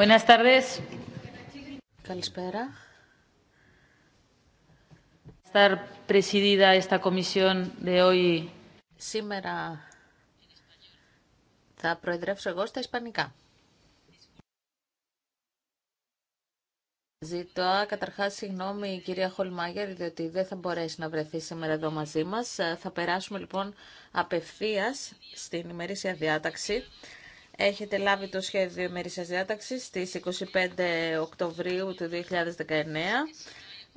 Buenas Καλησπέρα. Estar presidida esta comisión δε hoy. Σήμερα θα προεδρεύσω εγώ στα Ισπανικά. Ζητώ καταρχά συγγνώμη η κυρία Χολμάγερ, διότι δεν θα μπορέσει να βρεθεί σήμερα εδώ μαζί μα. Θα περάσουμε λοιπόν απευθεία στην ημερήσια διάταξη. Έχετε λάβει το σχέδιο ημερήσια διάταξη στι 25 Οκτωβρίου του 2019.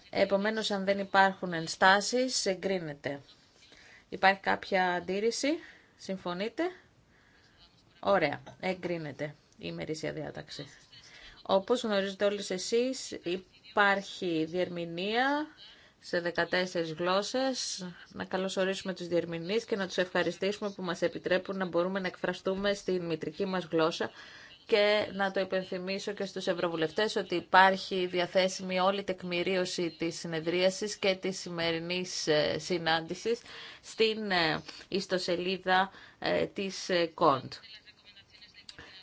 Επομένως, αν δεν υπάρχουν ενστάσει, εγκρίνετε. Υπάρχει κάποια αντίρρηση, συμφωνείτε. Ωραία, εγκρίνεται η ημερήσια διάταξη. Όπως γνωρίζετε όλες εσείς, υπάρχει διερμηνία σε 14 γλώσσες. Να καλωσορίσουμε τους διερμηνείς και να τους ευχαριστήσουμε που μας επιτρέπουν να μπορούμε να εκφραστούμε στην μητρική μας γλώσσα και να το υπενθυμίσω και στους ευρωβουλευτές ότι υπάρχει διαθέσιμη όλη η τεκμηρίωση της συνεδρίασης και της σημερινής ε, συνάντησης στην ε, ιστοσελίδα ε, της ΚΟΝΤ.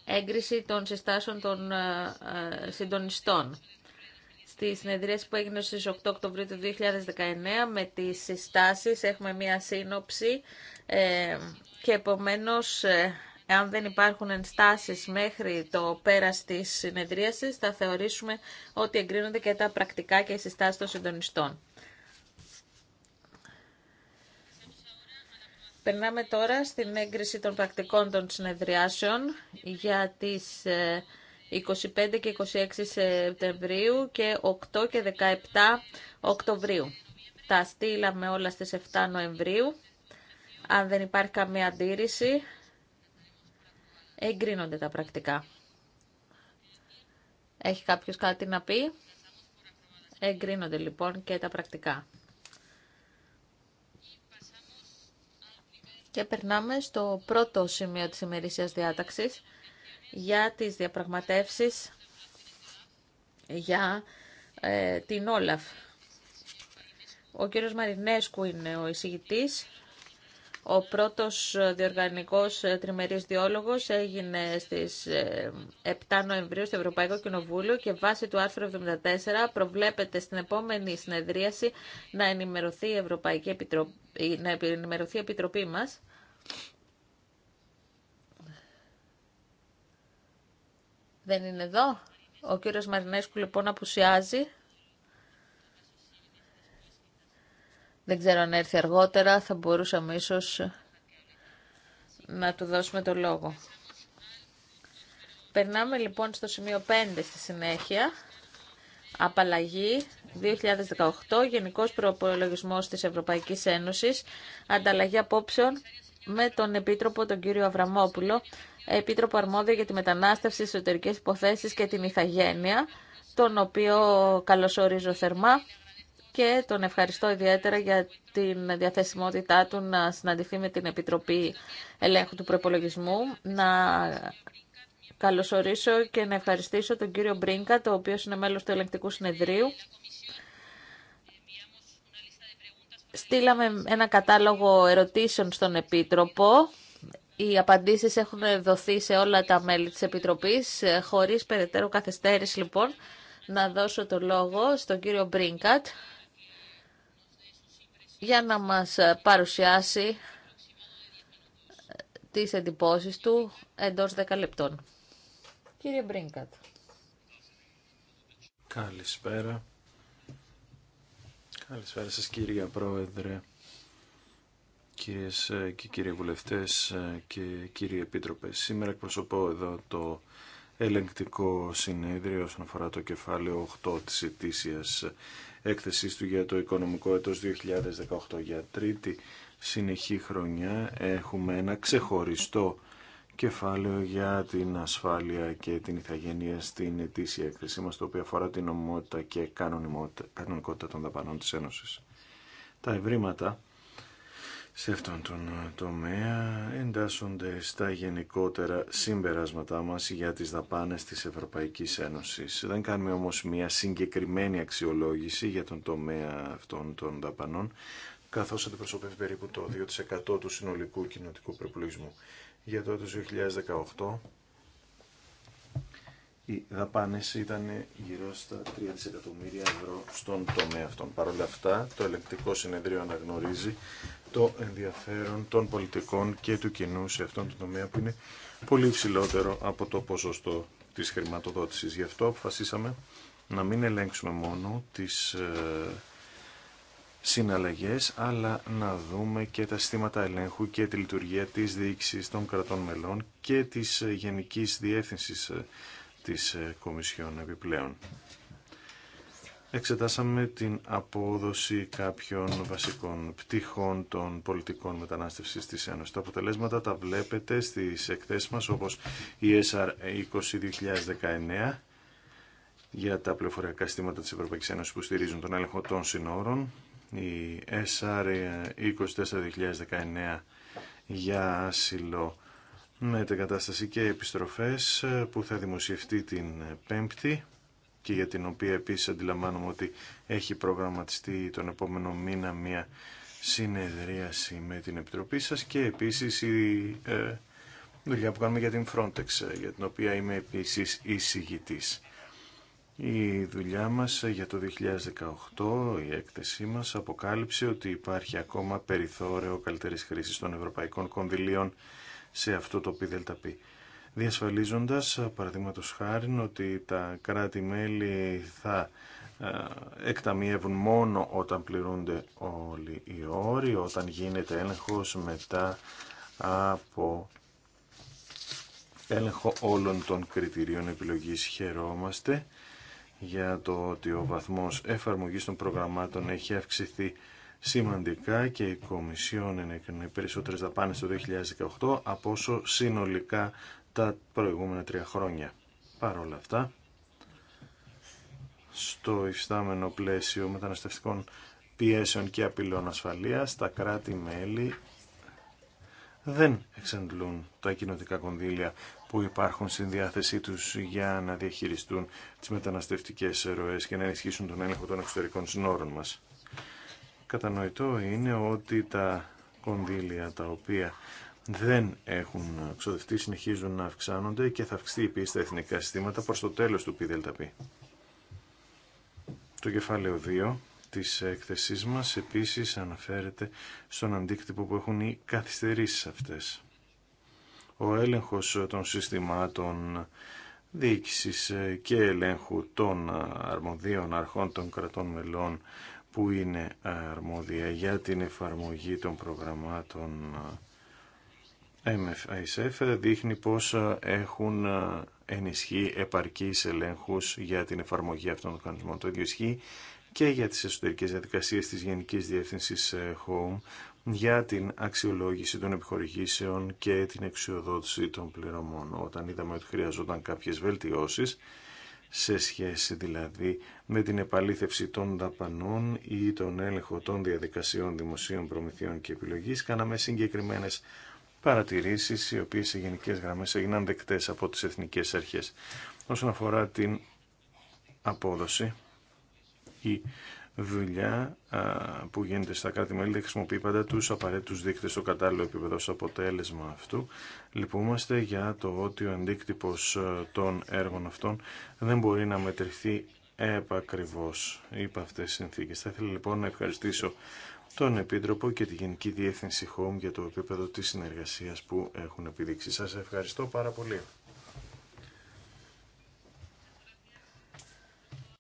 Έγκριση των συστάσεων των συντονιστών τη συνεδρίαση που έγινε στις 8 Οκτωβρίου του 2019 με τις συστάσεις. Έχουμε μία σύνοψη ε, και επομένως ε, εάν δεν υπάρχουν ενστάσεις μέχρι το πέρας της συνεδρίασης θα θεωρήσουμε ότι εγκρίνονται και τα πρακτικά και οι συστάσεις των συντονιστών. Περνάμε τώρα στην έγκριση των πρακτικών των συνεδριάσεων για τις ε, 25 και 26 Σεπτεμβρίου και 8 και 17 Οκτωβρίου. Τα στείλαμε όλα στις 7 Νοεμβρίου. Αν δεν υπάρχει καμία αντίρρηση, εγκρίνονται τα πρακτικά. Έχει κάποιος κάτι να πει. Εγκρίνονται λοιπόν και τα πρακτικά. Και περνάμε στο πρώτο σημείο της ημερήσιας διάταξης για τις διαπραγματεύσεις για ε, την Όλαφ. Ο κύριος Μαρινέσκου είναι ο εισηγητής. Ο πρώτος διοργανικός ε, τριμερής διόλογος έγινε στις 7 ε, Νοεμβρίου στο Ευρωπαϊκό Κοινοβούλιο και βάσει του άρθρου 74 προβλέπεται στην επόμενη συνεδρίαση να ενημερωθεί η Ευρωπαϊκή Επιτροπή, να ενημερωθεί η Επιτροπή μας Δεν είναι εδώ. Ο κύριος Μαρινέσκου λοιπόν απουσιάζει. Δεν ξέρω αν έρθει αργότερα, θα μπορούσαμε ίσως να του δώσουμε το λόγο. Περνάμε λοιπόν στο σημείο 5 στη συνέχεια. Απαλλαγή 2018, Γενικός Προπολογισμός της Ευρωπαϊκής Ένωσης, ανταλλαγή απόψεων με τον Επίτροπο τον κύριο Αβραμόπουλο Επίτροπο Αρμόδιο για τη Μετανάστευση, Εσωτερικές Υποθέσεις και την Ιθαγένεια, τον οποίο καλωσορίζω θερμά και τον ευχαριστώ ιδιαίτερα για την διαθεσιμότητά του να συναντηθεί με την Επιτροπή Ελέγχου του Προπολογισμού, να καλωσορίσω και να ευχαριστήσω τον κύριο Μπρίνκα, το οποίο είναι μέλος του Ελεγκτικού Συνεδρίου. Στείλαμε ένα κατάλογο ερωτήσεων στον Επίτροπο οι απαντήσεις έχουν δοθεί σε όλα τα μέλη της Επιτροπής. Ε, χωρίς περαιτέρω καθυστέρηση, λοιπόν, να δώσω το λόγο στον κύριο Μπρίνκατ για να μας παρουσιάσει ε, τις εντυπώσεις του εντός 10 λεπτών. Κύριε Μπρίνκατ. Καλησπέρα. Καλησπέρα σας κύριε Πρόεδρε. Κυρίες ε, και κύριοι βουλευτές ε, και κύριοι επίτροπες, σήμερα εκπροσωπώ εδώ το ελεγκτικό συνέδριο όσον αφορά το κεφάλαιο 8 της ετήσιας έκθεσης του για το οικονομικό έτος 2018. Για τρίτη συνεχή χρονιά έχουμε ένα ξεχωριστό κεφάλαιο για την ασφάλεια και την ηθαγένεια στην ετήσια έκθεσή μας, το οποίο αφορά την ομότητα και κανονικότητα των δαπανών της Ένωσης. Τα ευρήματα σε αυτόν τον ε, τομέα εντάσσονται στα γενικότερα συμπεράσματά μας για τις δαπάνες της Ευρωπαϊκής Ένωσης. Δεν κάνουμε όμως μια συγκεκριμένη αξιολόγηση για τον τομέα αυτών των δαπανών, καθώς αντιπροσωπεύει περίπου το 2% του συνολικού κοινοτικού προπολογισμού. Για το 2018 οι δαπάνες ήταν γύρω στα 3 δισεκατομμύρια ευρώ στον τομέα αυτών. Παρ' όλα αυτά, το ελεκτικό συνεδρίο αναγνωρίζει το ενδιαφέρον των πολιτικών και του κοινού σε αυτόν τον τομέα που είναι πολύ υψηλότερο από το ποσοστό της χρηματοδότησης. Γι' αυτό αποφασίσαμε να μην ελέγξουμε μόνο τις ε, συναλλαγές, αλλά να δούμε και τα συστήματα ελέγχου και τη λειτουργία της διοίκησης των κρατών μελών και της Γενικής Διεύθυνσης ε, της ε, Κομισιόν επιπλέον εξετάσαμε την απόδοση κάποιων βασικών πτυχών των πολιτικών μετανάστευσης της Ένωσης. Τα αποτελέσματα τα βλέπετε στις εκθέσεις μας όπως η SR 20-2019 για τα πληροφοριακά συστήματα της Ευρωπαϊκής Ένωσης που στηρίζουν τον έλεγχο των συνόρων, η SR 24-2019 για άσυλο με την κατάσταση και επιστροφές που θα δημοσιευτεί την Πέμπτη και για την οποία επίσης αντιλαμβάνομαι ότι έχει προγραμματιστεί τον επόμενο μήνα μια συνεδρίαση με την Επιτροπή σας και επίσης η ε, δουλειά που κάνουμε για την Frontex, ε, για την οποία είμαι επίσης εισηγητής. Η δουλειά μας ε, για το 2018, η έκθεσή μας, αποκάλυψε ότι υπάρχει ακόμα περιθώριο καλύτερης χρήσης των ευρωπαϊκών κονδυλίων σε αυτό το ΠΔΠ διασφαλίζοντας παραδείγματο χάρη ότι τα κράτη-μέλη θα ε, εκταμιεύουν μόνο όταν πληρούνται όλοι οι όροι, όταν γίνεται έλεγχος μετά από έλεγχο όλων των κριτηρίων επιλογής χαιρόμαστε για το ότι ο βαθμός εφαρμογής των προγραμμάτων έχει αυξηθεί σημαντικά και η Κομισιόν έκανε περισσότερες δαπάνες το 2018 από όσο συνολικά τα προηγούμενα τρία χρόνια. Παρ' όλα αυτά, στο υφιστάμενο πλαίσιο μεταναστευτικών πιέσεων και απειλών ασφαλείας, τα κράτη-μέλη δεν εξαντλούν τα κοινοτικά κονδύλια που υπάρχουν στην διάθεσή τους για να διαχειριστούν τις μεταναστευτικές ροές και να ενισχύσουν τον έλεγχο των εξωτερικών συνόρων μας. Κατανοητό είναι ότι τα κονδύλια τα οποία δεν έχουν ξοδευτεί, συνεχίζουν να αυξάνονται και θα αυξηθεί επίσης τα εθνικά συστήματα προς το τέλος του ΠΔΠ. Το κεφάλαιο 2 της έκθεσής μας επίσης αναφέρεται στον αντίκτυπο που έχουν οι καθυστερήσεις αυτές. Ο έλεγχος των συστημάτων διοίκησης και ελέγχου των αρμοδίων αρχών των κρατών μελών που είναι αρμόδια για την εφαρμογή των προγραμμάτων MFISF δείχνει πως ε, έχουν ε, ενισχύει επαρκείς ελέγχους για την εφαρμογή αυτών των κανονισμών. Το ίδιο ισχύει και για τις εσωτερικές διαδικασίες της Γενικής Διεύθυνσης ε, Home για την αξιολόγηση των επιχορηγήσεων και την εξοδότηση των πληρωμών. Όταν είδαμε ότι χρειαζόταν κάποιες βελτιώσεις, σε σχέση δηλαδή με την επαλήθευση των δαπανών ή τον έλεγχο των διαδικασιών δημοσίων προμηθειών και επιλογής, κάναμε συγκεκριμένες παρατηρήσεις οι οποίες σε γενικέ γραμμές έγιναν δεκτές από τις εθνικές αρχέ. Όσον αφορά την απόδοση, η δουλειά που γίνεται στα κράτη-μέλη δεν χρησιμοποιεί πάντα τους απαραίτητους δείκτες στο κατάλληλο επίπεδο στο αποτέλεσμα αυτού. Λυπούμαστε για το ότι ο αντίκτυπο των έργων αυτών δεν μπορεί να μετρηθεί επακριβώς υπό αυτές τις συνθήκες. Θα ήθελα λοιπόν να ευχαριστήσω τον Επίτροπο και τη Γενική Διεύθυνση Home για το επίπεδο της συνεργασίας που έχουν επιδείξει. Σας ευχαριστώ πάρα πολύ.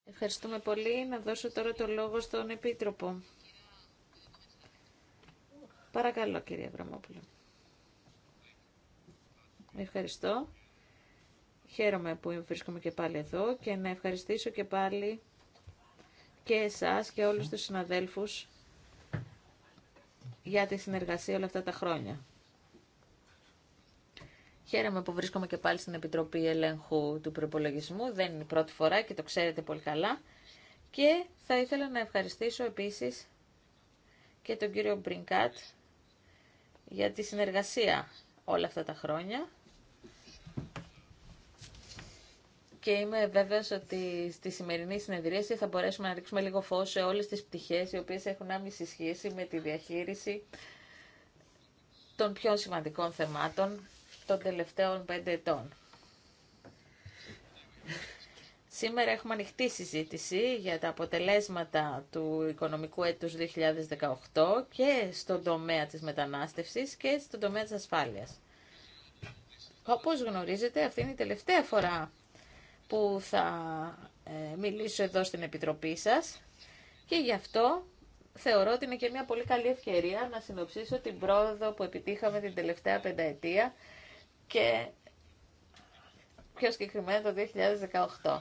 Ευχαριστούμε πολύ. Να δώσω τώρα το λόγο στον Επίτροπο. Παρακαλώ, κύριε Βραμόπουλο. Ευχαριστώ. Χαίρομαι που βρίσκομαι και πάλι εδώ και να ευχαριστήσω και πάλι και εσάς και όλους τους συναδέλφους για τη συνεργασία όλα αυτά τα χρόνια. Χαίρομαι που βρίσκομαι και πάλι στην Επιτροπή Ελέγχου του Προπολογισμού. Δεν είναι η πρώτη φορά και το ξέρετε πολύ καλά. Και θα ήθελα να ευχαριστήσω επίσης και τον κύριο Μπρινκάτ για τη συνεργασία όλα αυτά τα χρόνια. και είμαι βέβαιος ότι στη σημερινή συνεδρίαση θα μπορέσουμε να ρίξουμε λίγο φως σε όλες τις πτυχές οι οποίες έχουν άμεση σχέση με τη διαχείριση των πιο σημαντικών θεμάτων των τελευταίων πέντε ετών. Σήμερα έχουμε ανοιχτή συζήτηση για τα αποτελέσματα του οικονομικού έτους 2018 και στον τομέα της μετανάστευσης και στον τομέα της ασφάλειας. Όπως γνωρίζετε, αυτή είναι η τελευταία φορά που θα ε, μιλήσω εδώ στην Επιτροπή σας και γι' αυτό θεωρώ ότι είναι και μια πολύ καλή ευκαιρία να συνοψίσω την πρόοδο που επιτύχαμε την τελευταία πενταετία και πιο συγκεκριμένα το 2018.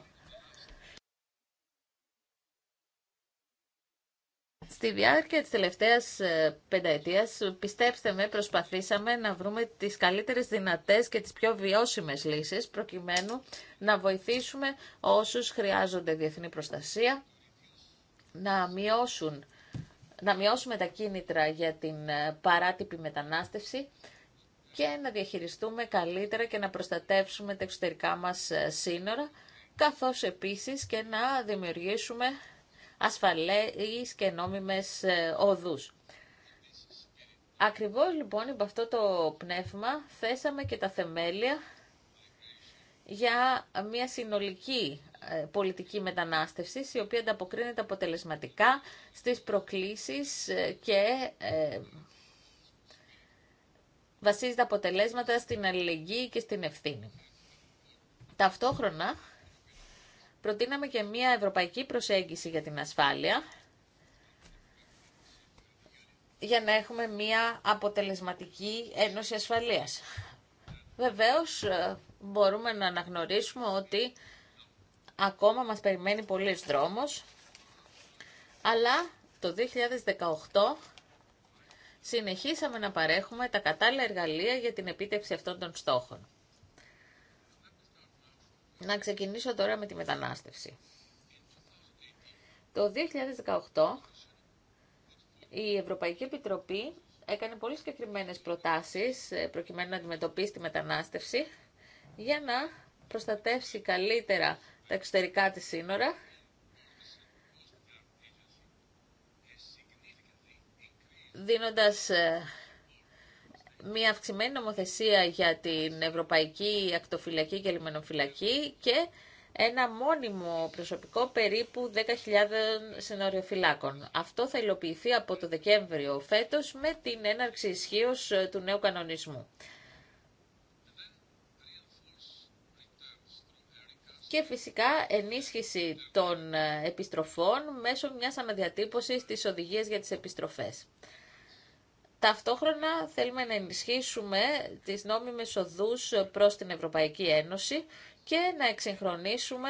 Στη διάρκεια της τελευταίας ε, πενταετίας, πιστέψτε με, προσπαθήσαμε να βρούμε τις καλύτερες δυνατές και τις πιο βιώσιμες λύσεις, προκειμένου να βοηθήσουμε όσους χρειάζονται διεθνή προστασία, να μειώσουν να μειώσουμε τα κίνητρα για την ε, παράτυπη μετανάστευση και να διαχειριστούμε καλύτερα και να προστατεύσουμε τα εξωτερικά μας ε, σύνορα, καθώς επίσης και να δημιουργήσουμε ασφαλείς και νόμιμες ε, οδούς. Ακριβώς λοιπόν υπό αυτό το πνεύμα θέσαμε και τα θεμέλια για μια συνολική ε, πολιτική μετανάστευση η οποία ανταποκρίνεται αποτελεσματικά στις προκλήσεις ε, και βασίζεται αποτελέσματα στην αλληλεγγύη και στην ευθύνη. Ταυτόχρονα προτείναμε και μια ευρωπαϊκή προσέγγιση για την ασφάλεια για να έχουμε μια αποτελεσματική ένωση ασφαλείας. Βεβαίως ε, μπορούμε να αναγνωρίσουμε ότι ακόμα μας περιμένει πολλής δρόμος, αλλά το 2018 συνεχίσαμε να παρέχουμε τα κατάλληλα εργαλεία για την επίτευξη αυτών των στόχων. Να ξεκινήσω τώρα με τη μετανάστευση. Το 2018 η Ευρωπαϊκή Επιτροπή έκανε πολύ συγκεκριμένε προτάσεις ε, προκειμένου να αντιμετωπίσει τη μετανάστευση για να προστατεύσει καλύτερα τα εξωτερικά της σύνορα δίνοντας ε, μια αυξημένη νομοθεσία για την Ευρωπαϊκή Ακτοφυλακή και Λιμενοφυλακή και ένα μόνιμο προσωπικό περίπου 10.000 συνοριοφυλάκων. Αυτό θα υλοποιηθεί από το Δεκέμβριο φέτος με την έναρξη ισχύω ε, του νέου κανονισμού. Και φυσικά ενίσχυση των ε, επιστροφών μέσω μιας αναδιατύπωσης της οδηγίας για τις επιστροφές. Ταυτόχρονα θέλουμε να ενισχύσουμε τις νόμιμες οδούς προς την Ευρωπαϊκή Ένωση και να εξυγχρονίσουμε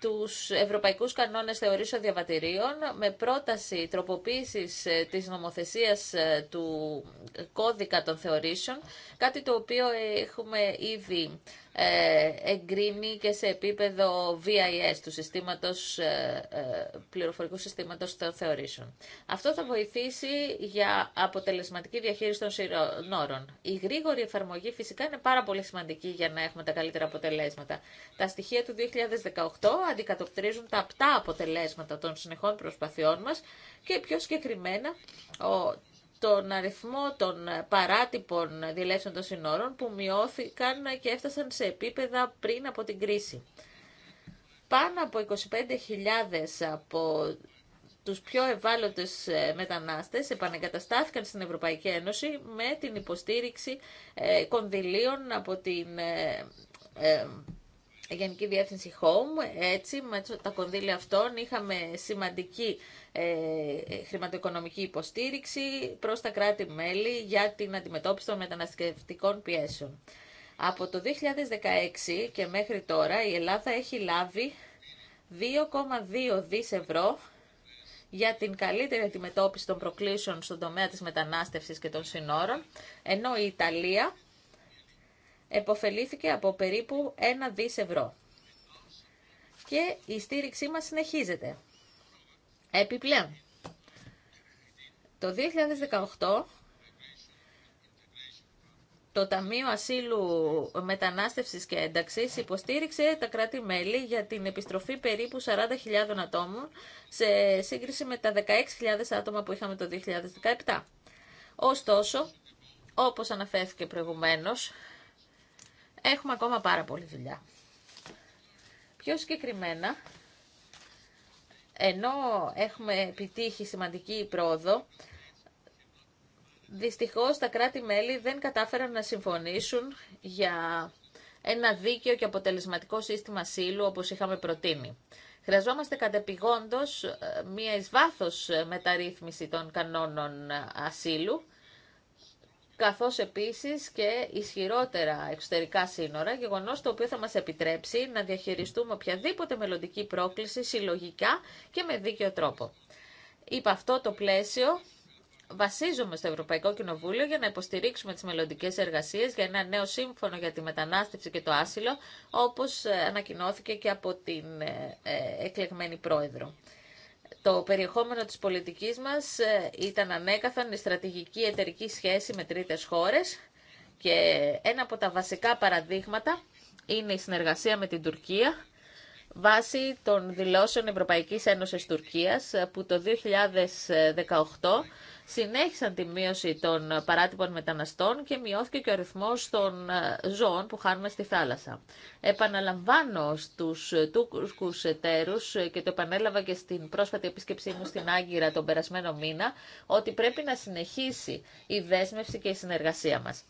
τους ευρωπαϊκούς κανόνες θεωρήσεων διαβατηρίων με πρόταση τροποποίησης της νομοθεσίας του κώδικα των θεωρήσεων, κάτι το οποίο έχουμε ήδη ε, εγκρίνει και σε επίπεδο VIS, του συστήματος, ε, ε, πληροφορικού συστήματος των θεωρήσεων. Αυτό θα βοηθήσει για αποτελεσματική διαχείριση των σύνορων. Η γρήγορη εφαρμογή φυσικά είναι πάρα πολύ σημαντική για να έχουμε τα καλύτερα αποτελέσματα. Τα στοιχεία του 2018 αντικατοπτρίζουν τα απτά αποτελέσματα των συνεχών προσπαθειών μας και πιο συγκεκριμένα τον αριθμό των παράτυπων διελεύσεων των συνόρων που μειώθηκαν και έφτασαν σε επίπεδα πριν από την κρίση. Πάνω από 25.000 από τους πιο ευάλωτες ε, μετανάστες επανεγκαταστάθηκαν στην Ευρωπαϊκή Ένωση με την υποστήριξη ε, κονδυλίων από την ε, Γενική Διεύθυνση Home, έτσι, με τα κονδύλια αυτών είχαμε σημαντική ε, χρηματοοικονομική υποστήριξη προς τα κράτη-μέλη για την αντιμετώπιση των μεταναστευτικών πιέσεων. Από το 2016 και μέχρι τώρα η Ελλάδα έχει λάβει 2,2 δις ευρώ για την καλύτερη αντιμετώπιση των προκλήσεων στον τομέα της μετανάστευσης και των συνόρων, ενώ η Ιταλία εποφελήθηκε από περίπου ένα δις ευρώ. Και η στήριξή μας συνεχίζεται. Επιπλέον, το 2018 το Ταμείο Ασύλου Μετανάστευσης και Ένταξης υποστήριξε τα κράτη-μέλη για την επιστροφή περίπου 40.000 ατόμων σε σύγκριση με τα 16.000 άτομα που είχαμε το 2017. Ωστόσο, όπως αναφέρθηκε προηγουμένως, έχουμε ακόμα πάρα πολλή δουλειά. Πιο συγκεκριμένα, ενώ έχουμε επιτύχει σημαντική πρόοδο, δυστυχώς τα κράτη-μέλη δεν κατάφεραν να συμφωνήσουν για ένα δίκαιο και αποτελεσματικό σύστημα σύλλου όπως είχαμε προτείνει. Χρειαζόμαστε κατεπηγόντως ε, μία εις βάθος ε, μεταρρύθμιση των κανόνων ε, ασύλου καθώς επίσης και ισχυρότερα εξωτερικά σύνορα, γεγονός το οποίο θα μας επιτρέψει να διαχειριστούμε οποιαδήποτε μελλοντική πρόκληση συλλογικά και με δίκαιο τρόπο. Υπ' αυτό το πλαίσιο βασίζομαι στο Ευρωπαϊκό Κοινοβούλιο για να υποστηρίξουμε τις μελλοντικέ εργασίες για ένα νέο σύμφωνο για τη μετανάστευση και το άσυλο, όπως ε, ανακοινώθηκε και από την ε, ε, εκλεγμένη πρόεδρο. Το περιεχόμενο της πολιτικής μας ε, ήταν ανέκαθαν η στρατηγική εταιρική σχέση με τρίτες χώρες και ένα από τα βασικά παραδείγματα είναι η συνεργασία με την Τουρκία βάσει των δηλώσεων Ευρωπαϊκής Ένωσης Τουρκίας ε, που το 2018 συνέχισαν τη μείωση των παράτυπων μεταναστών και μειώθηκε και ο αριθμό των ε, ζώων που χάνουμε στη θάλασσα. Επαναλαμβάνω στους τουρκούς εταίρους ε, και το επανέλαβα και στην πρόσφατη επίσκεψή μου στην Άγκυρα τον περασμένο μήνα ότι πρέπει να συνεχίσει η δέσμευση και η συνεργασία μας.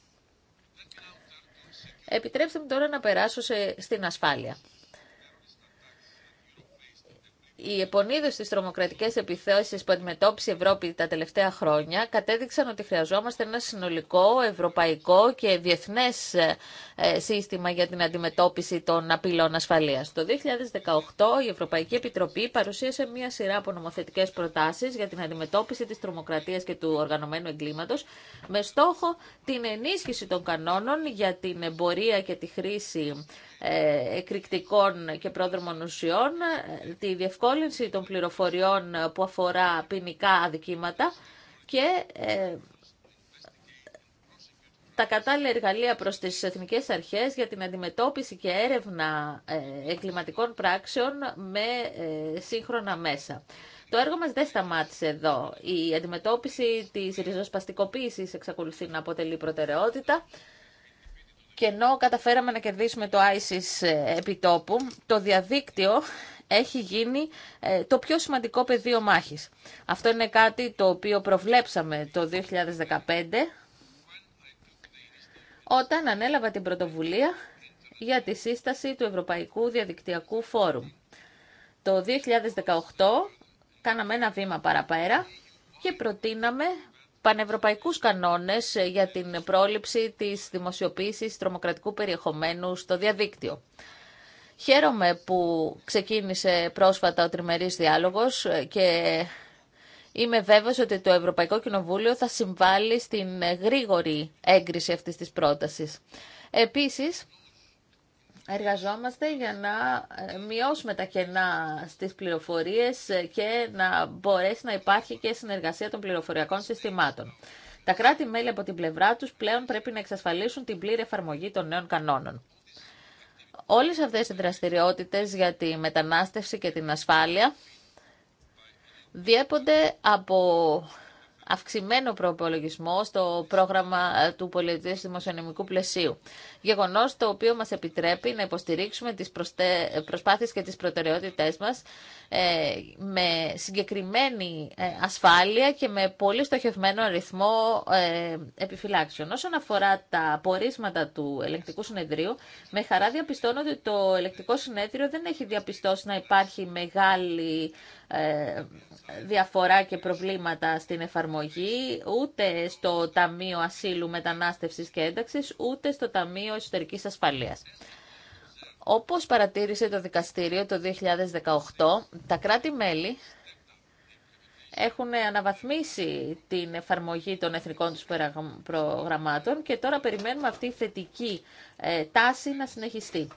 Επιτρέψτε μου τώρα να περάσω σε, στην ασφάλεια. Οι επονίδε στι τρομοκρατικέ επιθέσει που αντιμετώπισε η Ευρώπη τα τελευταία χρόνια κατέδειξαν ότι χρειαζόμαστε ένα συνολικό, ευρωπαϊκό και διεθνέ ε, ε, σύστημα για την αντιμετώπιση των απειλών ασφαλεία. Το 2018 η Ευρωπαϊκή Επιτροπή παρουσίασε μία σειρά από νομοθετικέ προτάσει για την αντιμετώπιση τη τρομοκρατία και του οργανωμένου εγκλήματο με στόχο την ενίσχυση των κανόνων για την εμπορία και τη χρήση ε, εκρηκτικών και πρόδρομων ουσιών, ε, τη διευκόλυνση των πληροφοριών που αφορά ποινικά αδικήματα και ε, τα κατάλληλα εργαλεία προς τις εθνικές αρχές για την αντιμετώπιση και έρευνα εγκληματικών πράξεων με σύγχρονα μέσα. Το έργο μας δεν σταμάτησε εδώ. Η αντιμετώπιση της ριζοσπαστικοποίησης εξακολουθεί να αποτελεί προτεραιότητα. Και ενώ καταφέραμε να κερδίσουμε το ISIS ε, επιτόπου, το διαδίκτυο έχει γίνει ε, το πιο σημαντικό πεδίο μάχης. Αυτό είναι κάτι το οποίο προβλέψαμε το 2015, όταν ανέλαβα την πρωτοβουλία για τη σύσταση του Ευρωπαϊκού Διαδικτυακού Φόρουμ. Το 2018 κάναμε ένα βήμα παραπέρα και προτείναμε Πανευρωπαϊκού κανόνες ε, για την πρόληψη της δημοσιοποίησης τρομοκρατικού περιεχομένου στο διαδίκτυο. Χαίρομαι που ξεκίνησε πρόσφατα ο τριμερής διάλογος ε, και είμαι βέβαιος ότι το Ευρωπαϊκό Κοινοβούλιο θα συμβάλλει στην ε, γρήγορη έγκριση αυτής της πρότασης. Επίσης, εργαζόμαστε για να ε, μειώσουμε τα κενά στις πληροφορίες ε, και να μπορέσει να υπάρχει και συνεργασία των πληροφοριακών συστημάτων. Τα κράτη-μέλη από την πλευρά τους πλέον πρέπει να εξασφαλίσουν την πλήρη εφαρμογή των νέων κανόνων. Όλες αυτές οι δραστηριότητες για τη μετανάστευση και την ασφάλεια διέπονται από αυξημένο προπολογισμό στο πρόγραμμα ε, του πολιτισμού δημοσιονομικού πλαισίου. Γεγονό το οποίο μα επιτρέπει να υποστηρίξουμε τι προσπάθειε και τι προτεραιότητέ μα ε, με συγκεκριμένη ε, ασφάλεια και με πολύ στοχευμένο αριθμό ε, επιφυλάξεων. Όσον αφορά τα απορίσματα του ελεκτικού συνεδρίου, με χαρά διαπιστώνω ότι το ελεκτικό συνέδριο δεν έχει διαπιστώσει να υπάρχει μεγάλη ε, διαφορά και προβλήματα στην εφαρμογή, ούτε στο Ταμείο Ασύλου Μετανάστευσης και Ένταξης, ούτε στο Ταμείο Εσωτερικής Ασφαλείας. Όπως παρατήρησε το δικαστήριο το 2018, τα κράτη-μέλη έχουν αναβαθμίσει την εφαρμογή των εθνικών τους προγραμμάτων και τώρα περιμένουμε αυτή η θετική ε, τάση να συνεχιστεί.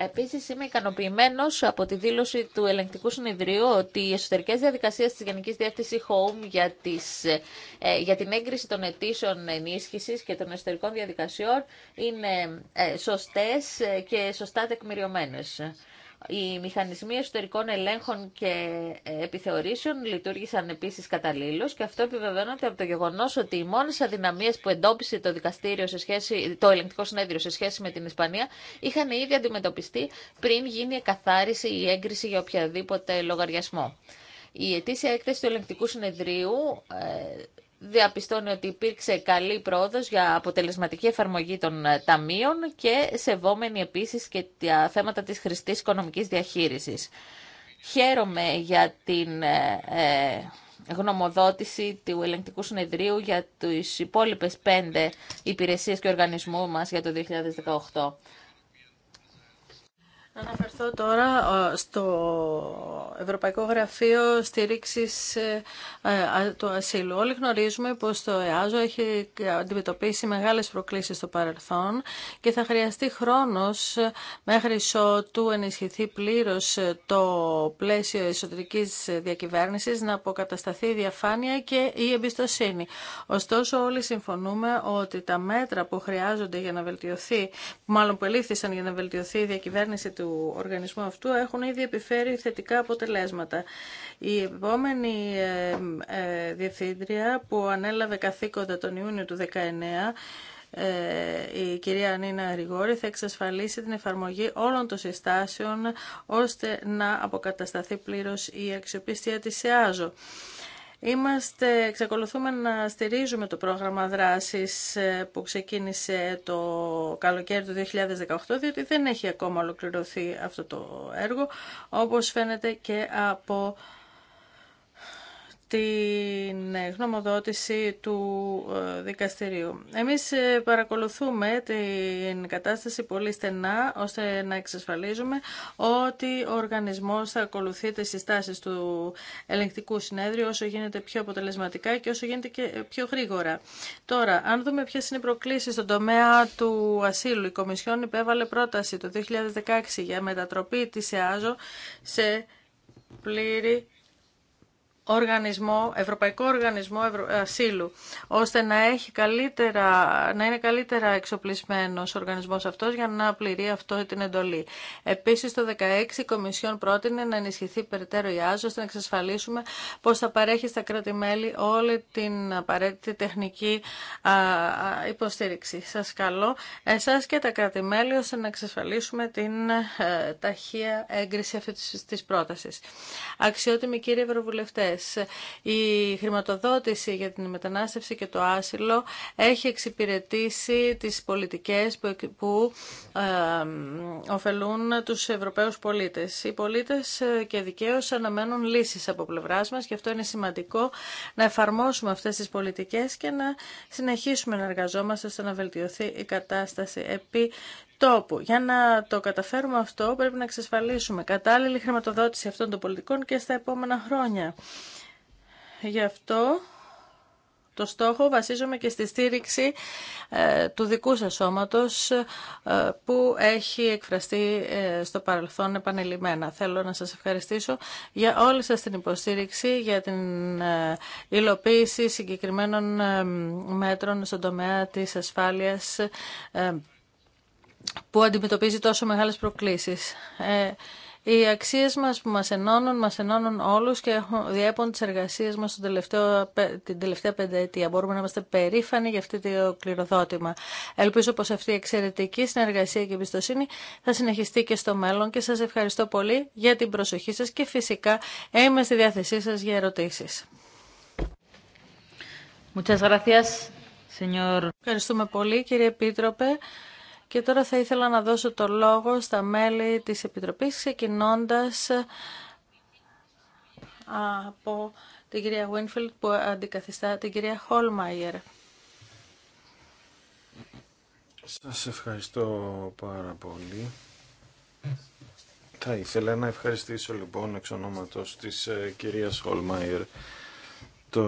Επίσης είμαι ικανοποιημένος από τη δήλωση του ελεγκτικού συνεδρίου ότι οι εσωτερικές διαδικασίες της Γενικής Διεύθυνσης Home για, τις, ε, για την έγκριση των αιτήσεων ενίσχυσης και των εσωτερικών διαδικασιών είναι ε, σωστές και σωστά τεκμηριωμένες. Οι μηχανισμοί εσωτερικών ελέγχων και ε, επιθεωρήσεων λειτουργήσαν επίσης καταλήλω και αυτό επιβεβαιώνεται από το γεγονός ότι οι μόνες αδυναμίες που εντόπισε το, δικαστήριο σε σχέση, το ελεγκτικό συνέδριο σε σχέση με την Ισπανία είχαν ήδη αντιμετωπιστεί πριν γίνει εκαθάριση ή έγκριση για οποιαδήποτε λογαριασμό. Η ετήσια έκθεση του ελεγκτικού συνεδρίου ε, διαπιστώνει ότι υπήρξε καλή πρόοδος για αποτελεσματική εφαρμογή των ε, ταμείων και σεβόμενη επίσης και τα θέματα της χρηστής οικονομικής διαχείρισης. Χαίρομαι για την ε, ε γνωμοδότηση του Ελεγκτικού Συνεδρίου για τις υπόλοιπες πέντε υπηρεσίες και οργανισμού μας για το 2018. Θα αναφερθώ τώρα ε, στο Ευρωπαϊκό Γραφείο Στήριξης ε, ε, του Ασύλου. Όλοι γνωρίζουμε πως το ΕΑΖΟ έχει αντιμετωπίσει μεγάλες προκλήσεις στο παρελθόν και θα χρειαστεί χρόνος μέχρι ότου ενισχυθεί πλήρως το πλαίσιο εσωτερικής διακυβέρνησης να αποκατασταθεί η διαφάνεια και η εμπιστοσύνη. Ωστόσο όλοι συμφωνούμε ότι τα μέτρα που χρειάζονται για να βελτιωθεί, μάλλον που για να βελτιωθεί η διακυβέρνηση του του οργανισμού αυτού έχουν ήδη επιφέρει θετικά αποτελέσματα. Η επόμενη ε, ε, διευθύντρια που ανέλαβε καθήκοντα τον Ιούνιο του 2019 ε, η κυρία Νίνα Γρηγόρη θα εξασφαλίσει την εφαρμογή όλων των συστάσεων ώστε να αποκατασταθεί πλήρως η αξιοπιστία της ΕΑΖΟ. Είμαστε, εξακολουθούμε να στηρίζουμε το πρόγραμμα δράσης ε, που ξεκίνησε το καλοκαίρι του 2018, διότι δεν έχει ακόμα ολοκληρωθεί αυτό το έργο, όπως φαίνεται και από την γνωμοδότηση του ε, δικαστηρίου. Εμείς ε, παρακολουθούμε την κατάσταση πολύ στενά ώστε να εξασφαλίζουμε ότι ο οργανισμός θα ακολουθεί τις συστάσεις του ελεγκτικού συνέδριου όσο γίνεται πιο αποτελεσματικά και όσο γίνεται και πιο γρήγορα. Τώρα, αν δούμε ποιες είναι οι προκλήσεις στον τομέα του ασύλου, η Κομισιόν υπέβαλε πρόταση το 2016 για μετατροπή της ΕΑΖΟ σε πλήρη οργανισμό, ευρωπαϊκό οργανισμό ασύλου, ώστε να, έχει καλύτερα, να είναι καλύτερα εξοπλισμένος ο οργανισμός αυτός για να πληρεί αυτό την εντολή. Επίσης, το 2016 η Κομισιόν πρότεινε να ενισχυθεί περαιτέρω η ΆΖΟ, ώστε να εξασφαλίσουμε πως θα παρέχει στα κράτη-μέλη όλη την απαραίτητη τεχνική υποστήριξη. Σας καλώ εσάς και τα κράτη-μέλη, ώστε να εξασφαλίσουμε την ε, ταχεία έγκριση αυτής της πρότασης. Αξιότιμοι κύριοι Ευρωβουλευτές, η χρηματοδότηση για την μετανάστευση και το άσυλο έχει εξυπηρετήσει τις πολιτικές που ωφελούν τους Ευρωπαίους πολίτες. Οι πολίτες ε, και δικαίως αναμένουν λύσεις από πλευράς μας και αυτό είναι σημαντικό να εφαρμόσουμε αυτές τις πολιτικές και να συνεχίσουμε να εργαζόμαστε ώστε να βελτιωθεί η κατάσταση. Επί τόπου. Για να το καταφέρουμε αυτό πρέπει να εξασφαλίσουμε κατάλληλη χρηματοδότηση αυτών των πολιτικών και στα επόμενα χρόνια. Γι' αυτό το στόχο βασίζομαι και στη στήριξη ε, του δικού σας σώματος ε, που έχει εκφραστεί ε, στο παρελθόν επανελειμμένα. Θέλω να σας ευχαριστήσω για όλη σας την υποστήριξη, για την υλοποίηση συγκεκριμένων μέτρων στον τομέα της ασφάλειας που αντιμετωπίζει τόσο μεγάλες προκλήσεις. Ε, οι αξίες μας που μας ενώνουν, μας ενώνουν όλους και διέπουν τις εργασίες μας τον τελευταίο, την τελευταία πενταετία. Μπορούμε να είμαστε περήφανοι για αυτή το κληροδότημα. Ελπίζω πως αυτή η εξαιρετική συνεργασία και εμπιστοσύνη θα συνεχιστεί και στο μέλλον και σας ευχαριστώ πολύ για την προσοχή σας και φυσικά είμαι στη διάθεσή σας για ερωτήσεις. Ευχαριστούμε πολύ κύριε Επίτροπε. Και τώρα θα ήθελα να δώσω το λόγο στα μέλη της Επιτροπής, ξεκινώντας ε, από την κυρία Winfield που αντικαθιστά την κυρία Χόλμαϊερ. Σας ευχαριστώ πάρα πολύ. Θα ήθελα να ευχαριστήσω λοιπόν εξ ονόματος της ε, κυρίας Χολμάιερ το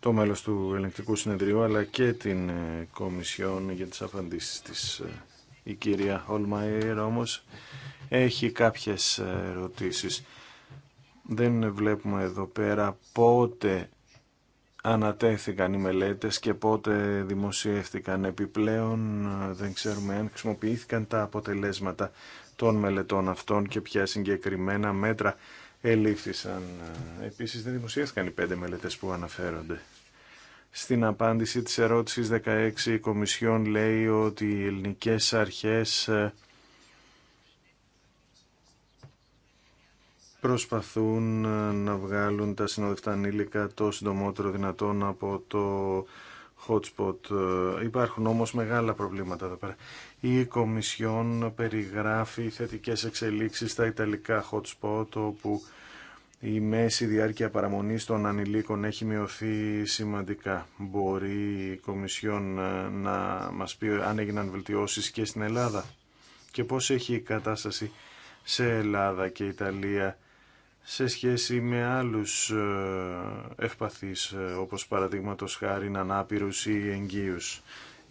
το μέλος του ελεγκτικού συνεδρίου αλλά και την ε, Κομισιόν για τις απαντήσεις της. Ε, η κυρία Ολμαϊρ όμως έχει κάποιες ερωτήσεις. Δεν βλέπουμε εδώ πέρα πότε ανατέθηκαν οι μελέτες και πότε δημοσιεύτηκαν. Επιπλέον ε, δεν ξέρουμε αν χρησιμοποιήθηκαν τα αποτελέσματα των μελετών αυτών και ποια συγκεκριμένα μέτρα ελήφθησαν. Επίσης δεν δημοσιεύτηκαν οι πέντε μελέτες που αναφέρονται. Στην απάντηση της ερώτησης 16 η Κομισιόν λέει ότι οι ελληνικές αρχές ε, προσπαθούν ε, να βγάλουν τα συνοδευτά ανήλικα το συντομότερο δυνατόν από το hotspot. Ε, υπάρχουν όμως μεγάλα προβλήματα εδώ πέρα η Κομισιόν περιγράφει θετικές εξελίξεις στα Ιταλικά hot spot όπου η μέση διάρκεια παραμονής των ανηλίκων έχει μειωθεί σημαντικά. Μπορεί η Κομισιόν ε, να μας πει αν έγιναν βελτιώσεις και στην Ελλάδα και πώς έχει η κατάσταση σε Ελλάδα και Ιταλία σε σχέση με άλλους ε, ευπαθείς ε, όπως παραδείγματος χάρη ανάπηρους ή εγγύους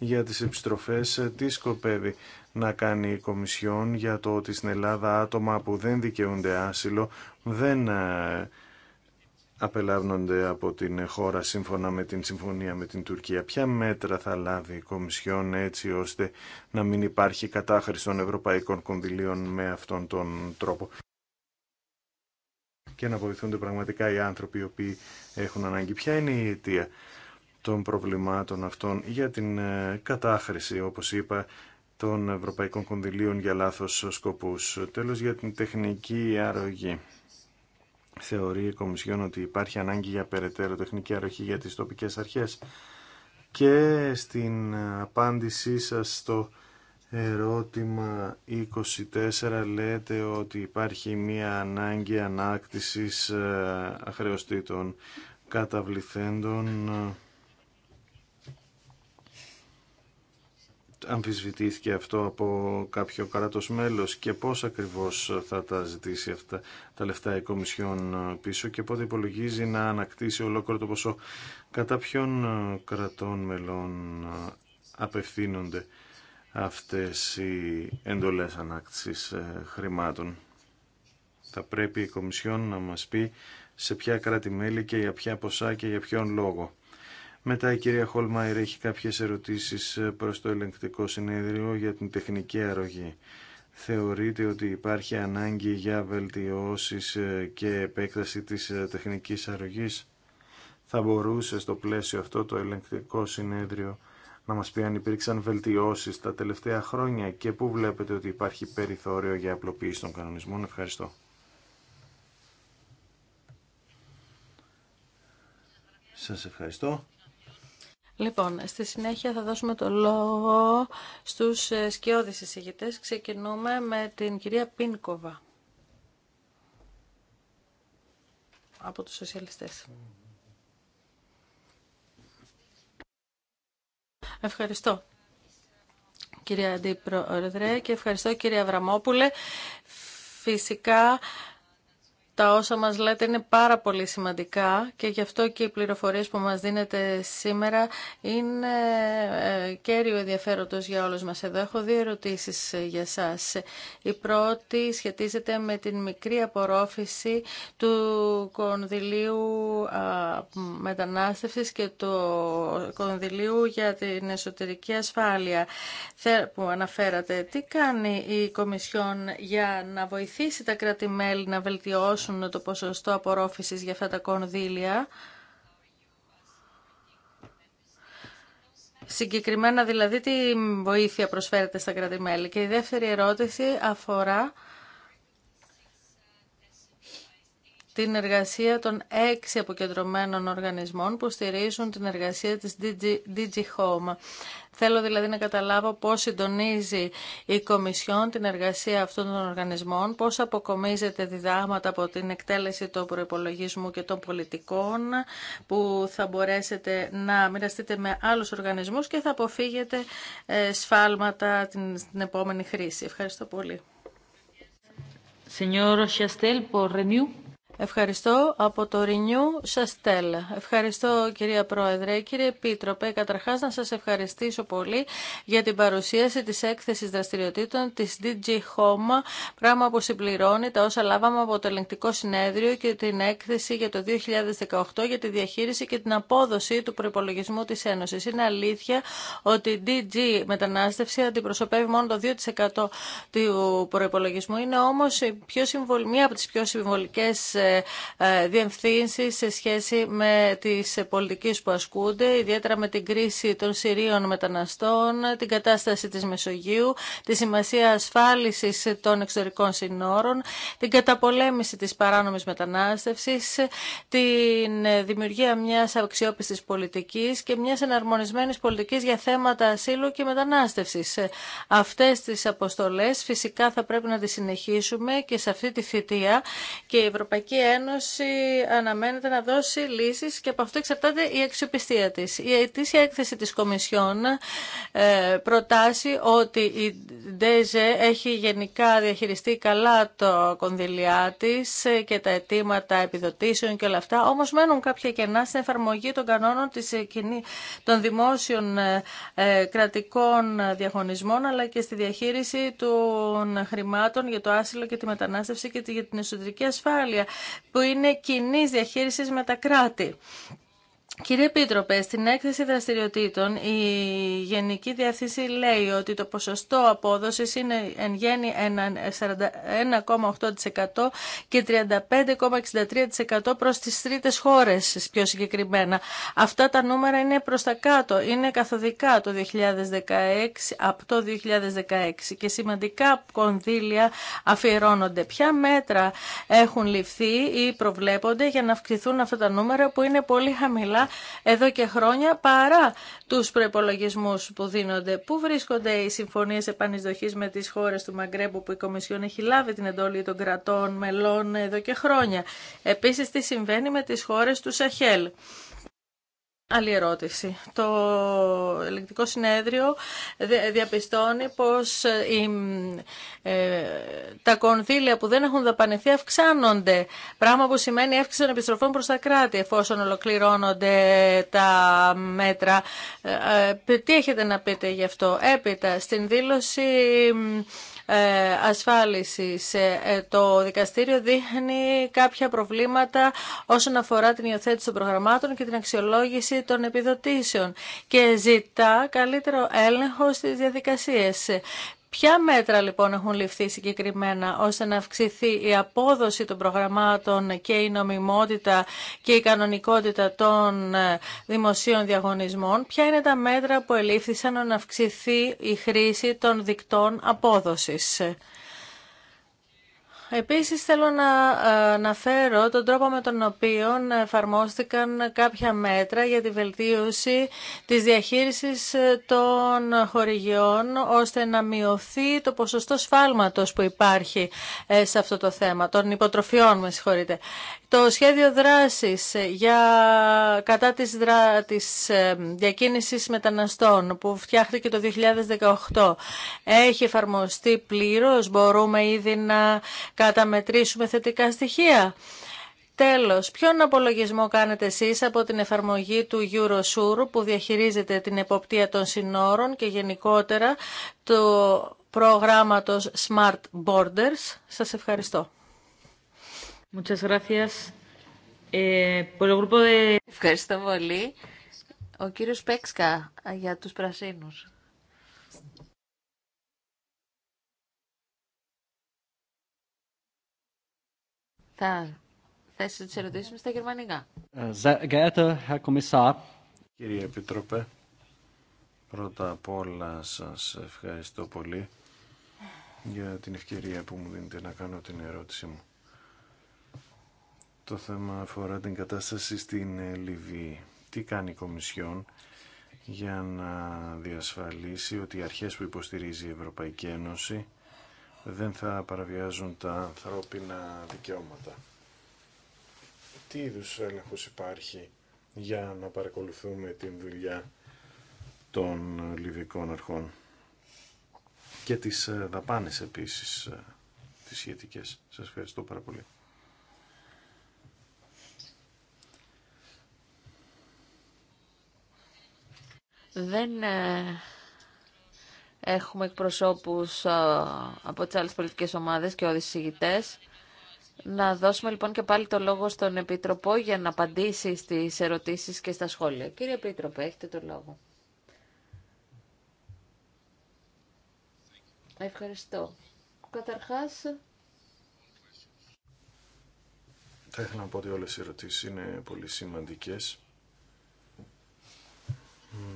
για τις επιστροφές ε, τι σκοπεύει να κάνει η Κομισιόν για το ότι στην Ελλάδα άτομα που δεν δικαιούνται άσυλο δεν ε, απελάβνονται από την χώρα σύμφωνα με την συμφωνία με την Τουρκία. Ποια μέτρα θα λάβει η Κομισιόν έτσι ώστε να μην υπάρχει κατάχρηση των ευρωπαϊκών κονδυλίων με αυτόν τον τρόπο και να βοηθούνται πραγματικά οι άνθρωποι οι οποίοι έχουν ανάγκη. Ποια είναι η αιτία των προβλημάτων αυτών για την ε, κατάχρηση, όπως είπα, των Ευρωπαϊκών Κονδυλίων για λάθος σκοπούς. Τέλος, για την τεχνική αρρωγή. Θεωρεί η Κομισιόν ότι υπάρχει ανάγκη για περαιτέρω τεχνική αρρωγή για τις τοπικές αρχές. Και στην απάντησή σας στο ερώτημα 24 λέτε ότι υπάρχει μία ανάγκη ανάκτησης ε, αχρεωστήτων καταβληθέντων αμφισβητήθηκε αυτό από κάποιο κράτος μέλος και πώς ακριβώς θα τα ζητήσει αυτά τα λεφτά η Κομισιόν πίσω και πότε υπολογίζει να ανακτήσει ολόκληρο το ποσό. Κατά ποιον κρατών μελών απευθύνονται αυτές οι εντολές ανάκτησης ε, χρημάτων. Θα πρέπει η Κομισιόν να μας πει σε ποια κράτη-μέλη και για ποια ποσά και για ποιον λόγο. Μετά η κυρία Χολμάιρ έχει κάποιες ερωτήσεις ε, προς το ελεγκτικό συνέδριο για την τεχνική αρρωγή. Θεωρείτε ότι υπάρχει ανάγκη για βελτιώσεις ε, και επέκταση της ε, τεχνικής αρρωγής. Θα μπορούσε στο πλαίσιο αυτό το ελεγκτικό συνέδριο να μας πει αν υπήρξαν βελτιώσεις τα τελευταία χρόνια και πού βλέπετε ότι υπάρχει περιθώριο για απλοποίηση των κανονισμών. Ευχαριστώ. Σας ευχαριστώ. Λοιπόν, στη συνέχεια θα δώσουμε το λόγο στους ε, σκιώδεις εισηγητές. Ξεκινούμε με την κυρία Πίνκοβα από τους σοσιαλιστές. Ευχαριστώ κυρία Αντιπρόεδρε και ευχαριστώ κυρία Βραμόπουλε. Φυσικά τα όσα μας λέτε είναι πάρα πολύ σημαντικά και γι' αυτό και οι πληροφορίες που μας δίνετε σήμερα είναι ε, κέριο ενδιαφέροντος για όλους μας εδώ. Έχω δύο ερωτήσεις ε, για σας. Η πρώτη σχετίζεται με την μικρή απορρόφηση του κονδυλίου μετανάστευσης και του κονδυλίου για την εσωτερική ασφάλεια που αναφέρατε. Τι κάνει η Κομισιόν για να βοηθήσει τα κράτη-μέλη να βελτιώσουν το ποσοστό απορρόφησης για αυτά τα κονδύλια. Συγκεκριμένα δηλαδή τι βοήθεια προσφέρεται στα κράτη-μέλη. Και η δεύτερη ερώτηση αφορά την εργασία των έξι αποκεντρωμένων οργανισμών που στηρίζουν την εργασία της DigiHome. Θέλω δηλαδή να καταλάβω πώς συντονίζει η Κομισιόν την εργασία αυτών των οργανισμών, πώς αποκομίζεται διδάγματα από την εκτέλεση των προπολογισμού και των πολιτικών που θα μπορέσετε να μοιραστείτε με άλλους οργανισμούς και θα αποφύγετε ε, σφάλματα την επόμενη χρήση. Ευχαριστώ πολύ. Señor Chastel, por Ευχαριστώ από το Ρινιού Σαστέλ. Ευχαριστώ κυρία Πρόεδρε. Κύριε Επίτροπε, Καταρχά να σα ευχαριστήσω πολύ για την παρουσίαση τη έκθεση δραστηριοτήτων τη DG Home, πράγμα που συμπληρώνει τα όσα λάβαμε από το ελεγκτικό συνέδριο και την έκθεση για το 2018 για τη διαχείριση και την απόδοση του προπολογισμού τη Ένωση. Είναι αλήθεια ότι η DG μετανάστευση αντιπροσωπεύει μόνο το 2% του προπολογισμού. Είναι όμω μία από τι πιο συμβολικές ε, διευθύνσει σε σχέση με τις πολιτικέ που ασκούνται, ιδιαίτερα με την κρίση των Συρίων μεταναστών, την κατάσταση της Μεσογείου, τη σημασία ασφάλισης των εξωτερικών συνόρων, την καταπολέμηση της παράνομης μετανάστευση, την δημιουργία μια αξιόπιστη πολιτικής και μια εναρμονισμένης πολιτική για θέματα ασύλου και μετανάστευση. Αυτέ τι αποστολέ φυσικά θα πρέπει να τις συνεχίσουμε και σε αυτή τη θητεία και η Ευρωπαϊκή Ένωση αναμένεται να δώσει λύσεις και από αυτό εξαρτάται η αξιοπιστία της. Η ετήσια έκθεση της Κομισιόν ε, προτάσει ότι η ΔΕΖΕ έχει γενικά διαχειριστεί καλά το κονδυλιά τη και τα αιτήματα επιδοτήσεων και όλα αυτά, όμως μένουν κάποια κενά στην εφαρμογή των κανόνων της, των δημόσιων ε, ε, κρατικών διαγωνισμών αλλά και στη διαχείριση των χρημάτων για το άσυλο και τη μετανάστευση και για την εσωτερική ασφάλεια που είναι κοινή διαχείριση με τα κράτη. Κύριε Επίτροπε, στην έκθεση δραστηριοτήτων η Γενική Διαθήση λέει ότι το ποσοστό απόδοσης είναι εν γέννη 41,8% και 35,63% προς τις τρίτες χώρες πιο συγκεκριμένα. Αυτά τα νούμερα είναι προς τα κάτω, είναι καθοδικά το 2016, από το 2016 και σημαντικά κονδύλια αφιερώνονται. Ποια μέτρα έχουν ληφθεί ή προβλέπονται για να αυξηθούν αυτά τα νούμερα που είναι πολύ χαμηλά εδώ και χρόνια παρά τους προϋπολογισμούς που δίνονται. Πού βρίσκονται οι συμφωνίες επανεισδοχής με τις χώρες του Μαγκρέμπου που η Κομισιόν έχει λάβει την εντολή των κρατών μελών εδώ και χρόνια. Επίσης τι συμβαίνει με τις χώρες του Σαχέλ. Άλλη ερώτηση. Το ελεγκτικό συνέδριο διαπιστώνει πως ε, ε, τα κονδύλια που δεν έχουν δαπανηθεί αυξάνονται, πράγμα που σημαίνει αύξηση των επιστροφών προς τα κράτη εφόσον ολοκληρώνονται τα μέτρα. Ε, τι έχετε να πείτε γι' αυτό. Έπειτα, στην δήλωση ε, ασφάλισης. Ε, το δικαστήριο δείχνει κάποια προβλήματα όσον αφορά την υιοθέτηση των προγραμμάτων και την αξιολόγηση των επιδοτήσεων και ζητά καλύτερο έλεγχο στις διαδικασίες. Ποια μέτρα λοιπόν έχουν ληφθεί συγκεκριμένα ώστε να αυξηθεί η απόδοση των προγραμμάτων και η νομιμότητα και η κανονικότητα των ε, δημοσίων διαγωνισμών. Ποια είναι τα μέτρα που ελήφθησαν να αυξηθεί η χρήση των δικτών απόδοσης. Επίσης θέλω να αναφέρω ε, τον τρόπο με τον οποίο εφαρμόστηκαν κάποια μέτρα για τη βελτίωση της διαχείρισης ε, των χορηγιών ώστε να μειωθεί το ποσοστό σφάλματος που υπάρχει ε, σε αυτό το θέμα, των υποτροφιών με συγχωρείτε. Το σχέδιο δράσης για, κατά της, δρα, της διακίνησης μεταναστών που φτιάχτηκε το 2018 έχει εφαρμοστεί πλήρως, μπορούμε ήδη να καταμετρήσουμε θετικά στοιχεία. Τέλος, ποιον απολογισμό κάνετε εσείς από την εφαρμογή του Eurosur που διαχειρίζεται την εποπτεία των συνόρων και γενικότερα του προγράμματος Smart Borders. Σας ευχαριστώ. Ε, ευχαριστώ πολύ. Ο κύριος Πέξκα για τους πρασίνους. θα θέσετε τι ερωτήσει μου στα γερμανικά. Ε, Κύριε Επίτροπε, πρώτα απ' όλα σας ευχαριστώ πολύ για την ευκαιρία που μου δίνετε να κάνω την ερώτησή μου. Το θέμα αφορά την κατάσταση στην Λιβύη. Τι κάνει η Κομισιόν για να διασφαλίσει ότι οι αρχές που υποστηρίζει η Ευρωπαϊκή Ένωση δεν θα παραβιάζουν τα ανθρώπινα δικαιώματα. Τι είδου έλεγχο υπάρχει για να παρακολουθούμε την δουλειά των λιβικών αρχών και τις ε, δαπάνες επίσης ε, τις σχετικές. Σας ευχαριστώ πάρα πολύ. Δεν ε, Έχουμε εκπροσώπους ε, από τις άλλες πολιτικές ομάδες και συγητές. Να δώσουμε λοιπόν και πάλι το λόγο στον Επίτροπο για να απαντήσει στις ερωτήσεις και στα σχόλια. Κύριε Επίτροπε, έχετε το λόγο. Ευχαριστώ. Καταρχάς... Θα ήθελα να πω ότι όλες οι ερωτήσεις είναι πολύ σημαντικές.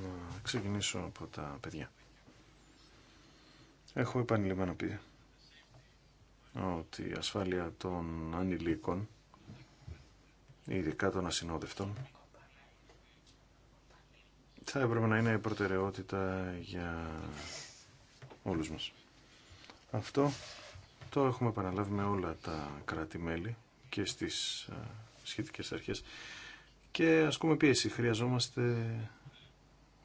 Να ξεκινήσω από τα παιδιά. Έχω επανειλημμένα πει ότι η ασφάλεια των ανηλίκων, ειδικά των ασυνόδευτων, θα έπρεπε να είναι η προτεραιότητα για όλους μας. Αυτό το έχουμε επαναλάβει με όλα τα κράτη-μέλη και στις ε, σχετικές αρχές και ασκούμε πίεση. Χρειαζόμαστε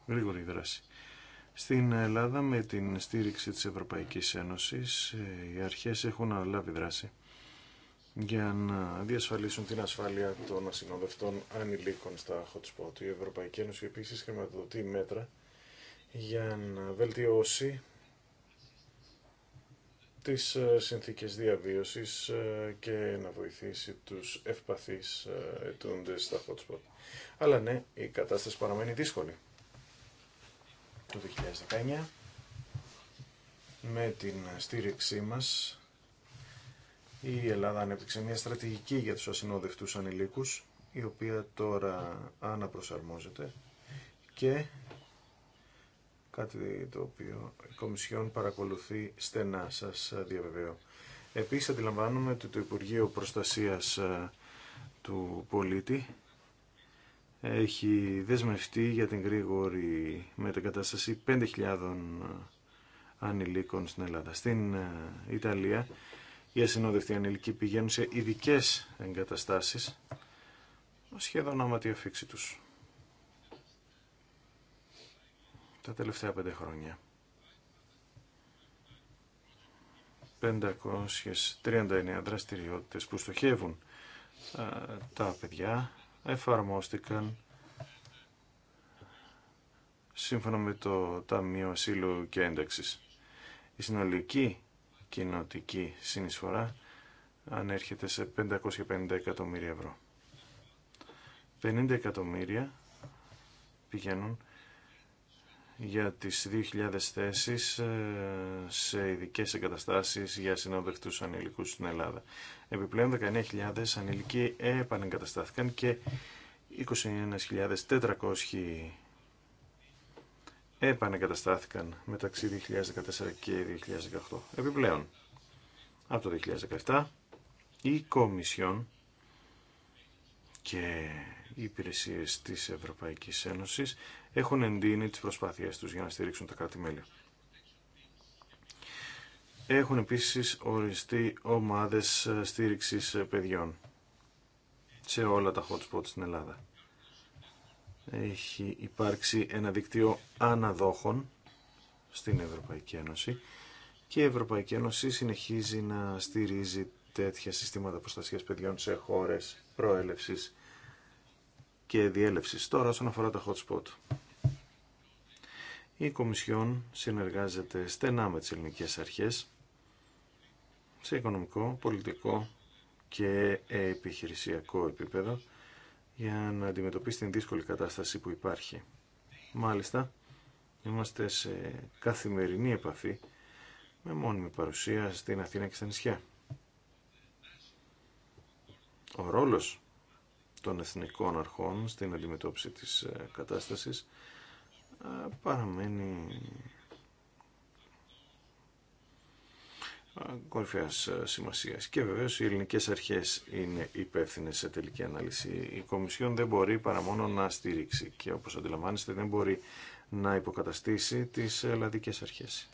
γρήγορη δράση. Στην Ελλάδα με την στήριξη της Ευρωπαϊκής Ένωσης ε, οι αρχές έχουν αναλάβει δράση για να διασφαλίσουν την ασφάλεια των ασυνοδευτών ανηλίκων στα hot spot. Η Ευρωπαϊκή Ένωση επίσης χρηματοδοτεί μέτρα για να βελτιώσει τις ε, συνθήκες διαβίωσης ε, και να βοηθήσει τους ευπαθείς ετούντες στα spot. Αλλά ναι, η κατάσταση παραμένει δύσκολη το 2019 με την στήριξή μας η Ελλάδα ανέπτυξε μια στρατηγική για τους ασυνόδευτούς ανηλίκους η οποία τώρα αναπροσαρμόζεται και κάτι το οποίο η Κομισιόν παρακολουθεί στενά σας διαβεβαίω. Επίσης αντιλαμβάνομαι ότι το Υπουργείο Προστασίας ε, του Πολίτη έχει δεσμευτεί για την γρήγορη μετακατάσταση 5.000 ανηλίκων στην Ελλάδα. Στην ε, Ιταλία οι ασυνόδευτοι ανηλικοί πηγαίνουν σε ειδικέ εγκαταστάσεις σχεδόν τη αφήξη τους τα τελευταία πέντε χρόνια. 539 δραστηριότητες που στοχεύουν ε, τα παιδιά εφαρμόστηκαν σύμφωνα με το Ταμείο Ασύλου και Ένταξης. Η συνολική κοινοτική συνεισφορά ανέρχεται σε 550 εκατομμύρια ευρώ. 50 εκατομμύρια πηγαίνουν για τις 2.000 θέσεις ε, σε ειδικέ εγκαταστάσεις για συνοδευτούς ανηλικούς στην Ελλάδα. Επιπλέον 19.000 ανηλικοί επανεγκαταστάθηκαν και 21.400 επανεγκαταστάθηκαν μεταξύ 2014 και 2018. Επιπλέον, από το 2017, η Κομισιόν και οι υπηρεσίες της Ευρωπαϊκής Ένωσης έχουν εντείνει τις προσπάθειές τους για να στηρίξουν τα κράτη-μέλη. Έχουν επίσης οριστεί ομάδες στήριξης παιδιών σε όλα τα hot spots στην Ελλάδα. Έχει υπάρξει ένα δίκτυο αναδόχων στην Ευρωπαϊκή Ένωση και η Ευρωπαϊκή Ένωση συνεχίζει να στηρίζει τέτοια συστήματα προστασίας παιδιών σε χώρες προέλευσης και διέλευση. Τώρα όσον αφορά τα hot spot. Η Κομισιόν συνεργάζεται στενά με τι ελληνικέ αρχές σε οικονομικό, πολιτικό και επιχειρησιακό επίπεδο για να αντιμετωπίσει την δύσκολη κατάσταση που υπάρχει. Μάλιστα, είμαστε σε καθημερινή επαφή με μόνιμη παρουσία στην Αθήνα και στα νησιά. Ο ρόλος των εθνικών αρχών στην αντιμετώπιση της ε, κατάστασης ε, παραμένει ε, κορυφαίας σημασίας. Και βεβαίω οι ελληνικές αρχές είναι υπεύθυνες σε τελική ανάλυση. Η Κομισιόν δεν μπορεί παρά μόνο να στηρίξει και όπως αντιλαμβάνεστε δεν μπορεί να υποκαταστήσει τις ελλαδικές αρχές.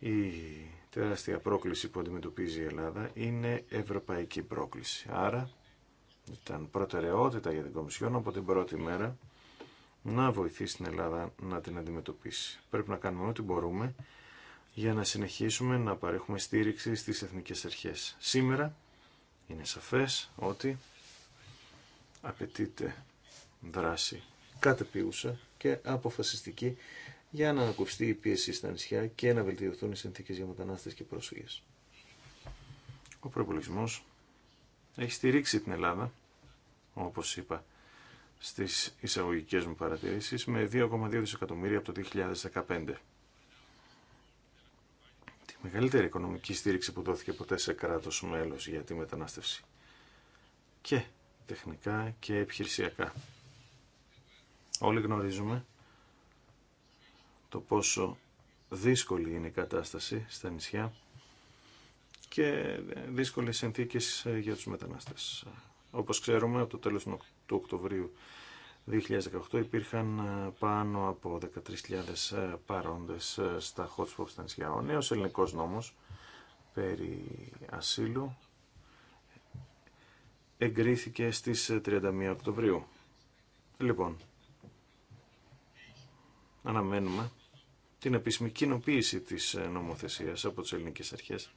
Η τεράστια πρόκληση που αντιμετωπίζει η Ελλάδα είναι ευρωπαϊκή πρόκληση. Άρα ήταν προτεραιότητα για την Κομισιόν από την πρώτη μέρα να βοηθήσει την Ελλάδα να την αντιμετωπίσει. Πρέπει να κάνουμε ό,τι μπορούμε για να συνεχίσουμε να παρέχουμε στήριξη στις εθνικές αρχές. Σήμερα είναι σαφές ότι απαιτείται δράση κατεπίουσα και αποφασιστική για να ανακουφιστεί η πίεση στα νησιά και να βελτιωθούν οι συνθήκες για μετανάστες και πρόσφυγες. Ο έχει στηρίξει την Ελλάδα, όπως είπα στις εισαγωγικές μου παρατηρήσεις, με 2,2 δισεκατομμύρια από το 2015. Τη μεγαλύτερη οικονομική στήριξη που δόθηκε ποτέ σε κράτος μέλος για τη μετανάστευση. Και τεχνικά και επιχειρησιακά. Όλοι γνωρίζουμε το πόσο δύσκολη είναι η κατάσταση στα νησιά και δύσκολες συνθήκες ε, για τους μετανάστες. Όπως ξέρουμε, από το τέλος του Οκτωβρίου 2018 υπήρχαν ε, πάνω από 13.000 ε, παρόντες στα hot spots στα νησιά. Ο νέος ελληνικός νόμος περί ασύλου εγκρίθηκε στις 31 Οκτωβρίου. Λοιπόν, αναμένουμε την επίσημη κοινοποίηση της νομοθεσίας από τις ελληνικές αρχές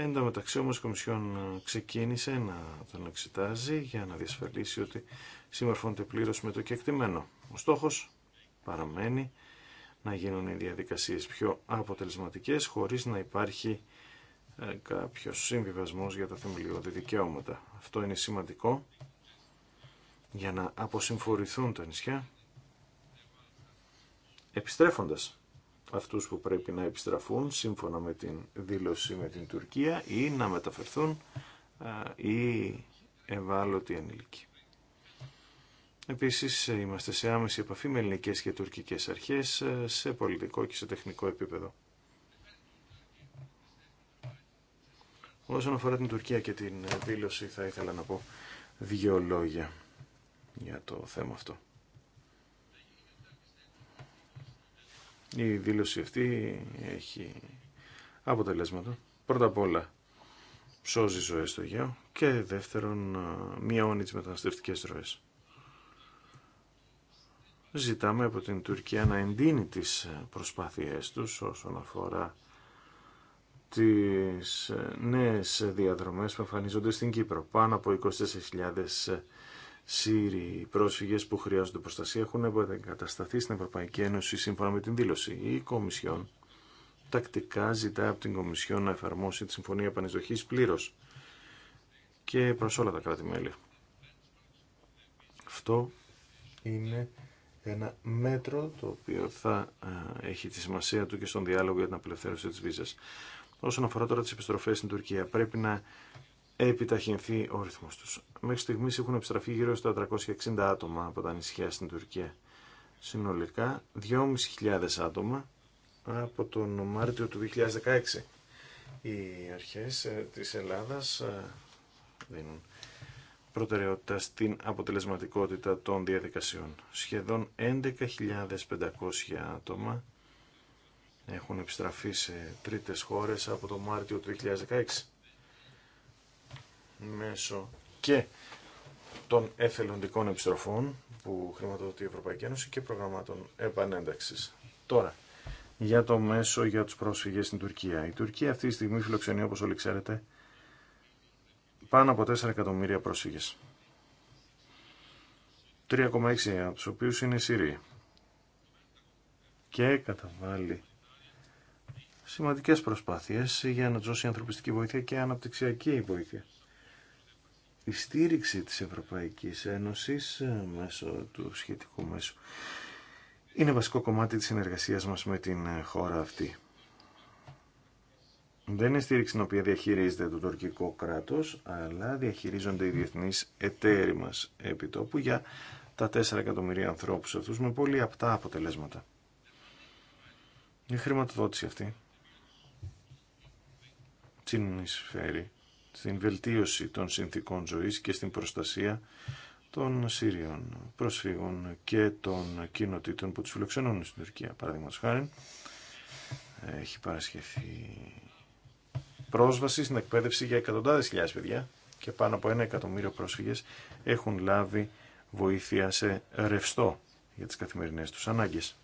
Εν τω μεταξύ όμως η Κομισιόν ε, ξεκίνησε να τον εξετάζει για να διασφαλίσει ότι συμμορφώνεται πλήρως με το κεκτημένο. Ο στόχος παραμένει να γίνουν οι διαδικασίες πιο αποτελεσματικές χωρίς να υπάρχει ε, κάποιος συμβιβασμός για τα θεμελιώδη δικαιώματα. Αυτό είναι σημαντικό για να αποσυμφορηθούν τα νησιά επιστρέφοντας αυτούς που πρέπει να επιστραφούν σύμφωνα με την δήλωση με την Τουρκία ή να μεταφερθούν ή ευάλωτοι ενήλικοι. Επίσης ε, είμαστε σε άμεση επαφή με ελληνικές και τουρκικές αρχές ε, σε πολιτικό και σε τεχνικό επίπεδο. Όσον αφορά την Τουρκία και την δήλωση θα ήθελα να πω δύο λόγια για το θέμα αυτό. Η δήλωση αυτή έχει αποτελέσματα. Πρώτα απ' όλα σώζει ζωέ στο Αιγαίο και δεύτερον μειώνει τι μεταναστευτικέ ροέ. Ζητάμε από την Τουρκία να εντείνει τις ε, προσπάθειές τους όσον αφορά τις ε, νέες διαδρομές που εμφανίζονται στην Κύπρο. Πάνω από 24.000 ε, Σύριοι πρόσφυγε που χρειάζονται προστασία έχουν εγκατασταθεί στην Ευρωπαϊκή Ένωση σύμφωνα με την δήλωση. Η Κομισιόν τακτικά ζητά από την Κομισιόν να εφαρμόσει τη Συμφωνία Επανεισδοχή πλήρω. και προ όλα τα κράτη-μέλη. Αυτό είναι ένα μέτρο το οποίο θα ε, έχει τη σημασία του και στον διάλογο για την απελευθέρωση τη ΒΙΖΑ. Όσον αφορά τώρα τι επιστροφέ στην Τουρκία, πρέπει να επιταχυνθεί ο ρυθμός τους. Μέχρι στιγμής έχουν επιστραφεί γύρω στα 360 άτομα από τα νησιά στην Τουρκία. Συνολικά 2.500 άτομα από τον Μάρτιο του 2016. Οι αρχές ε, της Ελλάδας ε, δίνουν προτεραιότητα στην αποτελεσματικότητα των διαδικασιών. Σχεδόν 11.500 άτομα έχουν επιστραφεί σε τρίτες χώρες από τον Μάρτιο του 2016 μέσω και των εθελοντικών επιστροφών που χρηματοδοτεί η Ευρωπαϊκή Ένωση και προγραμμάτων επανένταξης. Τώρα, για το μέσο για τους πρόσφυγες στην Τουρκία. Η Τουρκία αυτή τη στιγμή φιλοξενεί, όπως όλοι ξέρετε, πάνω από 4 εκατομμύρια πρόσφυγες. 3,6 από τους οποίους είναι Σύριοι. Και καταβάλει σημαντικές προσπάθειες για να τους δώσει ανθρωπιστική βοήθεια και αναπτυξιακή βοήθεια η στήριξη της Ευρωπαϊκής Ένωσης ε, μέσω του σχετικού μέσου είναι βασικό κομμάτι της συνεργασίας μας με την ε, χώρα αυτή. Δεν είναι στήριξη την οποία διαχειρίζεται το τουρκικό κράτος, αλλά διαχειρίζονται οι διεθνείς εταίροι μας επί που για τα 4 εκατομμυρία ανθρώπους αυτούς με πολύ απτά αποτελέσματα. Η χρηματοδότηση αυτή συνεισφέρει στην βελτίωση των συνθήκων ζωής και στην προστασία των Σύριων προσφύγων και των κοινοτήτων που τους φιλοξενούν στην Τουρκία. Παραδείγματο χάρη, έχει παρασχεθεί πρόσβαση στην εκπαίδευση για εκατοντάδες χιλιάδες παιδιά και πάνω από ένα εκατομμύριο πρόσφυγες έχουν λάβει βοήθεια σε ρευστό για τις καθημερινές τους ανάγκες.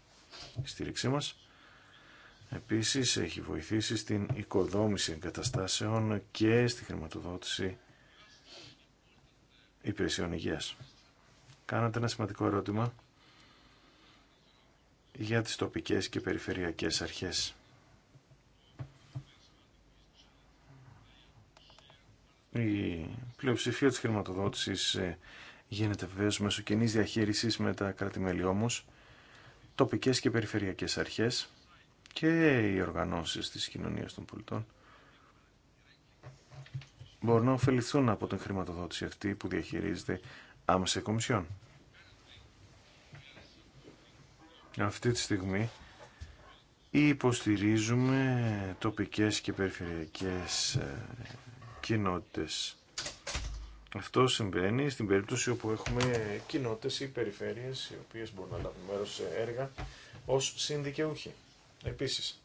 στήριξή μας Επίσης έχει βοηθήσει στην οικοδόμηση εγκαταστάσεων και στη χρηματοδότηση υπηρεσιών υγείας. Κάνατε ένα σημαντικό ερώτημα για τις τοπικές και περιφερειακές αρχές. Η πλειοψηφία της χρηματοδότησης ε, γίνεται βεβαίω μέσω κοινή διαχείρισης με τα κρατη Τοπικές και περιφερειακές αρχές και οι οργανώσεις της κοινωνίας των πολιτών μπορούν να ωφεληθούν από την χρηματοδότηση αυτή που διαχειρίζεται άμεσα η Κομισιόν. Αυτή τη στιγμή υποστηρίζουμε τοπικές και περιφερειακές ε, κοινότητες. Αυτό συμβαίνει στην περίπτωση όπου έχουμε κοινότητες ή περιφέρειες οι οποίες μπορούν να λάβουν μέρος σε έργα ως συνδικαιούχοι. Επίσης,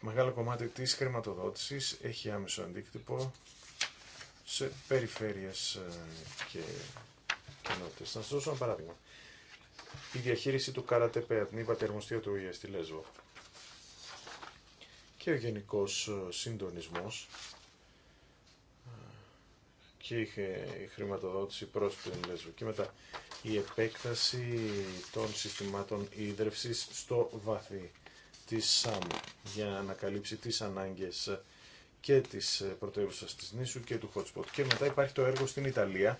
μεγάλο κομμάτι της χρηματοδότησης έχει άμεσο αντίκτυπο σε περιφέρειες ε, και κοινότητες. Να σας δώσω ένα παράδειγμα. Η διαχείριση του Καρατεπέ, την είπατε του ΙΕ Λέσβο και ο γενικός ε, συντονισμός και η χρηματοδότηση προς την Λέσβο. Και μετά η επέκταση των συστημάτων ίδρυυσης στο βαθύ της ΣΑΜ για να ανακαλύψει τις ανάγκες και της πρωτεύουσας της νήσου και του hotspot. Και μετά υπάρχει το έργο στην Ιταλία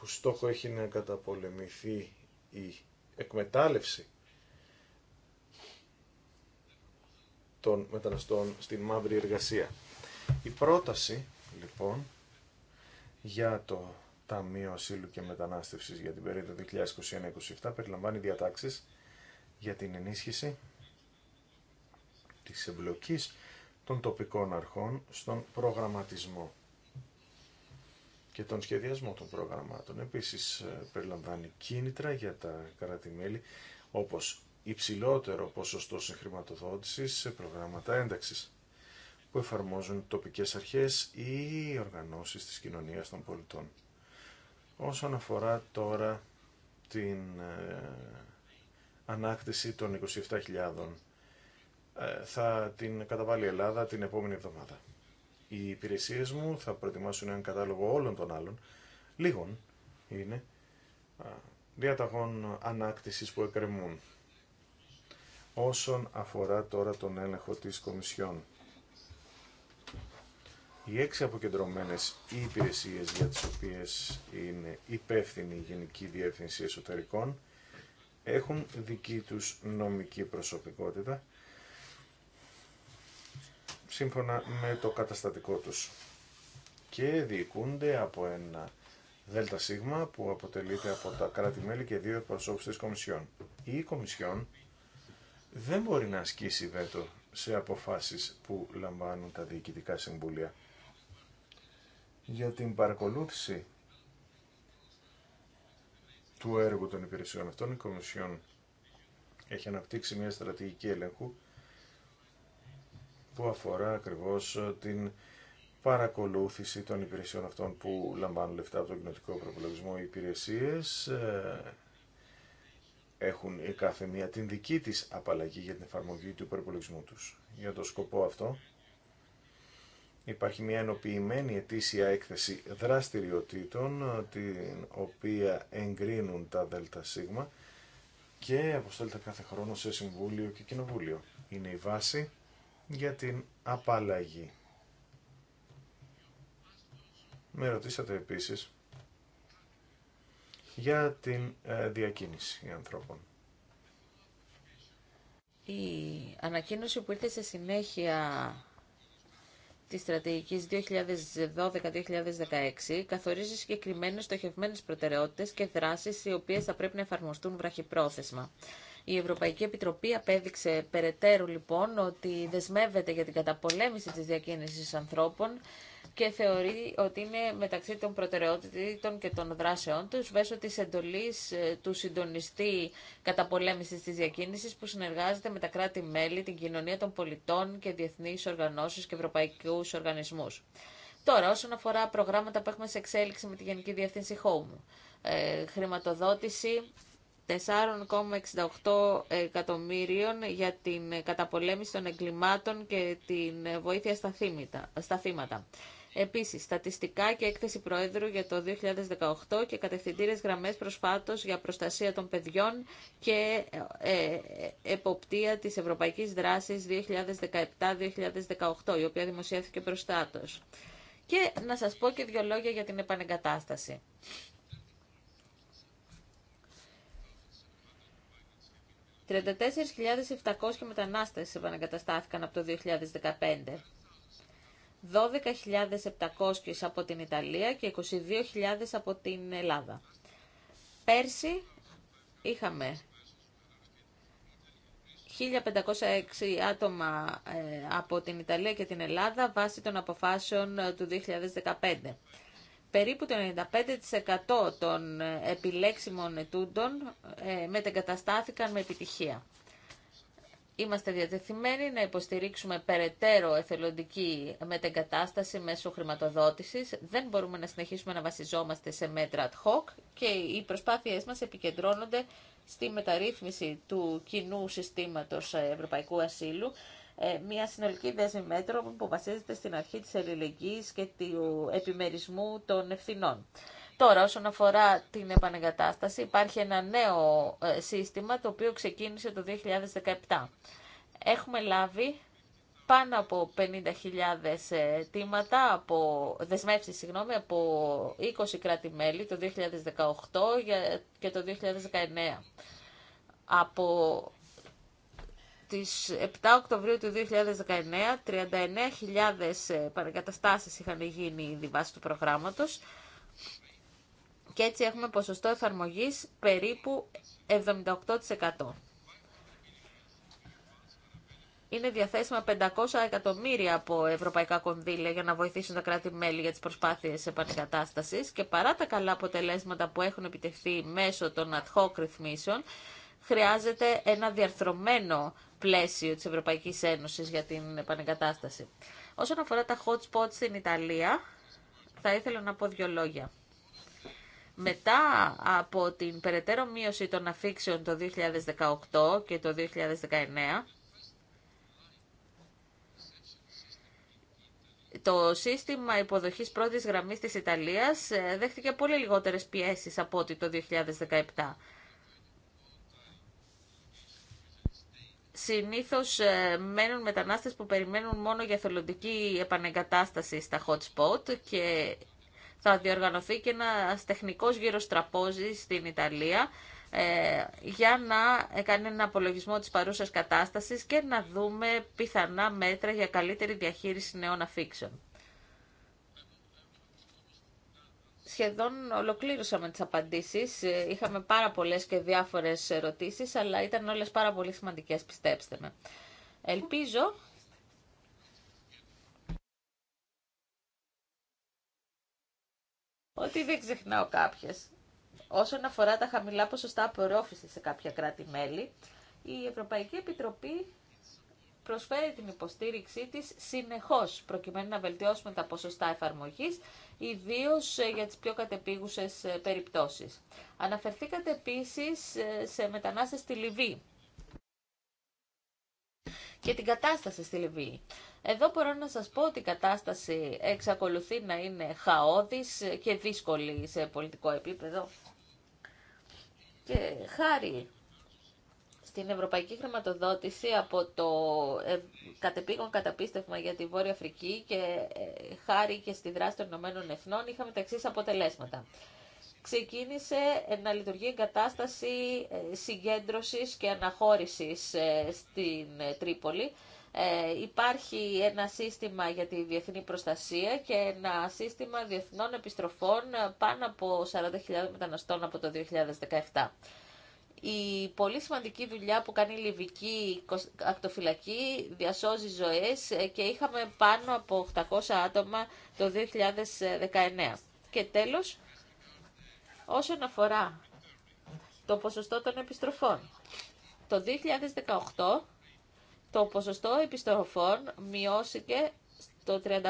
που στόχο έχει να καταπολεμηθεί η εκμετάλλευση των μεταναστών στην μαύρη εργασία. Η πρόταση, λοιπόν, για το Ταμείο Ασύλου και Μετανάστευσης για την περίοδο 2021-2027 περιλαμβάνει διατάξεις για την ενίσχυση της εμπλοκής των τοπικών αρχών στον προγραμματισμό και τον σχεδιασμό των προγραμμάτων. Επίσης ε, περιλαμβάνει κίνητρα για τα κράτη-μέλη όπως υψηλότερο ποσοστό συγχρηματοδότησης σε προγράμματα ένταξης που εφαρμόζουν τοπικές αρχές ή οργανώσεις της κοινωνίας των πολιτών. Όσον αφορά τώρα την ε, ανάκτηση των 27.000 ε, θα την καταβάλει η Ελλάδα την επόμενη εβδομάδα. Οι υπηρεσίε μου θα προετοιμάσουν έναν κατάλογο όλων των άλλων, λίγων είναι, διαταγών ανάκτησης που εκκρεμούν. Όσον αφορά τώρα τον έλεγχο της Κομισιόν, οι έξι αποκεντρωμένες υπηρεσίες για τις οποίες είναι υπεύθυνη η Γενική Διεύθυνση Εσωτερικών έχουν δική τους νομική προσωπικότητα σύμφωνα με το καταστατικό τους και διοικούνται από ένα ΔΣ που αποτελείται από τα κράτη-μέλη και δύο εκπροσώπους της Κομισιόν. Η Κομισιόν δεν μπορεί να ασκήσει βέτο σε αποφάσεις που λαμβάνουν τα διοικητικά συμβούλια για την παρακολούθηση του έργου των υπηρεσιών αυτών. Η Κομισιόν έχει αναπτύξει μια στρατηγική έλεγχου που αφορά ακριβώς την παρακολούθηση των υπηρεσιών αυτών που λαμβάνουν λεφτά από τον κοινωτικό προπολογισμό. Οι υπηρεσίες ε, έχουν κάθε μία την δική της απαλλαγή για την εφαρμογή του προπολογισμού τους. Για τον σκοπό αυτό Υπάρχει μια ενοποιημένη ετήσια έκθεση δραστηριοτήτων, ε, την οποία εγκρίνουν τα ΔΣ και αποστέλλεται κάθε χρόνο σε Συμβούλιο και Κοινοβούλιο. Είναι η βάση για την απαλλαγή. Με ρωτήσατε επίσης για την ε, διακίνηση ανθρώπων. Η ανακοίνωση που ήρθε σε συνέχεια της στρατηγικής 2012-2016 καθορίζει συγκεκριμένες στοχευμένες προτεραιότητες και δράσεις οι οποίες θα πρέπει να εφαρμοστούν βραχυπρόθεσμα. Η Ευρωπαϊκή Επιτροπή απέδειξε περαιτέρω λοιπόν ότι δεσμεύεται για την καταπολέμηση της διακίνησης ανθρώπων και θεωρεί ότι είναι μεταξύ των προτεραιότητων και των δράσεών τους μέσω της εντολής ε, του συντονιστή καταπολέμησης της διακίνησης που συνεργάζεται με τα κράτη-μέλη, την κοινωνία των πολιτών και διεθνείς οργανώσεις και ευρωπαϊκούς οργανισμούς. Τώρα, όσον αφορά προγράμματα που έχουμε σε εξέλιξη με τη Γενική Διεύθυνση Home, ε, χρηματοδότηση 4,68 εκατομμύριων για την καταπολέμηση των εγκλημάτων και την βοήθεια στα θύματα. Επίσης, στατιστικά και έκθεση Προέδρου για το 2018 και κατευθυντήρες γραμμές προσφάτως για προστασία των παιδιών και ε, ε, εποπτεία της Ευρωπαϊκής Δράσης 2017-2018, η οποία δημοσιεύθηκε προστάτως. Και να σας πω και δύο λόγια για την επανεγκατάσταση. «34.700 μετανάστες επανεγκαταστάθηκαν από το 2015». 12.700 από την Ιταλία και 22.000 από την Ελλάδα. Πέρσι είχαμε 1.506 άτομα ε, από την Ιταλία και την Ελλάδα βάσει των αποφάσεων ε, του 2015. Περίπου το 95% των ε, επιλέξιμων ετούντων μετεγκαταστάθηκαν με επιτυχία. Είμαστε διατεθειμένοι να υποστηρίξουμε περαιτέρω εθελοντική μετεγκατάσταση μέσω χρηματοδότησης. Δεν μπορούμε να συνεχίσουμε να βασιζόμαστε σε μέτρα ad hoc και οι προσπάθειές μας επικεντρώνονται στη μεταρρύθμιση του κοινού συστήματος ευρωπαϊκού ασύλου, ε, μια συνολική δέσμη μέτρων που βασίζεται στην αρχή της ελληνική και του επιμερισμού των ευθυνών. Τώρα, όσον αφορά την επανεγκατάσταση, υπάρχει ένα νέο ε, σύστημα το οποίο ξεκίνησε το 2017. Έχουμε λάβει πάνω από 50.000 τίματα, από, δεσμεύσεις συγγνώμη, από 20 κράτη-μέλη το 2018 και το 2019. Από τις 7 Οκτωβρίου του 2019, 39.000 παρακαταστάσεις είχαν γίνει ήδη βάσει του προγράμματος και έτσι έχουμε ποσοστό εφαρμογής περίπου 78%. Είναι διαθέσιμα 500 εκατομμύρια από ευρωπαϊκά κονδύλια για να βοηθήσουν τα κράτη-μέλη για τις προσπάθειες επανεκατάστασης και παρά τα καλά αποτελέσματα που έχουν επιτευχθεί μέσω των ad hoc ρυθμίσεων, χρειάζεται ένα διαρθρωμένο πλαίσιο της Ευρωπαϊκής Ένωσης για την επανεγκατάσταση. Όσον αφορά τα hot spots στην Ιταλία, θα ήθελα να πω δύο λόγια μετά από την περαιτέρω μείωση των αφήξεων το 2018 και το 2019, το σύστημα υποδοχής πρώτης γραμμής της Ιταλίας ε, δέχτηκε πολύ λιγότερες πιέσεις από ό,τι το 2017. Συνήθως ε, μένουν μετανάστες που περιμένουν μόνο για θελοντική επανεγκατάσταση στα hot spot και θα διοργανωθεί και ένα τεχνικό γύρο τραπόζη στην Ιταλία ε, για να κάνει ένα απολογισμό της παρούσα κατάστασης και να δούμε πιθανά μέτρα για καλύτερη διαχείριση νέων αφήξεων. σχεδόν ολοκλήρωσαμε τις απαντήσεις. Ε, είχαμε πάρα πολλές και διάφορες ερωτήσεις, αλλά ήταν όλες πάρα πολύ σημαντικές, πιστέψτε με. Ελπίζω ότι δεν ξεχνάω κάποιες. Όσον αφορά τα χαμηλά ποσοστά απορρόφηση σε κάποια κράτη-μέλη, η Ευρωπαϊκή Επιτροπή προσφέρει την υποστήριξή της συνεχώς, προκειμένου να βελτιώσουμε τα ποσοστά εφαρμογής, ιδίως ε, για τις πιο κατεπίγουσες ε, περιπτώσεις. Αναφερθήκατε επίσης ε, σε μετανάστες στη Λιβύη και την κατάσταση στη Λιβύη. Εδώ μπορώ να σας πω ότι η κατάσταση εξακολουθεί να είναι χαόδης και δύσκολη σε πολιτικό επίπεδο. Και χάρη στην ευρωπαϊκή χρηματοδότηση από το ε, κατεπήγον καταπίστευμα για τη Βόρεια Αφρική και ε, χάρη και στη δράση των Ηνωμένων Εθνών είχαμε τα εξής αποτελέσματα ξεκίνησε να λειτουργεί εγκατάσταση ε, συγκέντρωσης και αναχώρησης ε, στην ε, Τρίπολη. υπάρχει ένα σύστημα για τη διεθνή προστασία και ένα σύστημα διεθνών επιστροφών πάνω από 40.000 μεταναστών από το 2017. Η πολύ σημαντική δουλειά που κάνει η Λιβική ακτοφυλακή διασώζει ζωές και είχαμε πάνω από 800 άτομα το 2019. Και τέλος, Όσον αφορά το ποσοστό των επιστροφών, το 2018 το ποσοστό επιστροφών μειώθηκε στο 63%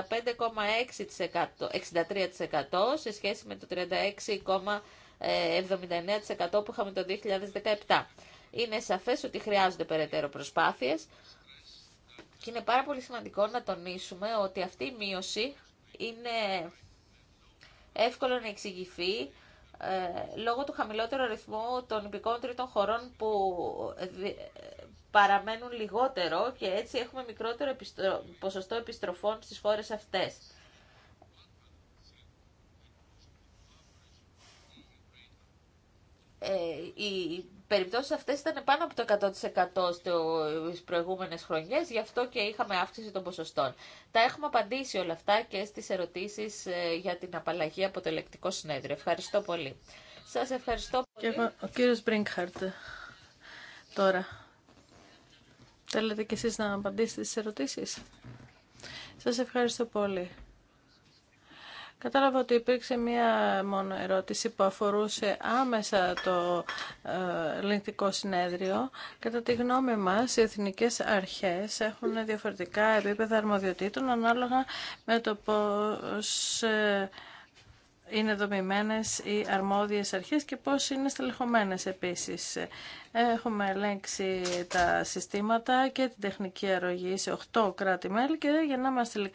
σε σχέση με το 36,79% που είχαμε το 2017. Είναι σαφές ότι χρειάζονται περαιτέρω προσπάθειες και είναι πάρα πολύ σημαντικό να τονίσουμε ότι αυτή η μείωση είναι εύκολο να εξηγηθεί ε, λόγω του χαμηλότερου αριθμού των υπηκών τρίτων χωρών που ε, ε, παραμένουν λιγότερο και έτσι έχουμε μικρότερο ποσοστό επιστροφών στις χώρες αυτές περιπτώσεις αυτές ήταν πάνω από το 100% στις προηγούμενες χρονιές, γι' αυτό και είχαμε αύξηση των ποσοστών. Τα έχουμε απαντήσει όλα αυτά και στις ερωτήσεις ε, για την απαλλαγή από το ελεκτικό συνέδριο. Ευχαριστώ πολύ. Σας ευχαριστώ πολύ. ο κύριο Μπρίνκχαρτ ε, τώρα. Θέλετε κι εσείς να απαντήσετε στις ερωτήσεις. Σας ευχαριστώ πολύ. Κατάλαβα ότι υπήρξε μία μόνο ερώτηση που αφορούσε άμεσα το ε, ελεγκτικό συνέδριο. Κατά τη γνώμη μας, οι εθνικές αρχές έχουν διαφορετικά επίπεδα αρμοδιοτήτων ανάλογα με το πώς ε, είναι δομημένες οι αρμόδιες αρχές και πώς είναι στελεχωμένες επίσης. Έχουμε ελέγξει τα συστήματα και την τεχνική αρρωγή σε 8 κράτη-μέλη και για να είμαστε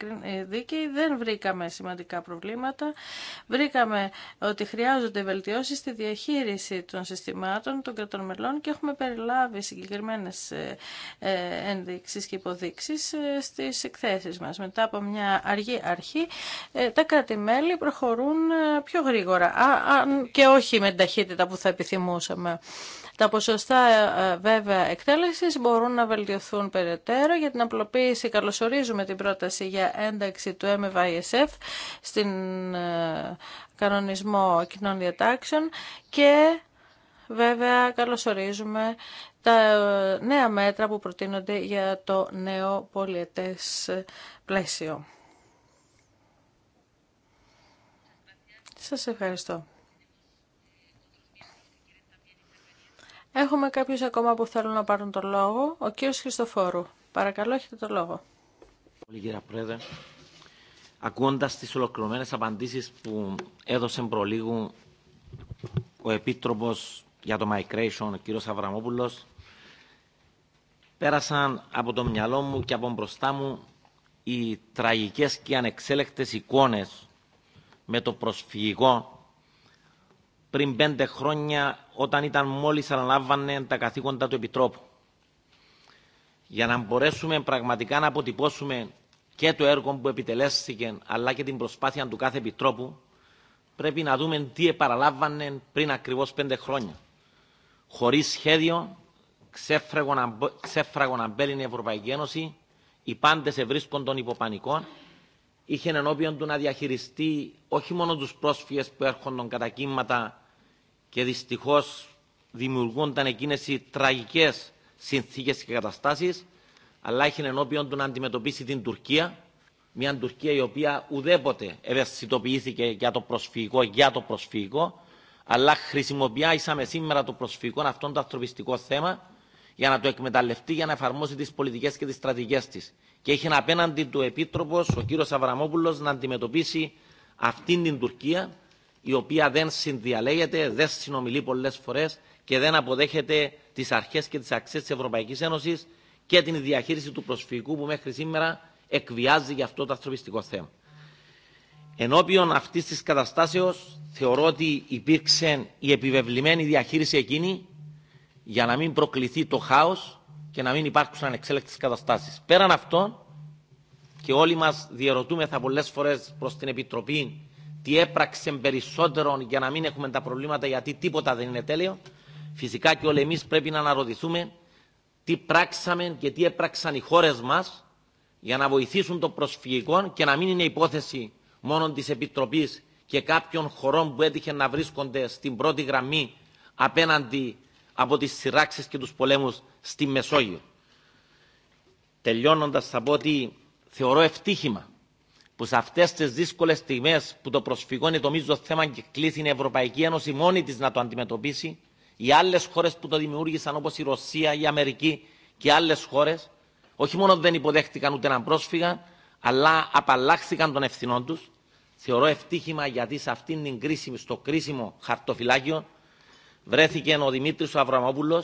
δίκαιοι δεν βρήκαμε σημαντικά προβλήματα. Βρήκαμε ότι χρειάζονται βελτιώσεις στη διαχείριση των συστημάτων των κρατών μελών και έχουμε περιλάβει συγκεκριμένες ένδειξεις ε, ε, και υποδείξεις ε, στις εκθέσεις μας. Μετά από μια αργή αρχή τα κράτη-μέλη προχωρούν πιο γρήγορα και όχι με την ταχύτητα που θα επιθυμούσαμε. Τα ποσοστά τα, ε, ε, βέβαια εκτέλεσης μπορούν να βελτιωθούν περαιτέρω. Για την απλοποίηση καλωσορίζουμε την πρόταση για ένταξη του MVISF στην ε, κανονισμό κοινών διατάξεων και βέβαια καλωσορίζουμε τα νέα μέτρα που προτείνονται για το νέο πολιετές πλαίσιο. Σας ευχαριστώ. Έχουμε κάποιους ακόμα που θέλουν να πάρουν το λόγο. Ο κύριος Χριστοφόρου. Παρακαλώ, έχετε το λόγο. Πολύ κύριε Πρόεδρε. Ακούοντας τις ολοκληρωμένες απαντήσεις που έδωσε προλίγου ο Επίτροπος για το Migration, ο κύριος Αβραμόπουλος, πέρασαν από το μυαλό μου και από μπροστά μου οι τραγικές και ανεξέλεκτες εικόνες με το προσφυγικό πριν πέντε χρόνια όταν ήταν μόλις αναλάβανε τα καθήκοντα του Επιτρόπου. Για να μπορέσουμε πραγματικά να αποτυπώσουμε και το έργο που επιτελέστηκε αλλά και την προσπάθεια του κάθε Επιτρόπου πρέπει να δούμε τι επαραλάβανε πριν ακριβώς πέντε χρόνια. Χωρίς σχέδιο, ξέφραγον να μπαίνει η Ευρωπαϊκή Ένωση, οι πάντες των υποπανικών είχε ενώπιον του να διαχειριστεί όχι μόνο τους πρόσφυγες που έρχονταν κατά κύματα και δυστυχώς δημιουργούνταν εκείνες οι τραγικές συνθήκες και καταστάσεις, αλλά είχε ενώπιον του να αντιμετωπίσει την Τουρκία, μια Τουρκία η οποία ουδέποτε ευαισθητοποιήθηκε για το προσφυγικό, για το προσφυγικό, αλλά χρησιμοποιήσαμε σήμερα το προσφυγικό αυτόν το ανθρωπιστικό θέμα για να το εκμεταλλευτεί, για να εφαρμόσει τι πολιτικέ και τι στρατηγικέ τη. Και έχει απέναντι του Επίτροπο, ο κύριο Αβραμόπουλο, να αντιμετωπίσει αυτήν την Τουρκία, η οποία δεν συνδιαλέγεται, δεν συνομιλεί πολλέ φορέ και δεν αποδέχεται τι αρχέ και τι αξίε τη Ευρωπαϊκή Ένωση και την διαχείριση του προσφυγικού που μέχρι σήμερα εκβιάζει για αυτό το ανθρωπιστικό θέμα. Ενώπιον αυτή τη καταστάσεω, θεωρώ ότι υπήρξε η επιβεβλημένη διαχείριση εκείνη για να μην προκληθεί το χάος και να μην υπάρξουν ανεξέλεκτες καταστάσεις. Πέραν αυτό, και όλοι μας θα πολλές φορές προς την Επιτροπή τι έπραξε περισσότερο για να μην έχουμε τα προβλήματα γιατί τίποτα δεν είναι τέλειο, φυσικά και όλοι εμείς πρέπει να αναρωτηθούμε τι πράξαμε και τι έπραξαν οι χώρες μας για να βοηθήσουν το προσφυγικό και να μην είναι υπόθεση μόνο της Επιτροπής και κάποιων χωρών που έτυχε να βρίσκονται στην πρώτη γραμμή απέναντι από τις σειράξεις και τους πολέμους στη Μεσόγειο. Τελειώνοντας θα πω ότι θεωρώ ευτύχημα που σε αυτές τις δύσκολες στιγμές που το προσφυγό είναι το μείζο θέμα και κλείθει η Ευρωπαϊκή Ένωση μόνη της να το αντιμετωπίσει, οι άλλες χώρες που το δημιούργησαν όπως η Ρωσία, η Αμερική και άλλες χώρες, όχι μόνο δεν υποδέχτηκαν ούτε έναν πρόσφυγα, αλλά απαλλάχθηκαν των ευθυνών τους. Θεωρώ ευτύχημα γιατί σε αυτήν την κρίσιμη, στο κρίσιμο χαρτοφυλάκιο βρέθηκε ο Δημήτρης ο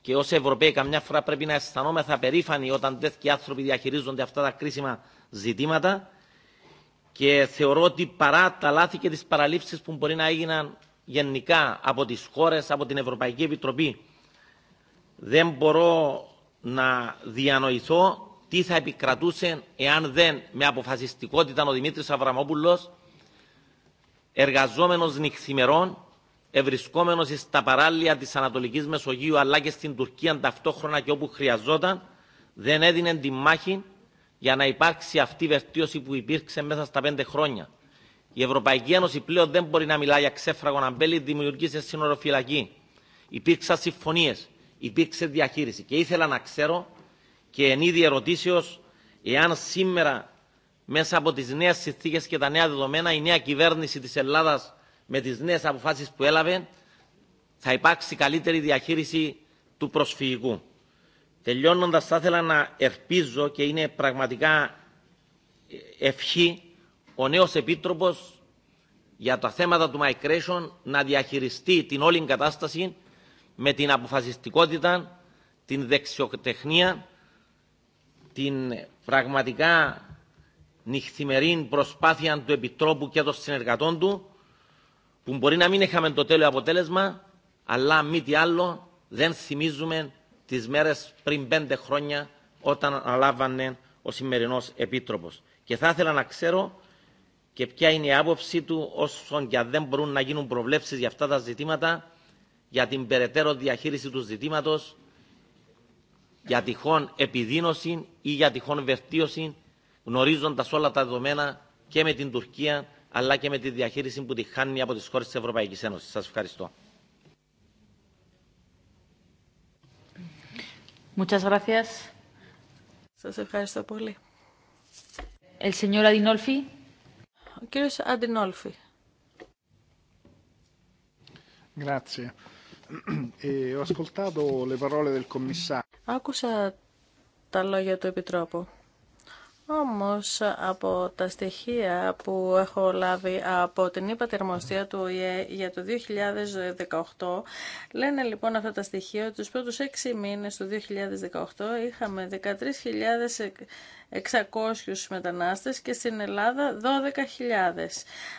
και ως Ευρωπαίοι καμιά φορά πρέπει να αισθανόμεθα περήφανοι όταν τέτοιοι άνθρωποι διαχειρίζονται αυτά τα κρίσιμα ζητήματα και θεωρώ ότι παρά τα λάθη και τις παραλήψεις που μπορεί να έγιναν γενικά από τις χώρες, από την Ευρωπαϊκή Επιτροπή δεν μπορώ να διανοηθώ τι θα επικρατούσε εάν δεν με αποφασιστικότητα ο Δημήτρης Αβραμόπουλος εργαζόμενος νυχθημερών ευρισκόμενο στα παράλια τη Ανατολική Μεσογείου αλλά και στην Τουρκία ταυτόχρονα και όπου χρειαζόταν, δεν έδινε τη μάχη για να υπάρξει αυτή η βελτίωση που υπήρξε μέσα στα πέντε χρόνια. Η Ευρωπαϊκή Ένωση πλέον δεν μπορεί να μιλά για ξέφραγο να μπέλει, δημιουργήσε σύνοροφυλακή. Υπήρξαν συμφωνίε, υπήρξε διαχείριση. Και ήθελα να ξέρω και εν είδη ερωτήσεω, εάν σήμερα μέσα από τι νέε συνθήκε και τα νέα δεδομένα η νέα κυβέρνηση τη Ελλάδα με τις νέες αποφάσεις που έλαβε θα υπάρξει καλύτερη διαχείριση του προσφυγικού. Τελειώνοντας θα ήθελα να ερπίζω και είναι πραγματικά ευχή ο νέος Επίτροπος για τα θέματα του migration να διαχειριστεί την όλη κατάσταση με την αποφασιστικότητα, την δεξιοτεχνία, την πραγματικά νυχθημερή προσπάθεια του Επιτρόπου και των συνεργατών του που μπορεί να μην είχαμε το τέλειο αποτέλεσμα, αλλά μη τι άλλο δεν θυμίζουμε τις μέρες πριν πέντε χρόνια όταν αναλάβανε ο σημερινός Επίτροπος. Και θα ήθελα να ξέρω και ποια είναι η άποψή του όσον και αν δεν μπορούν να γίνουν προβλέψεις για αυτά τα ζητήματα, για την περαιτέρω διαχείριση του ζητήματος, για τυχόν επιδείνωση ή για τυχόν βελτίωση, γνωρίζοντας όλα τα δεδομένα και με την Τουρκία αλλά και με τη διαχείριση που τη χάνει από τις χώρες της Ευρωπαϊκής Ένωσης. Σας ευχαριστώ. Muchas gracias. Σας ευχαριστώ πολύ. El señor Adinolfi. Ο κύριος Αντινόλφη. Grazie. E, ho ascoltato le parole del commissario. Άκουσα τα λόγια του Επιτρόπου. Όμως από τα στοιχεία που έχω λάβει από την ΥΠΑ Τερμοστία του ΟΗΕ για το 2018, λένε λοιπόν αυτά τα στοιχεία ότι τους πρώτους έξι μήνες του 2018 είχαμε 13.000 600 μετανάστες και στην Ελλάδα 12.000.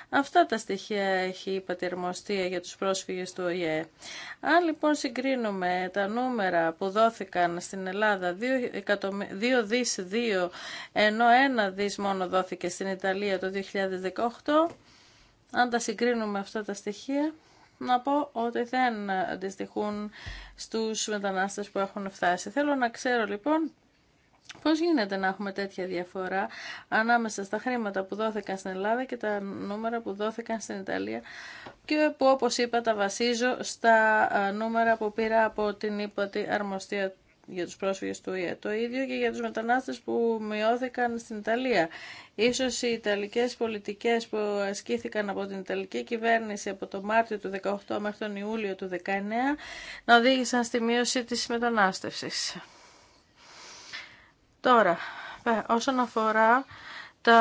Αυτά τα στοιχεία έχει η πατερμοστία για τους πρόσφυγες του ΟΗΕ. Αν λοιπόν συγκρίνουμε τα νούμερα που δόθηκαν στην Ελλάδα 2 δις 2 ενώ 1 δις μόνο δόθηκε στην Ιταλία το 2018 αν τα συγκρίνουμε αυτά τα στοιχεία να πω ότι δεν αντιστοιχούν στους μετανάστες που έχουν φτάσει. Θέλω να ξέρω λοιπόν Πώς γίνεται να έχουμε τέτοια διαφορά ανάμεσα στα χρήματα που δόθηκαν στην Ελλάδα και τα νούμερα που δόθηκαν στην Ιταλία και που όπως είπα τα βασίζω στα ε, νούμερα που πήρα από την ύποτη αρμοστία για τους πρόσφυγες του ΙΕ. Το ίδιο και για τους μετανάστες που μειώθηκαν στην Ιταλία. Ίσως οι Ιταλικές πολιτικές που ασκήθηκαν από την Ιταλική κυβέρνηση από το Μάρτιο του 2018 μέχρι τον Ιούλιο του 2019 να οδήγησαν στη μείωση της μετανάστευσης. Τώρα, όσον αφορά τα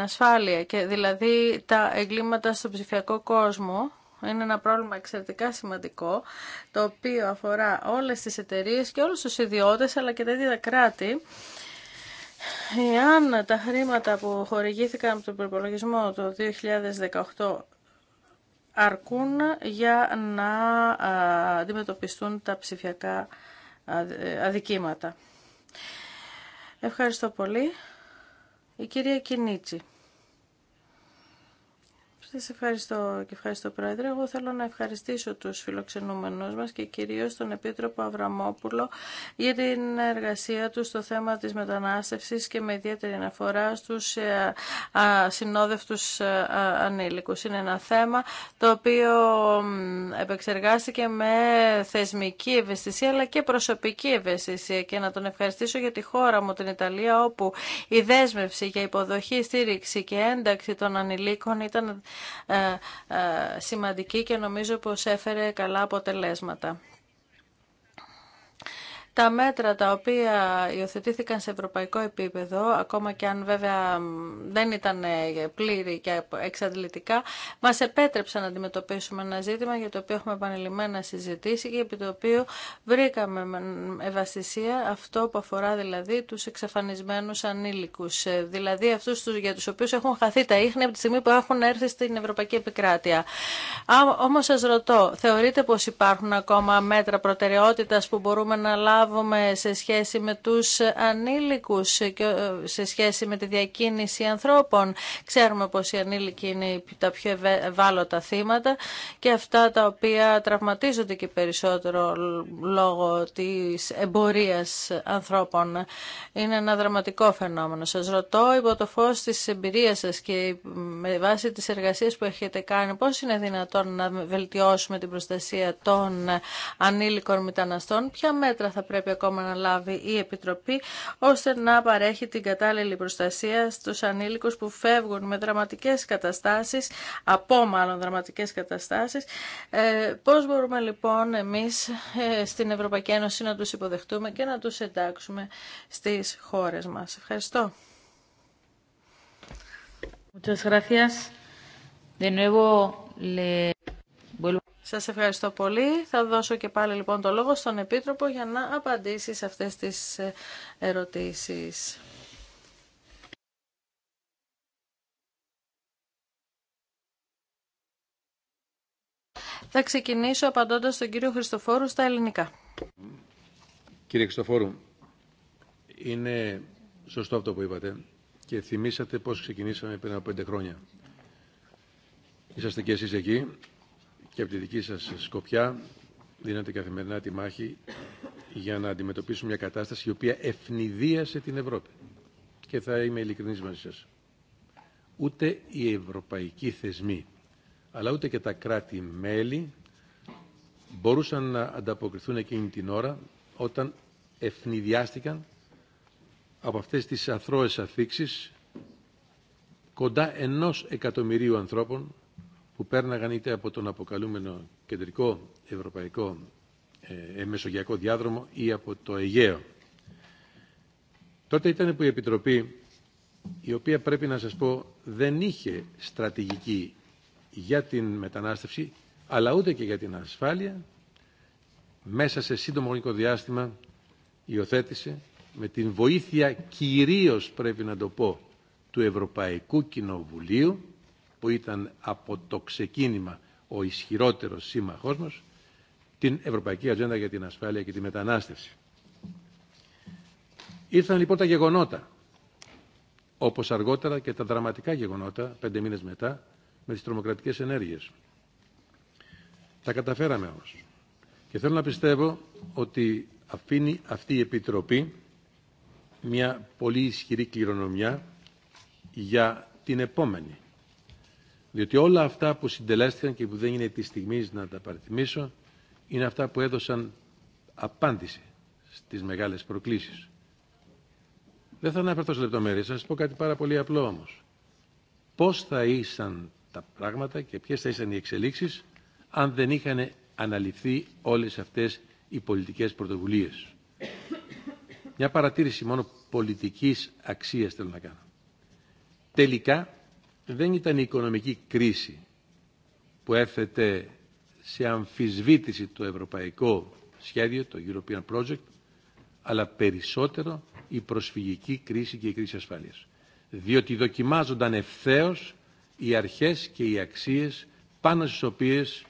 ασφάλεια και δηλαδή τα εγκλήματα στο ψηφιακό κόσμο, είναι ένα πρόβλημα εξαιρετικά σημαντικό, το οποίο αφορά όλες τις εταιρείες και όλους τους ιδιώτες, αλλά και τα ίδια τα κράτη. Εάν τα χρήματα που χορηγήθηκαν από τον προπολογισμό το 2018 αρκούν για να αντιμετωπιστούν τα ψηφιακά ε, αδικήματα. Ευχαριστώ πολύ. Η κυρία Κινίτσι. Σας ευχαριστώ και ευχαριστώ Πρόεδρε. Εγώ θέλω να ευχαριστήσω τους φιλοξενούμενους μας και κυρίως τον Επίτροπο Αβραμόπουλο για την εργασία του στο θέμα της μετανάστευσης και με ιδιαίτερη αναφορά στους ε, συνόδευτους ε, ανήλικους. Είναι ένα θέμα το οποίο επεξεργάστηκε με θεσμική ευαισθησία αλλά και προσωπική ευαισθησία και να τον ευχαριστήσω για τη χώρα μου, την Ιταλία, όπου η δέσμευση για υποδοχή, στήριξη και ένταξη των ανηλίκων ήταν ε, ε, σημαντική και νομίζω πως έφερε καλά αποτελέσματα τα μέτρα τα οποία υιοθετήθηκαν σε ευρωπαϊκό επίπεδο, ακόμα και αν βέβαια δεν ήταν ε, πλήρη και εξαντλητικά, μας επέτρεψαν να αντιμετωπίσουμε ένα ζήτημα για το οποίο έχουμε επανειλημμένα συζητήσει και επί το οποίο βρήκαμε ευαισθησία αυτό που αφορά δηλαδή τους εξαφανισμένους ανήλικους, ε, δηλαδή αυτούς για τους οποίους έχουν χαθεί τα ίχνη από τη στιγμή που έχουν έρθει στην Ευρωπαϊκή Επικράτεια. Όμως σας ρωτώ, θεωρείτε πως υπάρχουν ακόμα μέτρα προτεραιότητας που μπορούμε να λάβουμε σε σχέση με τους ανήλικους και ε, σε σχέση με τη διακίνηση ανθρώπων. Ξέρουμε πως οι ανήλικοι είναι τα πιο ευάλωτα θύματα και αυτά τα οποία τραυματίζονται και περισσότερο λόγω της εμπορίας ανθρώπων. Είναι ένα δραματικό φαινόμενο. Σας ρωτώ υπό το φως της εμπειρίας σας και με βάση τις εργασίες που έχετε κάνει πώς είναι δυνατόν να βελτιώσουμε την προστασία των ανήλικων μεταναστών, ποια μέτρα θα πρέπει πρέπει ακόμα να λάβει η Επιτροπή, ώστε να παρέχει την κατάλληλη προστασία στους ανήλικους που φεύγουν με δραματικές καταστάσεις, από μάλλον δραματικές καταστάσεις. Ε, πώς μπορούμε λοιπόν εμείς ε, στην Ευρωπαϊκή Ένωση να τους υποδεχτούμε και να τους εντάξουμε στις χώρες μας. Ευχαριστώ. Muchas gracias. De σας ευχαριστώ πολύ. Θα δώσω και πάλι λοιπόν το λόγο στον Επίτροπο για να απαντήσει σε αυτές τις ε, ερωτήσεις. Θα ξεκινήσω απαντώντας στον κύριο Χριστοφόρου στα ελληνικά. Κύριε Χριστοφόρου, είναι σωστό αυτό που είπατε και θυμήσατε πώς ξεκινήσαμε πριν από πέντε χρόνια. Είσαστε και εσείς εκεί και από τη δική σας σκοπιά δίνατε καθημερινά τη μάχη για να αντιμετωπίσουμε μια κατάσταση η οποία ευνηδίασε την Ευρώπη. Και θα είμαι ειλικρινής μαζί σας. Ούτε οι ευρωπαϊκοί θεσμοί, αλλά ούτε και τα κράτη-μέλη μπορούσαν να ανταποκριθούν εκείνη την ώρα όταν ευνηδιάστηκαν από αυτές τις αθρώες αφήξεις κοντά ενός εκατομμυρίου ανθρώπων που πέρναγαν είτε από τον αποκαλούμενο κεντρικό ευρωπαϊκό ε, μεσογειακό διάδρομο ή από το Αιγαίο. Τότε ήταν που η Επιτροπή, η οποία πρέπει να σας πω δεν είχε στρατηγική για την μετανάστευση, αλλά ούτε και για την ασφάλεια, μέσα σε σύντομο χρονικό διάστημα υιοθέτησε με την βοήθεια κυρίως πρέπει να το πω του Ευρωπαϊκού Κοινοβουλίου που ήταν από το ξεκίνημα ο ισχυρότερος σύμμαχός μας, την Ευρωπαϊκή Ατζέντα για την Ασφάλεια και τη Μετανάστευση. Ήρθαν λοιπόν τα γεγονότα, όπως αργότερα και τα δραματικά γεγονότα, πέντε μήνες μετά, με τις τρομοκρατικές ενέργειες. Τα καταφέραμε όμως. Και θέλω να πιστεύω ότι αφήνει αυτή η Επιτροπή μια πολύ ισχυρή κληρονομιά για την επόμενη διότι όλα αυτά που συντελέστηκαν και που δεν είναι τη στιγμή να τα παριθμίσω, είναι αυτά που έδωσαν απάντηση στις μεγάλες προκλήσεις. Δεν θα αναφερθώ σε λεπτομέρειες, θα σας πω κάτι πάρα πολύ απλό όμως. Πώς θα ήσαν τα πράγματα και ποιες θα ήσαν οι εξελίξεις αν δεν είχαν αναλυθεί όλες αυτές οι πολιτικές πρωτοβουλίες. Μια παρατήρηση μόνο πολιτικής αξίας θέλω να κάνω. Τελικά, δεν ήταν η οικονομική κρίση που έφεται σε αμφισβήτηση το ευρωπαϊκό σχέδιο, το European Project, αλλά περισσότερο η προσφυγική κρίση και η κρίση ασφάλειας. Διότι δοκιμάζονταν ευθέως οι αρχές και οι αξίες πάνω στις οποίες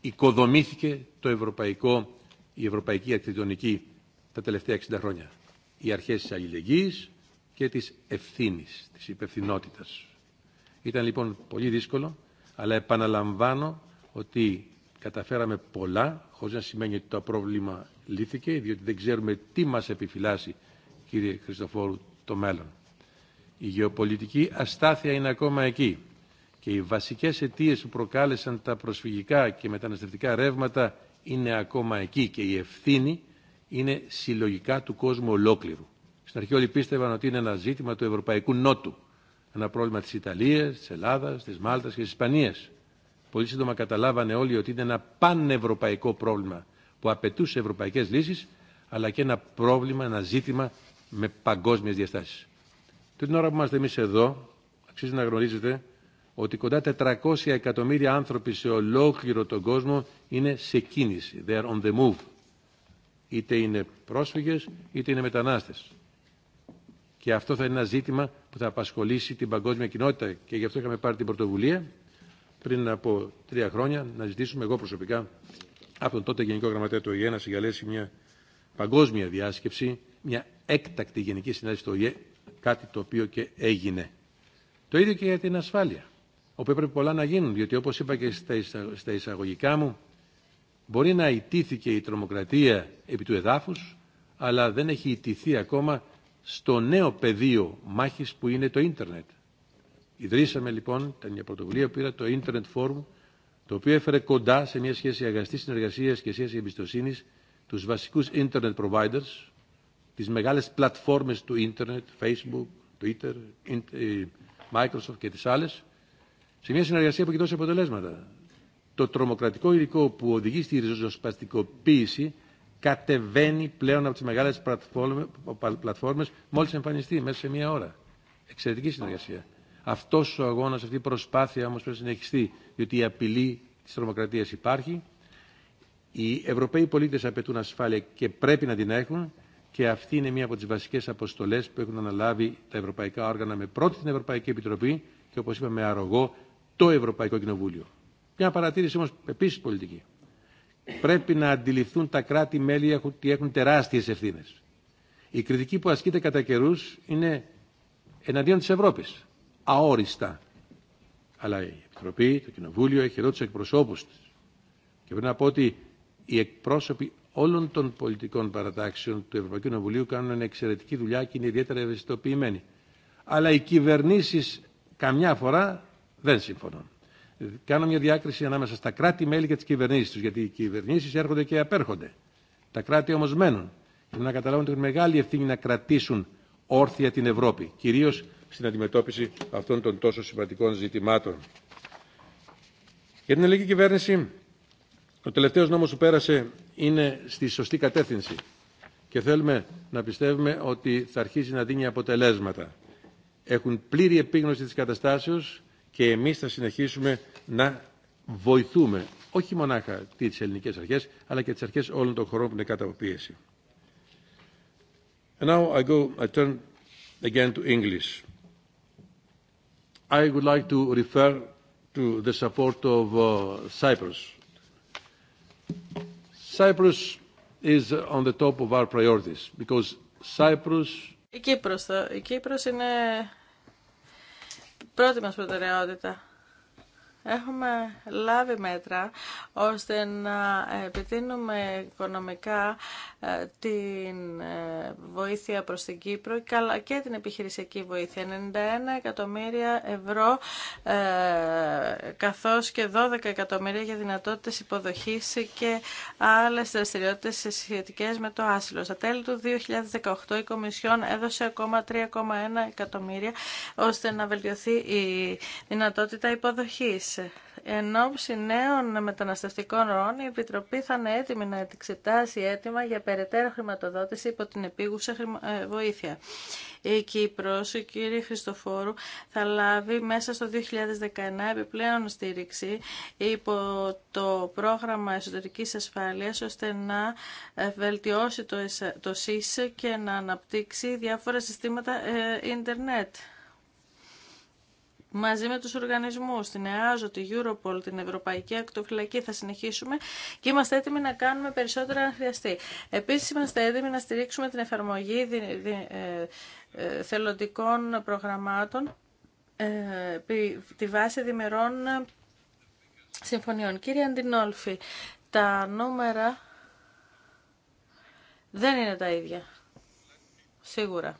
οικοδομήθηκε το ευρωπαϊκό, η ευρωπαϊκή αρχιτεκτονική τα τελευταία 60 χρόνια. Οι αρχές της αλληλεγγύης, και της ευθύνης, της υπευθυνότητας. Ήταν λοιπόν πολύ δύσκολο, αλλά επαναλαμβάνω ότι καταφέραμε πολλά, χωρίς να σημαίνει ότι το πρόβλημα λύθηκε, διότι δεν ξέρουμε τι μας επιφυλάσσει, κύριε Χριστοφόρου, το μέλλον. Η γεωπολιτική αστάθεια είναι ακόμα εκεί και οι βασικές αιτίες που προκάλεσαν τα προσφυγικά και μεταναστευτικά ρεύματα είναι ακόμα εκεί και η ευθύνη είναι συλλογικά του κόσμου ολόκληρου. Στην αρχή όλοι πίστευαν ότι είναι ένα ζήτημα του Ευρωπαϊκού Νότου. Ένα πρόβλημα τη Ιταλία, τη Ελλάδα, τη Μάλτα και τη Ισπανία. Πολύ σύντομα καταλάβανε όλοι ότι είναι ένα πανευρωπαϊκό πρόβλημα που απαιτούσε ευρωπαϊκέ λύσει, αλλά και ένα πρόβλημα, ένα ζήτημα με παγκόσμιε διαστάσει. Την ώρα που είμαστε εμεί εδώ, αξίζει να γνωρίζετε ότι κοντά 400 εκατομμύρια άνθρωποι σε ολόκληρο τον κόσμο είναι σε κίνηση. They are on the move. Είτε είναι πρόσφυγες, είτε είναι μετανάστες. Και αυτό θα είναι ένα ζήτημα που θα απασχολήσει την παγκόσμια κοινότητα και γι' αυτό είχαμε πάρει την πρωτοβουλία πριν από τρία χρόνια να ζητήσουμε εγώ προσωπικά από τον τότε Γενικό Γραμματέα του ΟΗΕ να συγκαλέσει μια παγκόσμια διάσκεψη, μια έκτακτη γενική συνάντηση του ΟΗΕ, κάτι το οποίο και έγινε. Το ίδιο και για την ασφάλεια, όπου έπρεπε πολλά να γίνουν, διότι όπως είπα και στα εισαγωγικά μου, μπορεί να ιτήθηκε η τρομοκρατία επί του εδάφους, αλλά δεν έχει ιτηθεί ακόμα στο νέο πεδίο μάχης που είναι το ίντερνετ. Ιδρύσαμε λοιπόν, ήταν μια πρωτοβουλία που πήρα το Internet Forum, το οποίο έφερε κοντά σε μια σχέση αγαστής συνεργασίας και σχέση εμπιστοσύνης τους βασικούς Internet providers, τις μεγάλες πλατφόρμες του ίντερνετ, Facebook, Twitter, ε, Microsoft και τις άλλες, σε μια συνεργασία που έχει αποτελέσματα. Το τρομοκρατικό υλικό που οδηγεί στη ριζοσπαστικοποίηση κατεβαίνει πλέον από τις μεγάλες πλατφόρμες μόλις εμφανιστεί μέσα σε μία ώρα. Εξαιρετική συνεργασία. Αυτός ο αγώνας, αυτή η προσπάθεια όμως πρέπει να συνεχιστεί, διότι η απειλή της τρομοκρατίας υπάρχει. Οι Ευρωπαίοι πολίτες απαιτούν ασφάλεια και πρέπει να την έχουν και αυτή είναι μία από τις βασικές αποστολές που έχουν αναλάβει τα ευρωπαϊκά όργανα με πρώτη την Ευρωπαϊκή Επιτροπή και όπως είπαμε αρρωγό το Ευρωπαϊκό Κοινοβούλιο. Μια παρατήρηση όμως επίσης πολιτική πρέπει να αντιληφθούν τα κράτη-μέλη ότι έχουν τεράστιες ευθύνες. Η κριτική που ασκείται κατά καιρού είναι εναντίον της Ευρώπης. Αόριστα. Αλλά η Επιτροπή, το Κοινοβούλιο έχει εδώ του εκπροσώπους της. Και πρέπει να πω ότι οι εκπρόσωποι όλων των πολιτικών παρατάξεων του Ευρωπαϊκού Κοινοβουλίου κάνουν εξαιρετική δουλειά και είναι ιδιαίτερα ευαισθητοποιημένοι. Αλλά οι κυβερνήσει καμιά φορά δεν συμφωνούν κάνω μια διάκριση ανάμεσα στα κράτη-μέλη και τι κυβερνήσει του. Γιατί οι κυβερνήσει έρχονται και απέρχονται. Τα κράτη όμω μένουν. και να καταλάβουν ότι έχουν μεγάλη ευθύνη να κρατήσουν όρθια την Ευρώπη. Κυρίω στην αντιμετώπιση αυτών των τόσο σημαντικών ζητημάτων. Για την ελληνική κυβέρνηση, ο τελευταίο νόμο που πέρασε είναι στη σωστή κατεύθυνση. Και θέλουμε να πιστεύουμε ότι θα αρχίσει να δίνει αποτελέσματα. Έχουν πλήρη επίγνωση της καταστάσεως και εμείς θα συνεχίσουμε να βοηθούμε όχι μονάχα τις ελληνικές αρχές αλλά και τις αρχές όλων των χωρών που είναι κάτω από πίεση. And now I go, I turn again to English. I would like to refer to the support of uh, Cyprus. Cyprus is on the top of our priorities because Cyprus η Κύπρος, η Κύπρος είναι πρώτη μας προτεραιότητα. Έχουμε λάβει μέτρα ώστε να επιτείνουμε οικονομικά ε, την ε, βοήθεια προς την Κύπρο και την επιχειρησιακή βοήθεια. 91 εκατομμύρια ευρώ ε, καθώς και 12 εκατομμύρια για δυνατότητες υποδοχής και άλλες δραστηριότητες σχετικέ με το άσυλο. Στα τέλη του 2018 η Κομισιόν έδωσε ακόμα 3,1 εκατομμύρια ώστε να βελτιωθεί η δυνατότητα υποδοχής. Εν ώψη νέων μεταναστευτικών ροών, η Επιτροπή θα είναι έτοιμη να εξετάσει έτοιμα για περαιτέρω χρηματοδότηση υπό την επίγουσα ε, βοήθεια. Η Κύπρος, η κύριε Χριστοφόρου, θα λάβει μέσα στο 2019 επιπλέον στήριξη υπό το πρόγραμμα εσωτερικής ασφάλειας, ώστε να ε, βελτιώσει το ΣΥΣ και να αναπτύξει διάφορα συστήματα ε, ίντερνετ μαζί με τους οργανισμούς, την ΕΑΖΟ, την Europol, την Ευρωπαϊκή Ακτοφυλακή θα συνεχίσουμε και είμαστε έτοιμοι να κάνουμε περισσότερα αν χρειαστεί. Επίσης είμαστε έτοιμοι να στηρίξουμε την εφαρμογή ε, ε, θελοντικών προγραμμάτων ε, τη βάση διμερών συμφωνιών. Κύριε Αντινόλφη, τα νούμερα δεν είναι τα ίδια, σίγουρα.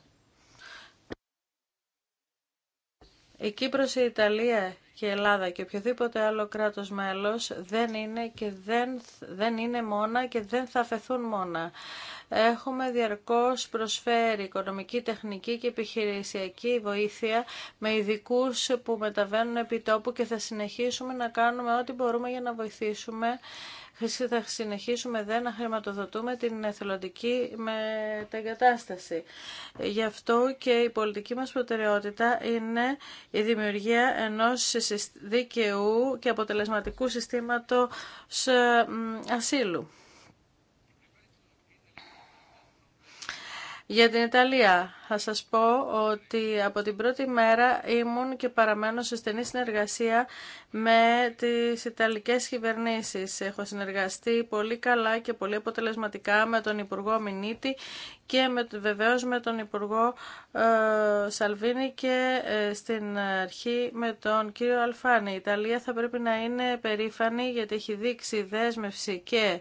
Η Κύπρος, η Ιταλία και η Ελλάδα και οποιοδήποτε άλλο κράτος μέλος δεν είναι, και δεν, δεν είναι μόνα και δεν θα φεθούν μόνα. Έχουμε διαρκώς προσφέρει οικονομική, τεχνική και επιχειρησιακή βοήθεια με ειδικού που μεταβαίνουν επί τόπου και θα συνεχίσουμε να κάνουμε ό,τι μπορούμε για να βοηθήσουμε θα συνεχίσουμε δεν να χρηματοδοτούμε την εθελοντική μεταγκατάσταση. Γι' αυτό και η πολιτική μας προτεραιότητα είναι η δημιουργία ενός δικαιού και αποτελεσματικού συστήματος ε, ασύλου. Για την Ιταλία, θα σας πω ότι από την πρώτη μέρα ήμουν και παραμένω σε στενή συνεργασία με τις Ιταλικές κυβερνήσεις. Έχω συνεργαστεί πολύ καλά και πολύ αποτελεσματικά με τον Υπουργό Μινίτη και με, βεβαίως με τον Υπουργό ε, Σαλβίνη και ε, στην αρχή με τον κύριο Αλφάνη. Η Ιταλία θα πρέπει να είναι περήφανη γιατί έχει δείξει δέσμευση και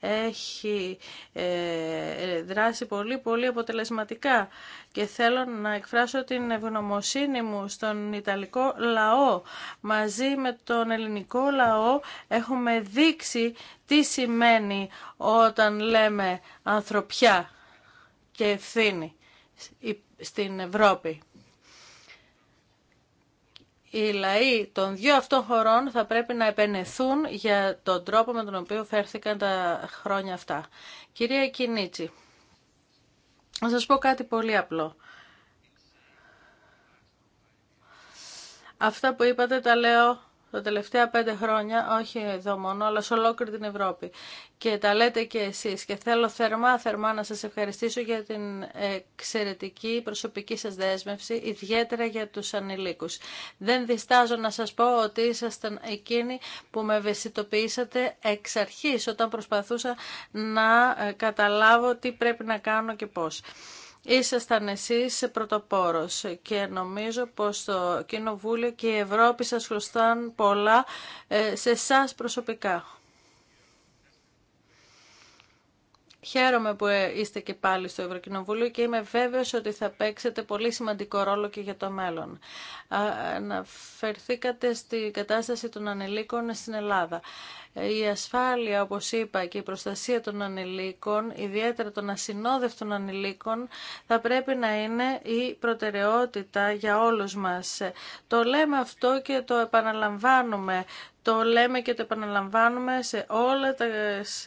έχει ε, δράσει πολύ πολύ αποτελεσματικά και θέλω να εκφράσω την ευγνωμοσύνη μου στον Ιταλικό λαό. Μαζί με τον ελληνικό λαό έχουμε δείξει τι σημαίνει όταν λέμε ανθρωπιά και ευθύνη στην Ευρώπη. Οι λαοί των δύο αυτών χωρών θα πρέπει να επενεθούν για τον τρόπο με τον οποίο φέρθηκαν τα χρόνια αυτά. Κυρία Κινίτσι. Να σας πω κάτι πολύ απλό. Αυτά που είπατε τα λέω τα τελευταία πέντε χρόνια, όχι εδώ μόνο, αλλά σε ολόκληρη την Ευρώπη. Και τα λέτε και εσείς. Και θέλω θερμά, θερμά να σας ευχαριστήσω για την εξαιρετική προσωπική σας δέσμευση, ιδιαίτερα για τους ανηλίκους. Δεν διστάζω να σας πω ότι ήσασταν εκείνοι που με ευαισθητοποιήσατε εξ αρχής, όταν προσπαθούσα να ε, καταλάβω τι πρέπει να κάνω και πώς ήσασταν εσείς πρωτοπόρος και νομίζω πως το Κοινοβούλιο και η Ευρώπη σας χρωστάν πολλά ε, σε εσά προσωπικά. Χαίρομαι που ε, είστε και πάλι στο Ευρωκοινοβούλιο και είμαι βέβαιος ότι θα παίξετε πολύ σημαντικό ρόλο και για το μέλλον. Αναφερθήκατε στη κατάσταση των ανελίκων στην Ελλάδα. Ε, η ασφάλεια, όπως είπα, και η προστασία των ανηλίκων, ιδιαίτερα των ασυνόδευτων ανηλίκων, θα πρέπει να είναι η προτεραιότητα για όλους μας. Το λέμε αυτό και το επαναλαμβάνουμε. Το λέμε και το επαναλαμβάνουμε σε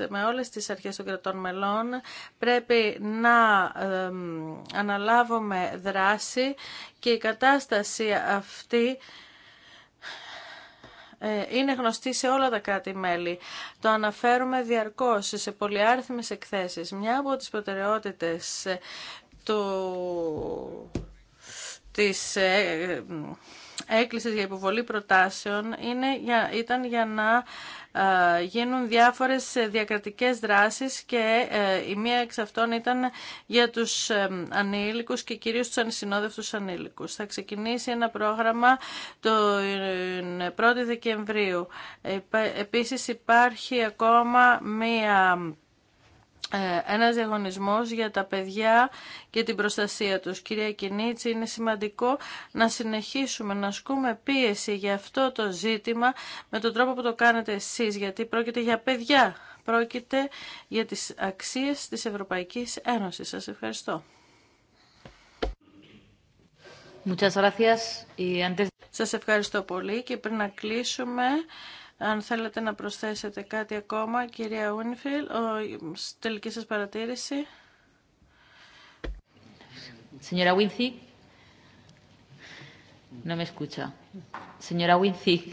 με όλες τις αρχές των κρατών μελών. Πρέπει να αναλάβουμε δράση και η κατάσταση αυτή ε, είναι γνωστή σε όλα τα κράτη-μέλη. Το αναφέρουμε διαρκώς σε πολυάριθμες εκθέσεις. Μια από τις προτεραιότητες ε, του, της ε, έκλεισε για υποβολή προτάσεων είναι, για, ήταν για να ε, γίνουν διάφορες διακρατικές δράσεις και ε, η μία εξ αυτών ήταν για τους ε, ανήλικους και κυρίως τους ανισυνόδευτους ανήλικους. Θα ξεκινήσει ένα πρόγραμμα το 1η Δεκεμβρίου. Επίσης υπάρχει ακόμα μία ε, ένας διαγωνισμός για τα παιδιά και την προστασία τους. Κυρία Κινίτση, είναι σημαντικό να συνεχίσουμε να ασκούμε πίεση για αυτό το ζήτημα με τον τρόπο που το κάνετε εσείς, γιατί πρόκειται για παιδιά, πρόκειται για τις αξίες της Ευρωπαϊκής Ένωσης. Σας ευχαριστώ. Σας ευχαριστώ πολύ και πριν να κλείσουμε... Αν θέλετε να προσθέσετε κάτι ακόμα, κυρία Ούνιφιλ, ο, τελική σας παρατήρηση. Señora Winzig, no me escucha. Señora Winzig,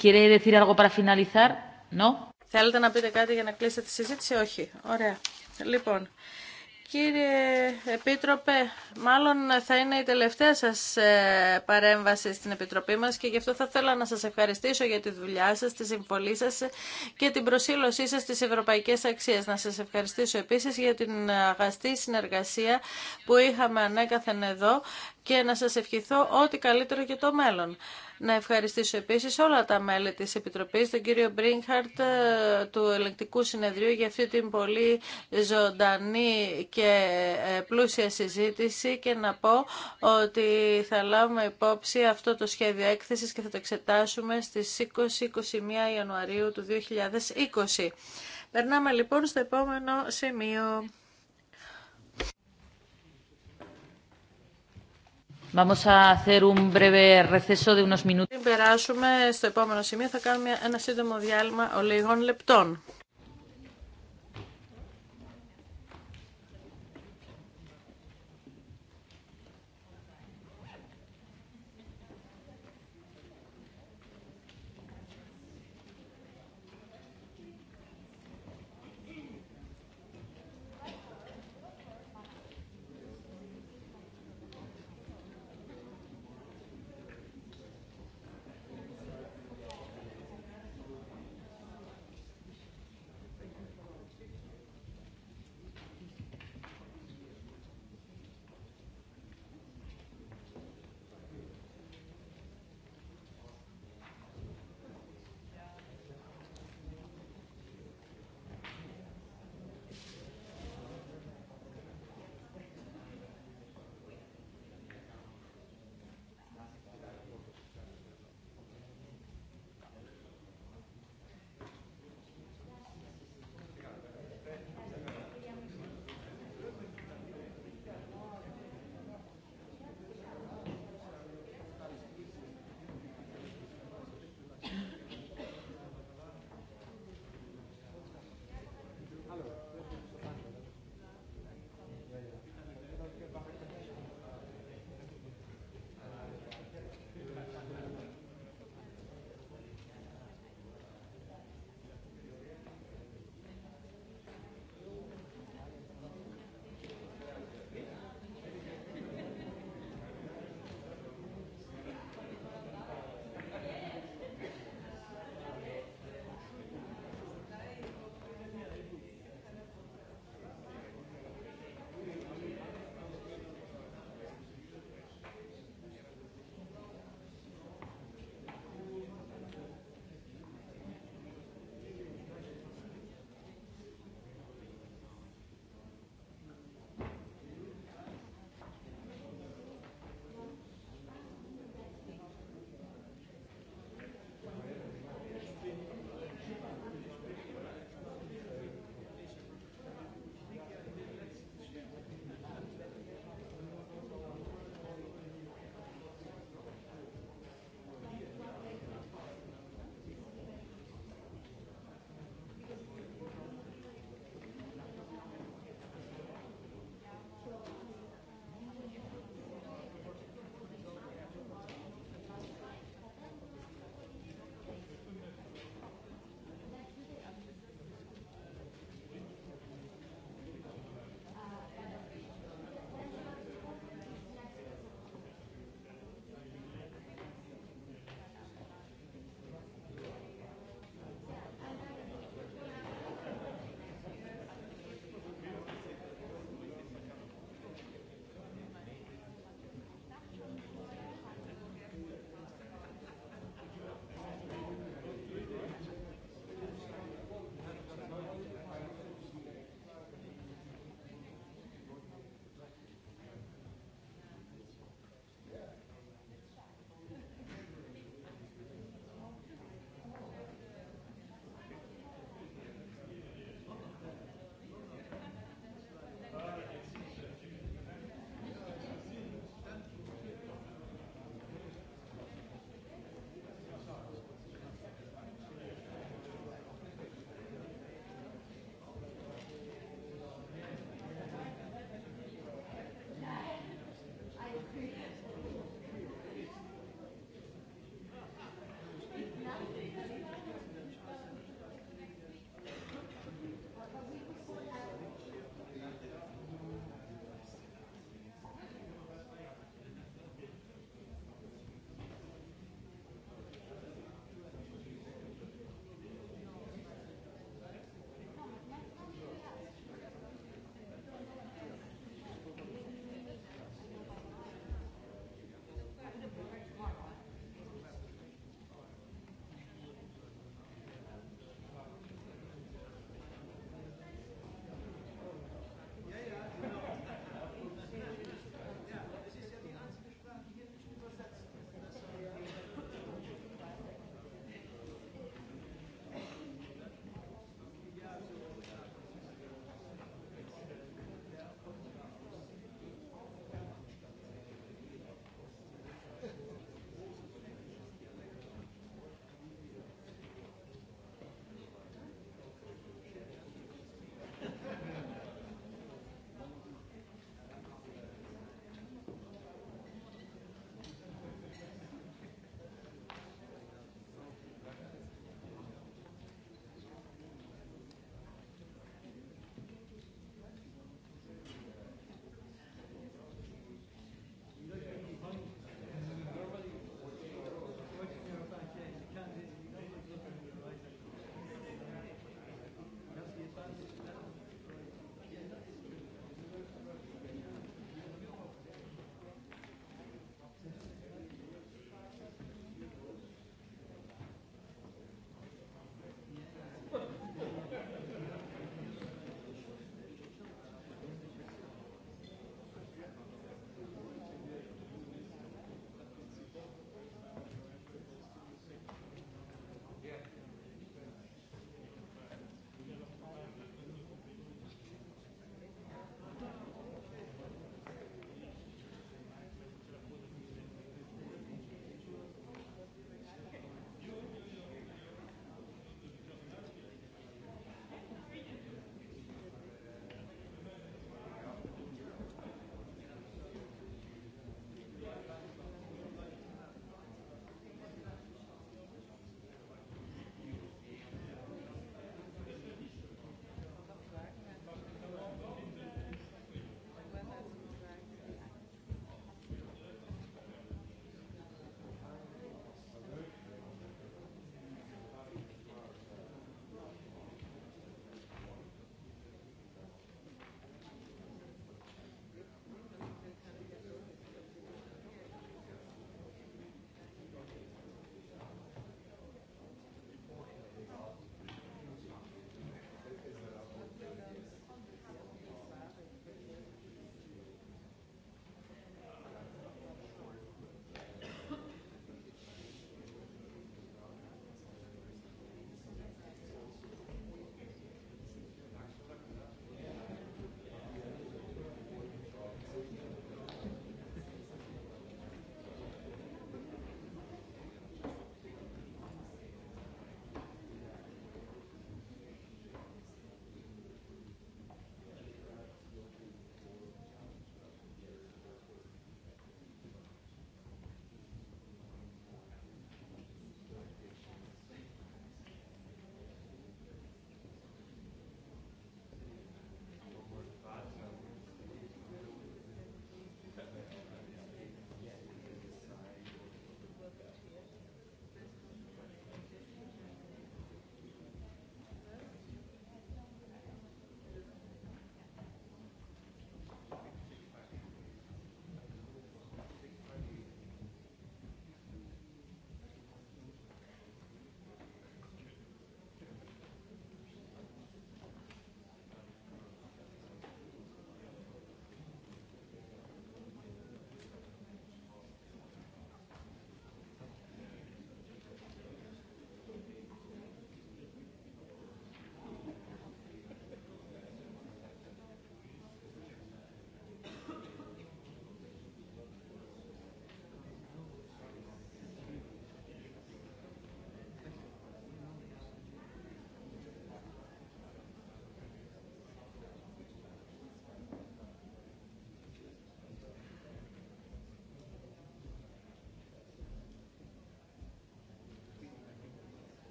¿quiere decir algo para finalizar? No. Θέλετε να πείτε κάτι για να κλείσετε τη συζήτηση, όχι. Ωραία. Λοιπόν, Κύριε Επίτροπε, μάλλον θα είναι η τελευταία σας ε, παρέμβαση στην Επιτροπή μας και γι' αυτό θα ήθελα να σας ευχαριστήσω για τη δουλειά σας, τη συμβολή σας και την προσήλωσή σας στις ευρωπαϊκές αξίες. Να σας ευχαριστήσω επίσης για την αγαστή συνεργασία που είχαμε ανέκαθεν εδώ και να σας ευχηθώ ό,τι καλύτερο για το μέλλον. Να ευχαριστήσω επίσης όλα τα μέλη της Επιτροπής, τον κύριο Μπρίνχαρτ ε, του Ελεκτικού Συνεδρίου για αυτή την πολύ ζωντανή και ε, πλούσια συζήτηση και να πω ότι θα λάβουμε υπόψη αυτό το σχέδιο έκθεσης και θα το εξετάσουμε στις 20-21 Ιανουαρίου του 2020. Περνάμε λοιπόν στο επόμενο σημείο. Vamos a hacer un breve receso de unos minutos. περάσουμε στο επόμενο σημείο, θα κάνουμε ένα σύντομο διάλειμμα ολίγων λεπτών.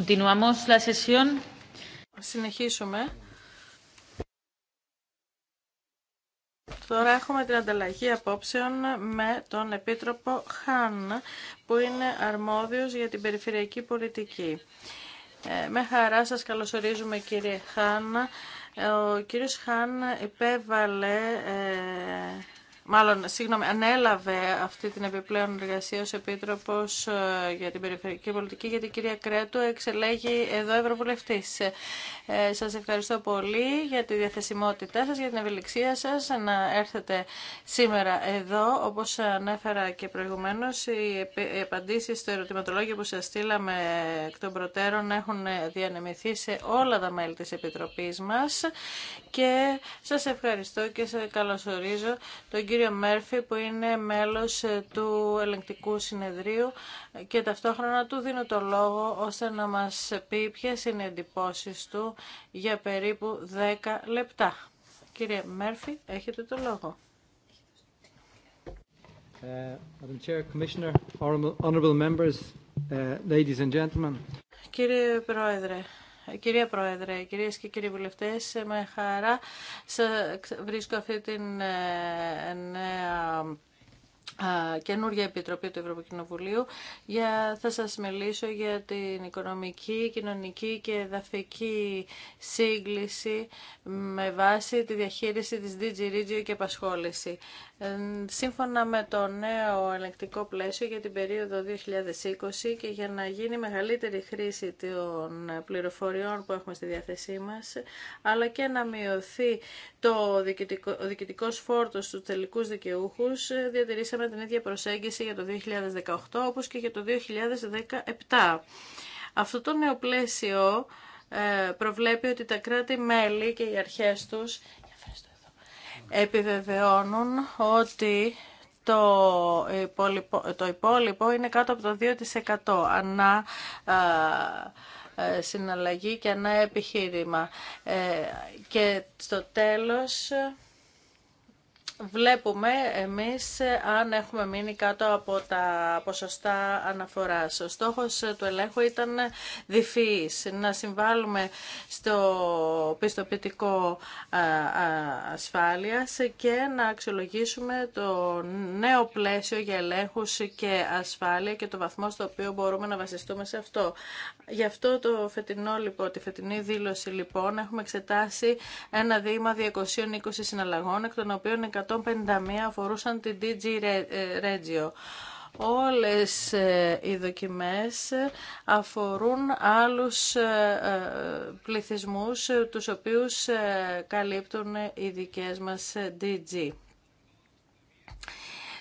Continuamos la sesión. Συνεχίσουμε. Τώρα έχουμε την ανταλλαγή απόψεων με τον Επίτροπο Χάν, που είναι αρμόδιος για την περιφερειακή πολιτική. Ε, με χαρά σας καλωσορίζουμε κύριε Χάν. Ο κύριος Χάν υπέβαλε ε, μάλλον συγγνώμη, ανέλαβε αυτή την επιπλέον εργασία ως Επίτροπος ε, για την Περιφερειακή Πολιτική, γιατί η κυρία Κρέτου εξελέγει εδώ Ευρωβουλευτής. Ε, σας ευχαριστώ πολύ για τη διαθεσιμότητά σας, για την ευελιξία σας να έρθετε σήμερα εδώ. Όπως ανέφερα και προηγουμένως, οι απαντήσει στο ερωτηματολόγιο που σας στείλαμε εκ των προτέρων έχουν διανεμηθεί σε όλα τα μέλη της Επιτροπής μας και σας ευχαριστώ και σας καλωσορίζω τον κύριο κύριο Μέρφυ που είναι μέλος ε, του ελεγκτικού συνεδρίου και ταυτόχρονα του δίνω το λόγο ώστε να μας πει ποιες είναι οι εντυπώσεις του για περίπου 10 λεπτά. Κύριε Μέρφυ, έχετε το λόγο. Κύριε Πρόεδρε, ε, κυρία Πρόεδρε, κυρίες και κύριοι βουλευτές, με χαρά βρίσκω αυτή την ε, νέα καινούργια επιτροπή του Ευρωπαϊκού για, θα σας μιλήσω για την οικονομική, κοινωνική και εδαφική σύγκληση με βάση τη διαχείριση της DG Regio και επασχόληση σύμφωνα με το νέο ελεγκτικό πλαίσιο για την περίοδο 2020 και για να γίνει μεγαλύτερη χρήση των πληροφοριών που έχουμε στη διάθεσή μας, αλλά και να μειωθεί το διοικητικό, ο διοικητικός φόρτος στους τελικούς δικαιούχους, διατηρήσαμε την ίδια προσέγγιση για το 2018 όπως και για το 2017. Αυτό το νέο πλαίσιο ε, προβλέπει ότι τα κράτη-μέλη και οι αρχές τους επιβεβαιώνουν ότι το υπόλοιπο, το είναι κάτω από το 2% ανά ε, συναλλαγή και ανά επιχείρημα. Ε, και στο τέλος βλέπουμε εμείς αν έχουμε μείνει κάτω από τα ποσοστά αναφοράς. Ο στόχος του ελέγχου ήταν διφυής, να συμβάλλουμε στο πιστοποιητικό ασφάλειας και να αξιολογήσουμε το νέο πλαίσιο για ελέγχους και ασφάλεια και το βαθμό στο οποίο μπορούμε να βασιστούμε σε αυτό. Γι' αυτό το φετινό, λοιπόν, τη φετινή δήλωση λοιπόν έχουμε εξετάσει ένα δείγμα 220 συναλλαγών εκ των οποίων αφορούσαν την DG ε, Regio. Όλες ε, οι δοκιμές αφορούν άλλους ε, πληθυσμούς τους οποίους καλύπτουν οι δικές μας DG.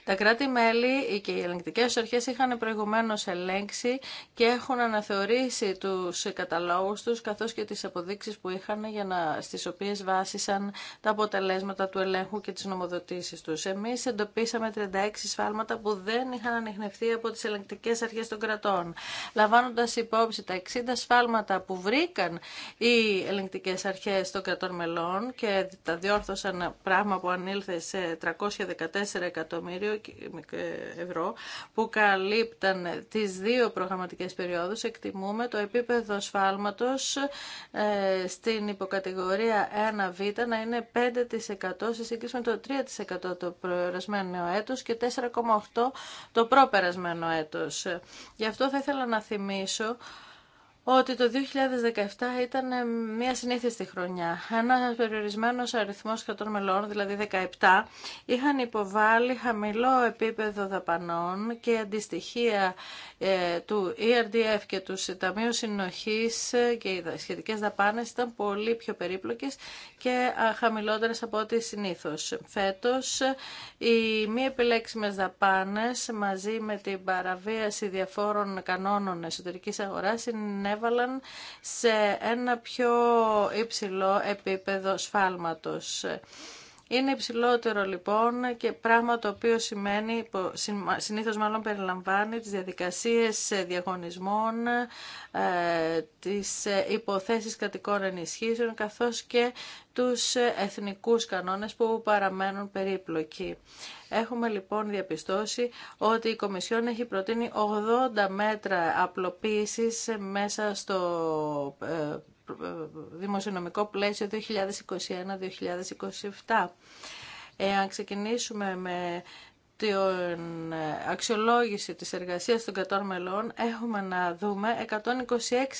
Τα κράτη-μέλη και οι ελεγκτικές αρχές είχαν προηγουμένως ελέγξει και έχουν αναθεωρήσει τους καταλόγους τους καθώς και τις αποδείξεις που είχαν για να, στις οποίες βάσισαν τα αποτελέσματα του ελέγχου και τις νομοδοτήσεις τους. Εμείς εντοπίσαμε 36 σφάλματα που δεν είχαν ανοιχνευτεί από τις ελεγκτικές αρχές των κρατών. Λαμβάνοντας υπόψη τα 60 σφάλματα που βρήκαν οι ελεγκτικές αρχές των κρατών μελών και τα διόρθωσαν πράγμα που ανήλθε σε 314 εκατομμύριο ευρώ που καλύπταν τις δύο προγραμματικές περιόδους εκτιμούμε το επίπεδο σφάλματος ε, στην υποκατηγορία 1β να είναι 5% σε σύγκριση με το 3% το προερασμένο έτος και 4,8% το προπερασμένο έτος. Γι' αυτό θα ήθελα να θυμίσω ότι το 2017 ήταν μια συνήθιστη χρονιά. Ένα περιορισμένο αριθμό κρατών μελών, δηλαδή 17, είχαν υποβάλει χαμηλό επίπεδο δαπανών και αντιστοιχεία ε, του ERDF και του Ταμείου Συνοχή ε, και οι σχετικέ δαπάνε ήταν πολύ πιο περίπλοκε και χαμηλότερε από ό,τι συνήθω. Φέτο, οι μη επιλέξιμε δαπάνε μαζί με την παραβίαση διαφόρων κανόνων εσωτερική αγορά σε ένα πιο υψηλό επίπεδο σφάλματος. Είναι υψηλότερο λοιπόν και πράγμα το οποίο σημαίνει, συνήθως μάλλον περιλαμβάνει τις διαδικασίες ε, διαγωνισμών, ε, τις ε, υποθέσεις κατοικών ενισχύσεων καθώς και τους εθνικούς κανόνες που παραμένουν περίπλοκοι. Έχουμε λοιπόν διαπιστώσει ότι η Κομισιόν έχει προτείνει 80 μέτρα απλοποίησης μέσα στο δημοσιονομικό πλαίσιο 2021-2027. Εάν ξεκινήσουμε με την αξιολόγηση της εργασίας των 100 μελών, έχουμε να δούμε 126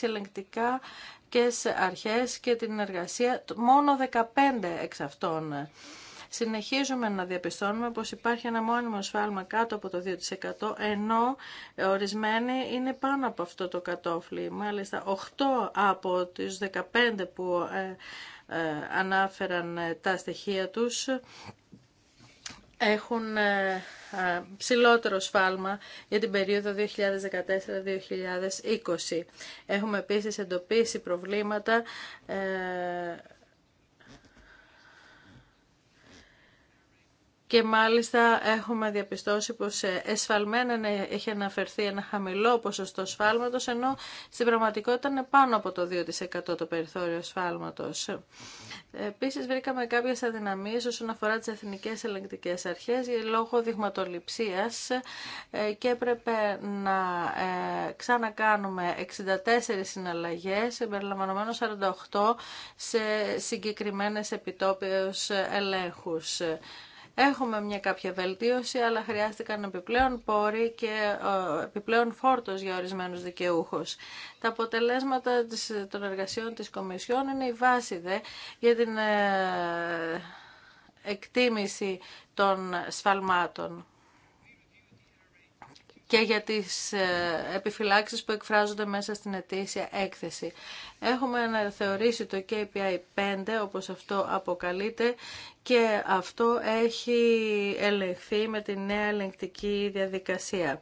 ελεγκτικά και αρχές και την εργασία μόνο 15 εξ αυτών συνεχίζουμε να διαπιστώνουμε πως υπάρχει ένα μόνιμο σφάλμα κάτω από το 2% ενώ ορισμένοι είναι πάνω από αυτό το κατόφλι. Μάλιστα 8 από τις 15 που ε, ε, ανάφεραν ε, τα στοιχεία τους έχουν ψηλότερο σφάλμα για την περίοδο 2014-2020. Έχουμε επίσης εντοπίσει προβλήματα και μάλιστα έχουμε διαπιστώσει πως ε, εσφαλμένα έχει αναφερθεί ένα χαμηλό ποσοστό σφάλματος ενώ στην πραγματικότητα είναι πάνω από το 2% το περιθώριο σφάλματος. Επίσης βρήκαμε κάποιες αδυναμίες όσον αφορά τις εθνικές ελεγκτικές αρχές λόγω δειγματοληψίας ε, και έπρεπε να ε, ξανακάνουμε 64 συναλλαγές περιλαμβανομένων 48 σε συγκεκριμένες επιτόπιες ελέγχους. Έχουμε μια κάποια βελτίωση, αλλά χρειάστηκαν επιπλέον πόροι και ε, επιπλέον φόρτος για ορισμένους δικαιούχους. Τα αποτελέσματα των εργασιών της Κομισιόν είναι η βάση δε για την ε, εκτίμηση των σφαλμάτων και για τις ε, επιφυλάξεις που εκφράζονται μέσα στην ετήσια έκθεση. Έχουμε αναθεωρήσει το KPI 5, όπως αυτό αποκαλείται, και αυτό έχει ελεγχθεί με τη νέα ελεγκτική διαδικασία.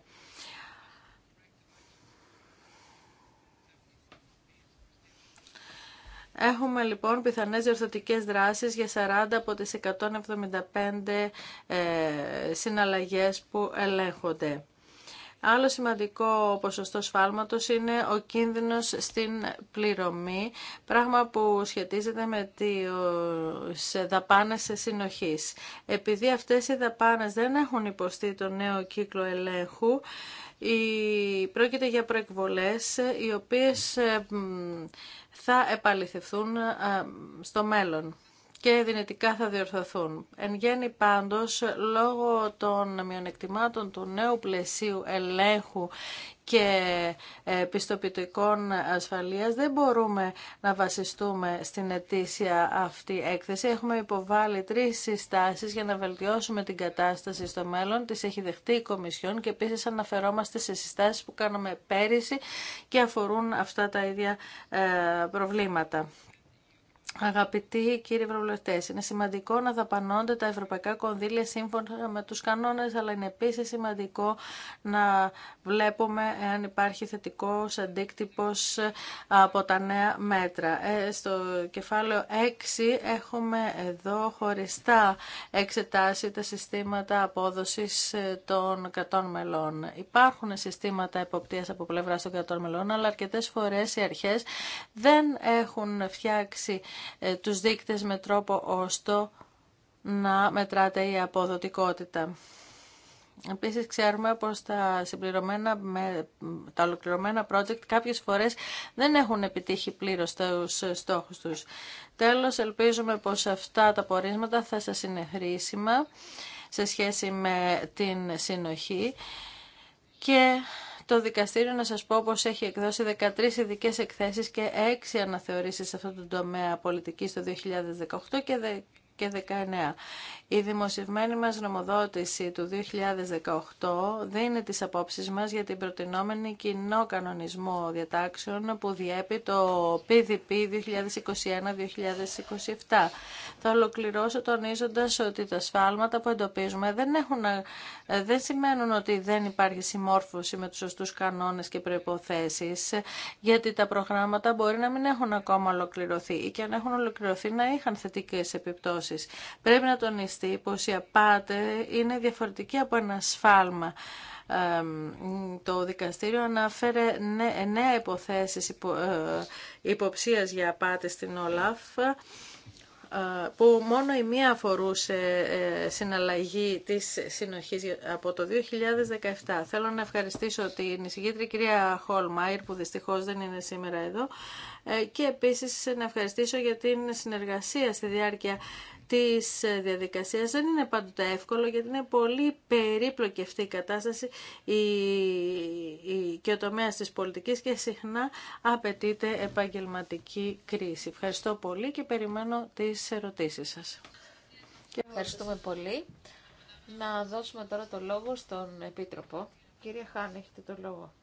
Έχουμε λοιπόν πιθανές διορθωτικές δράσεις για 40 από τις 175 ε, συναλλαγές που ελέγχονται. Άλλο σημαντικό ποσοστό σφάλματος είναι ο κίνδυνος στην πληρωμή, πράγμα που σχετίζεται με τις δαπάνες συνοχής. Επειδή αυτές οι δαπάνες δεν έχουν υποστεί το νέο κύκλο ελέγχου, η... πρόκειται για προεκβολές οι οποίες ε, θα επαληθευθούν ε, στο μέλλον και δυνητικά θα διορθωθούν. Εν γέννη πάντως, λόγω των μειονεκτημάτων του νέου πλαισίου ελέγχου και ε, πιστοποιητικών ασφαλείας δεν μπορούμε να βασιστούμε στην ετήσια αυτή έκθεση. Έχουμε υποβάλει τρεις συστάσεις για να βελτιώσουμε την κατάσταση στο μέλλον. Τις έχει δεχτεί η Κομισιόν και επίσης αναφερόμαστε σε συστάσεις που κάναμε πέρυσι και αφορούν αυτά τα ίδια ε, προβλήματα. Αγαπητοί κύριοι Ευρωβουλευτέ, είναι σημαντικό να δαπανώνται τα ευρωπαϊκά κονδύλια σύμφωνα με του κανόνε, αλλά είναι επίση σημαντικό να βλέπουμε αν υπάρχει θετικό αντίκτυπο από τα νέα μέτρα. Ε, στο κεφάλαιο 6 έχουμε εδώ χωριστά εξετάσει τα συστήματα απόδοση ε, των κρατών μελών. Υπάρχουν συστήματα εποπτεία από πλευρά των κρατών μελών, αλλά αρκετέ φορέ οι αρχέ δεν έχουν φτιάξει ε, τους δείκτες με τρόπο ώστε να μετράτε η αποδοτικότητα. Επίσης ξέρουμε πως τα, συμπληρωμένα με, τα ολοκληρωμένα project κάποιες φορές δεν έχουν επιτύχει πλήρως τους στόχους τους. Τέλος, ελπίζουμε πως αυτά τα πορίσματα θα σας είναι χρήσιμα σε σχέση με την συνοχή και το δικαστήριο, να σας πω, πως έχει εκδώσει 13 ειδικέ εκθέσεις και 6 αναθεωρήσεις σε αυτό το τομέα πολιτικής το 2018 και και 19. Η δημοσιευμένη μας νομοδότηση του 2018 δίνει τις απόψεις μας για την προτινόμενη κοινό κανονισμό διατάξεων που διέπει το PDP 2021-2027. Θα ολοκληρώσω τονίζοντας ότι τα σφάλματα που εντοπίζουμε δεν, έχουν, δεν σημαίνουν ότι δεν υπάρχει συμμόρφωση με τους σωστούς κανόνες και προϋποθέσεις, γιατί τα προγράμματα μπορεί να μην έχουν ακόμα ολοκληρωθεί ή και αν έχουν ολοκληρωθεί να είχαν θετικές επιπτώσεις Πρέπει να τονιστεί πως η απάτη είναι διαφορετική από ένα σφάλμα. Το δικαστήριο αναφέρε νέα υποθέσεις ε, υποψίας για απάτη στην ΟΛΑΦ ε, που μόνο η μία αφορούσε ε, συναλλαγή της συνοχής από το 2017. Θέλω να ευχαριστήσω την εισηγήτρια κυρία Χολμάιρ που δυστυχώς δεν είναι σήμερα εδώ και επίσης να ευχαριστήσω για την συνεργασία στη διάρκεια της ε, διαδικασίας δεν είναι πάντοτε εύκολο γιατί είναι πολύ περίπλοκη αυτή η κατάσταση η, και ο τομέας της πολιτικής και συχνά απαιτείται επαγγελματική κρίση. Ευχαριστώ πολύ και περιμένω τις ερωτήσεις σας. Ευχαριστούμε πολύ. Να δώσουμε τώρα το λόγο στον Επίτροπο. Κυρία Χάν, έχετε το λόγο.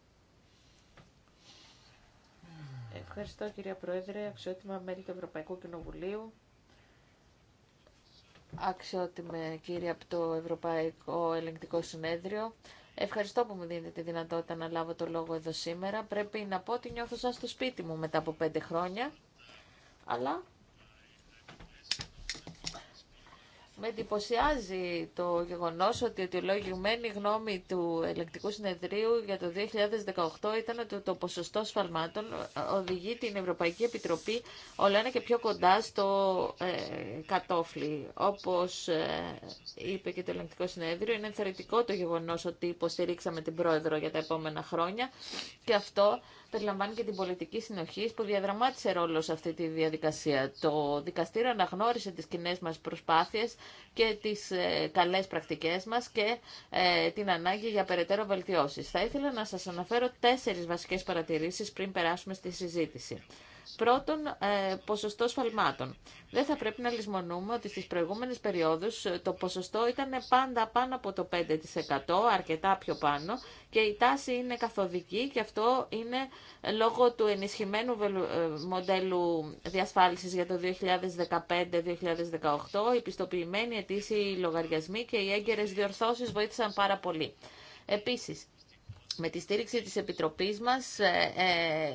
Ευχαριστώ κυρία Πρόεδρε, αξιότιμα μέλη του Ευρωπαϊκού Κοινοβουλίου αξιότιμε κύριε από το Ευρωπαϊκό Ελεγκτικό Συνέδριο. Ευχαριστώ που μου δίνετε τη δυνατότητα να λάβω το λόγο εδώ σήμερα. Πρέπει να πω ότι νιώθω σαν στο σπίτι μου μετά από πέντε χρόνια, αλλά Με εντυπωσιάζει το γεγονός ότι η αιτιολογημένη γνώμη του ελεκτικού συνεδρίου για το 2018 ήταν ότι το ποσοστό σφαλμάτων οδηγεί την Ευρωπαϊκή Επιτροπή όλο ένα και πιο κοντά στο ε, κατόφλι. Όπως ε, είπε και το ελεκτικό συνέδριο, είναι ενθαρρυντικό το γεγονός ότι υποστηρίξαμε την Πρόεδρο για τα επόμενα χρόνια και αυτό περιλαμβάνει και την πολιτική συνοχή που διαδραμάτισε ρόλο σε αυτή τη διαδικασία. Το δικαστήριο αναγνώρισε τι κοινέ μα προσπάθειε και τις ε, καλέ πρακτικέ μα και ε, την ανάγκη για περαιτέρω βελτιώσει. Θα ήθελα να σα αναφέρω τέσσερι βασικέ παρατηρήσει πριν περάσουμε στη συζήτηση. Πρώτον, ε, ποσοστό σφαλμάτων. Δεν θα πρέπει να λησμονούμε ότι στις προηγούμενες περιόδους ε, το ποσοστό ήταν πάντα πάνω από το 5%, αρκετά πιο πάνω, και η τάση είναι καθοδική και αυτό είναι λόγω του ενισχυμένου ε, μοντέλου διασφάλισης για το 2015-2018. Οι πιστοποιημένοι αιτήσιοι λογαριασμοί και οι έγκαιρες διορθώσεις βοήθησαν πάρα πολύ. Επίσης, με τη στήριξη της Επιτροπής μας ε,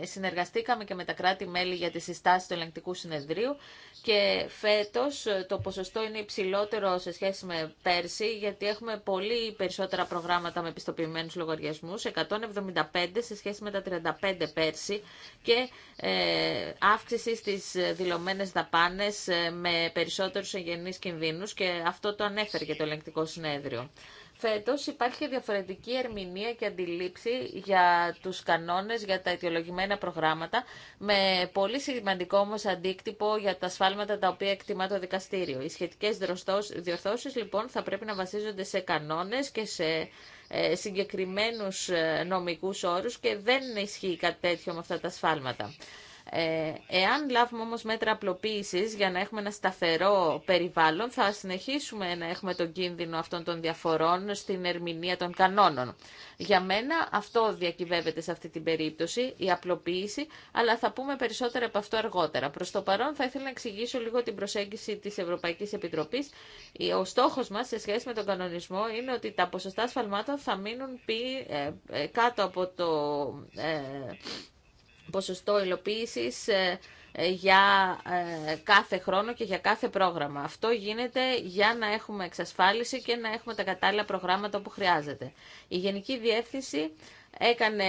ε, συνεργαστήκαμε και με τα κράτη-μέλη για τις συστάσεις του ελεγκτικού συνεδρίου και φέτος ε, το ποσοστό είναι υψηλότερο σε σχέση με πέρσι γιατί έχουμε πολύ περισσότερα προγράμματα με επιστοποιημένους λογαριασμούς, 175 σε σχέση με τα 35 πέρσι και αύξηση στις δηλωμένες δαπάνες με περισσότερους εγγενείς κινδύνους και αυτό το ανέφερε και το ελεγκτικό συνέδριο. Φέτος υπάρχει διαφορετική ερμηνεία και αντιλήψη για τους κανόνες, για τα αιτιολογημένα προγράμματα, με πολύ σημαντικό όμως αντίκτυπο για τα σφάλματα τα οποία εκτιμά το δικαστήριο. Οι σχετικές διορθώσεις λοιπόν θα πρέπει να βασίζονται σε κανόνες και σε ε, συγκεκριμένους ε, νομικούς όρους και δεν ισχύει κάτι τέτοιο με αυτά τα σφάλματα. Ε, εάν λάβουμε όμως μέτρα απλοποίησης για να έχουμε ένα σταθερό περιβάλλον, θα συνεχίσουμε να έχουμε τον κίνδυνο αυτών των διαφορών στην ερμηνεία των κανόνων. Για μένα αυτό διακυβεύεται σε αυτή την περίπτωση, η απλοποίηση, αλλά θα πούμε περισσότερα από αυτό αργότερα. Προς το παρόν θα ήθελα να εξηγήσω λίγο την προσέγγιση της Ευρωπαϊκής Επιτροπής. Ο στόχος μας σε σχέση με τον κανονισμό είναι ότι τα ποσοστά σφαλμάτων θα μείνουν πει, ε, ε, κάτω από το ποσοστό υλοποίησης ε, ε, για ε, κάθε χρόνο και για κάθε πρόγραμμα. Αυτό γίνεται για να έχουμε εξασφάλιση και να έχουμε τα κατάλληλα προγράμματα που χρειάζεται. Η Γενική Διεύθυνση έκανε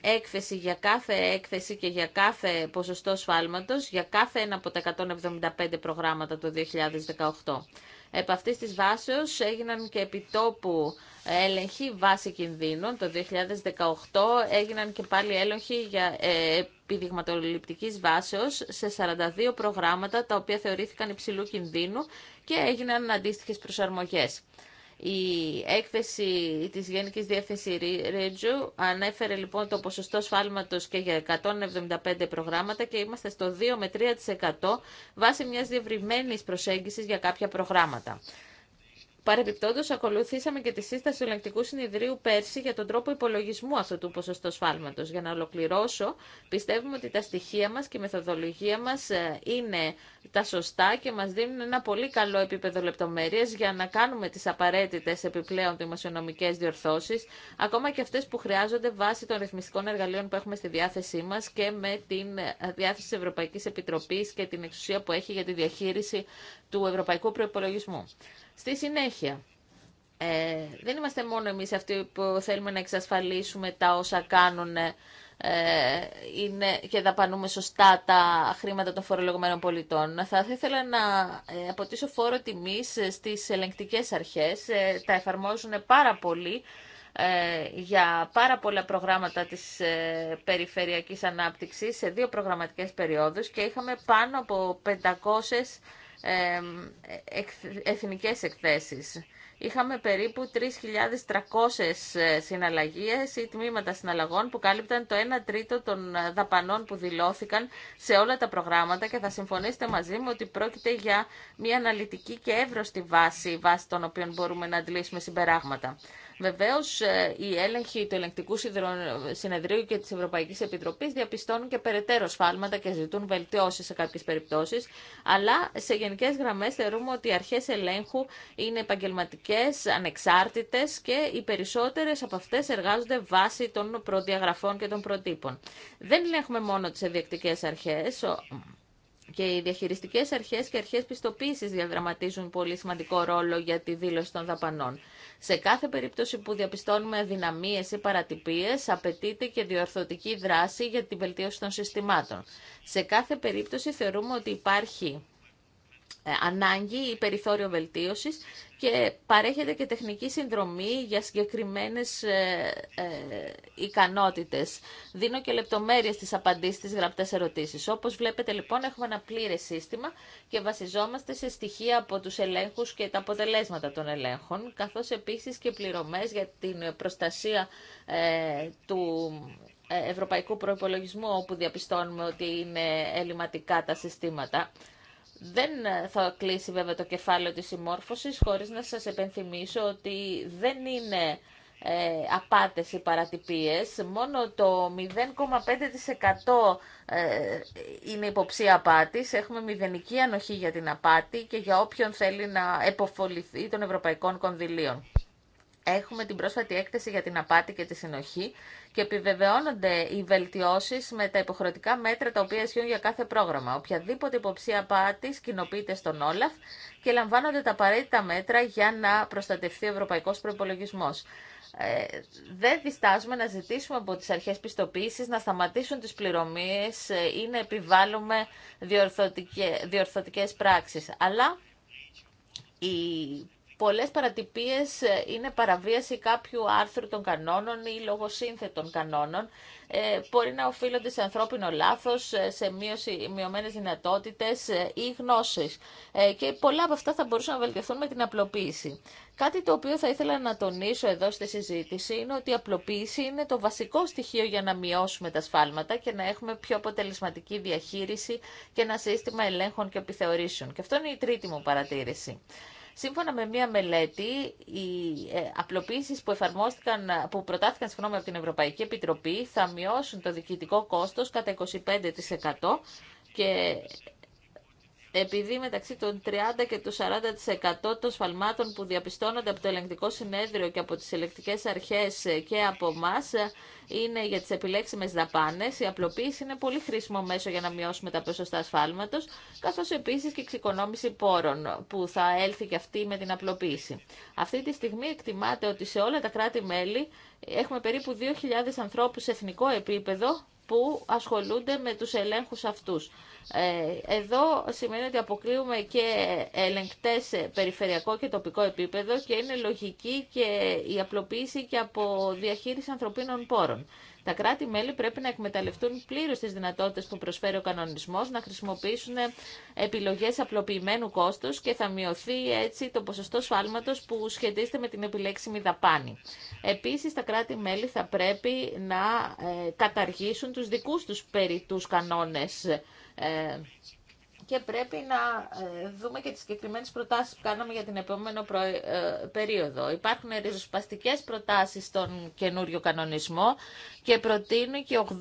έκθεση για κάθε έκθεση και για κάθε ποσοστό σφάλματος, για κάθε ένα από τα 175 προγράμματα το 2018. Επ' αυτής της βάσεως έγιναν και επιτόπου έλεγχοι βάση κινδύνων. Το 2018 έγιναν και πάλι έλεγχοι για ε, επιδειγματοληπτικής βάσεως σε 42 προγράμματα τα οποία θεωρήθηκαν υψηλού κινδύνου και έγιναν αντίστοιχες προσαρμογές. Η έκθεση της Γενικής Διεύθυνση Ρέτζου ανέφερε λοιπόν το ποσοστό σφάλματος και για 175 προγράμματα και είμαστε στο 2 με 3% βάσει μιας διευρυμένης προσέγγισης για κάποια προγράμματα. Παρεμπιπτόντω, ακολουθήσαμε και τη σύσταση του Ελεκτικού Συνεδρίου πέρσι για τον τρόπο υπολογισμού αυτού του ποσοστό σφάλματο. Για να ολοκληρώσω, πιστεύουμε ότι τα στοιχεία μα και η μεθοδολογία μα ε, είναι τα σωστά και μα δίνουν ένα πολύ καλό επίπεδο λεπτομέρειε για να κάνουμε τι απαραίτητε επιπλέον δημοσιονομικέ διορθώσει, ακόμα και αυτέ που χρειάζονται βάσει των ρυθμιστικών εργαλείων που έχουμε στη διάθεσή μα και με την ε, διάθεση τη Ευρωπαϊκή Επιτροπή και την εξουσία που έχει για τη διαχείριση του ευρωπαϊκού προπολογισμού. Στη συνέχεια, ε, δεν είμαστε μόνο εμείς αυτοί που θέλουμε να εξασφαλίσουμε τα όσα κάνουν ε, είναι και δαπανούμε σωστά τα χρήματα των φορολογουμένων πολιτών. Θα ήθελα να ε, αποτίσω φόρο τιμής στις ελεγκτικές αρχές. Ε, τα εφαρμόζουν πάρα πολύ για πάρα πολλά προγράμματα της περιφερειακής ανάπτυξης σε δύο προγραμματικές περιόδους και είχαμε πάνω από 500 ε, εθνικές εκθέσεις. Είχαμε περίπου 3.300 ε, συναλλαγίες ή τμήματα συναλλαγών που κάλυπταν το 1 τρίτο των δαπανών που δηλώθηκαν σε όλα τα προγράμματα και θα συμφωνήσετε μαζί μου ότι πρόκειται για μια αναλυτική και εύρωστη βάση, βάση των οποίων μπορούμε να αντλήσουμε συμπεράγματα. Βεβαίω, ε, οι έλεγχοι του Ελεγκτικού Συνεδρίου και τη Ευρωπαϊκή Επιτροπή διαπιστώνουν και περαιτέρω σφάλματα και ζητούν βελτιώσει σε κάποιε περιπτώσει. Αλλά σε γενικέ γραμμέ θεωρούμε ότι οι αρχέ ελέγχου είναι επαγγελματικέ, ανεξάρτητε και οι περισσότερε από αυτέ εργάζονται βάσει των προδιαγραφών και των προτύπων. Δεν ελέγχουμε μόνο τι ενδιακτικέ αρχέ, και οι διαχειριστικές αρχές και αρχές πιστοποίηση διαδραματίζουν πολύ σημαντικό ρόλο για τη δήλωση των δαπανών. Σε κάθε περίπτωση που διαπιστώνουμε αδυναμίες ή παρατυπίες, απαιτείται και διορθωτική δράση για την βελτίωση των συστημάτων. Σε κάθε περίπτωση θεωρούμε ότι υπάρχει ε, ανάγκη ή περιθώριο βελτίωσης και παρέχεται και τεχνική συνδρομή για συγκεκριμένες ε, ε, ικανότητες. Δίνω και λεπτομέρειες στις απαντήσεις στις γραπτές ερωτήσεις. Όπως βλέπετε λοιπόν έχουμε ένα πλήρες σύστημα και βασιζόμαστε σε στοιχεία από τους ελέγχους και τα αποτελέσματα των ελέγχων, καθώς επίσης και πληρωμές για την προστασία ε, του ευρωπαϊκού προϋπολογισμού όπου διαπιστώνουμε ότι είναι ελληματικά τα συστήματα. Δεν ε, θα κλείσει βέβαια το κεφάλαιο της συμμόρφωσης χωρίς να σας επενθυμίσω ότι δεν είναι ε, απάτες οι παρατυπίες. Μόνο το 0,5% ε, είναι υποψία απάτης. Έχουμε μηδενική ανοχή για την απάτη και για όποιον θέλει να εποφοληθεί των ευρωπαϊκών κονδυλίων. Έχουμε την πρόσφατη έκθεση για την απάτη και τη συνοχή και επιβεβαιώνονται οι βελτιώσει με τα υποχρεωτικά μέτρα τα οποία ισχύουν για κάθε πρόγραμμα. Οποιαδήποτε υποψία απάτη κοινοποιείται στον Όλαφ και λαμβάνονται τα απαραίτητα μέτρα για να προστατευτεί ο ευρωπαϊκό προπολογισμό. Ε, δεν διστάζουμε να ζητήσουμε από τις αρχές πιστοποίησης να σταματήσουν τις πληρωμίες ε, ή να επιβάλλουμε διορθωτικές, διορθωτικές πράξεις. Αλλά η να επιβαλλουμε διορθωτικες διορθωτικες αλλα η πολλές παρατυπίες ε, είναι παραβίαση κάποιου άρθρου των κανόνων ή λογοσύνθετων κανόνων. Ε, μπορεί να οφείλονται σε ανθρώπινο λάθος, ε, σε μείωση, μειωμένες δυνατότητες ε, ή γνώσεις. και πολλά από αυτά θα μπορούσαν να βελτιωθούν με την απλοποίηση. Κάτι το οποίο θα ήθελα να τονίσω εδώ στη συζήτηση είναι ότι η απλοποίηση είναι το βασικό στοιχείο για να μειώσουμε τα σφάλματα και να έχουμε πιο αποτελεσματική διαχείριση και ένα σύστημα ελέγχων και επιθεωρήσεων. Και αυτό είναι η τρίτη μου παρατήρηση. Σύμφωνα με μία μελέτη, οι ε, απλοποίησεις που, εφαρμόστηκαν, που προτάθηκαν συγγνώμη, από την Ευρωπαϊκή Επιτροπή θα μειώσουν το διοικητικό κόστος κατά 25% και επειδή μεταξύ των 30 και του 40% των σφαλμάτων που διαπιστώνονται από το ελεγκτικό συνέδριο και από τις ελεκτικές αρχές ε, και από εμά είναι για τις επιλέξιμες δαπάνες, η απλοποίηση είναι πολύ χρήσιμο μέσο για να μειώσουμε τα ποσοστά σφάλματος, καθώς επίσης και η εξοικονόμηση πόρων που θα έλθει και αυτή με την απλοποίηση. Αυτή τη στιγμή εκτιμάται ότι σε όλα τα κράτη-μέλη έχουμε περίπου 2.000 ανθρώπους σε εθνικό επίπεδο που ασχολούνται με τους ελέγχους αυτούς. Ε, εδώ σημαίνει ότι αποκλείουμε και ελεγκτές σε περιφερειακό και τοπικό επίπεδο και είναι λογική και η απλοποίηση και από διαχείριση ανθρωπίνων πόρων. Τα κράτη-μέλη πρέπει να εκμεταλλευτούν πλήρω τι δυνατότητε που προσφέρει ο κανονισμό, να χρησιμοποιήσουν επιλογέ απλοποιημένου κόστου και θα μειωθεί έτσι το ποσοστό σφάλματο που σχετίζεται με την επιλέξιμη δαπάνη. Επίση, τα κράτη-μέλη θα πρέπει να ε, καταργήσουν του δικού του περιτού κανόνε ε, και πρέπει να ε, δούμε και τις συγκεκριμένε προτάσεις που κάναμε για την επόμενη ε, περίοδο. Υπάρχουν ριζοσπαστικές προτάσεις στον καινούριο κανονισμό και προτείνουν και 80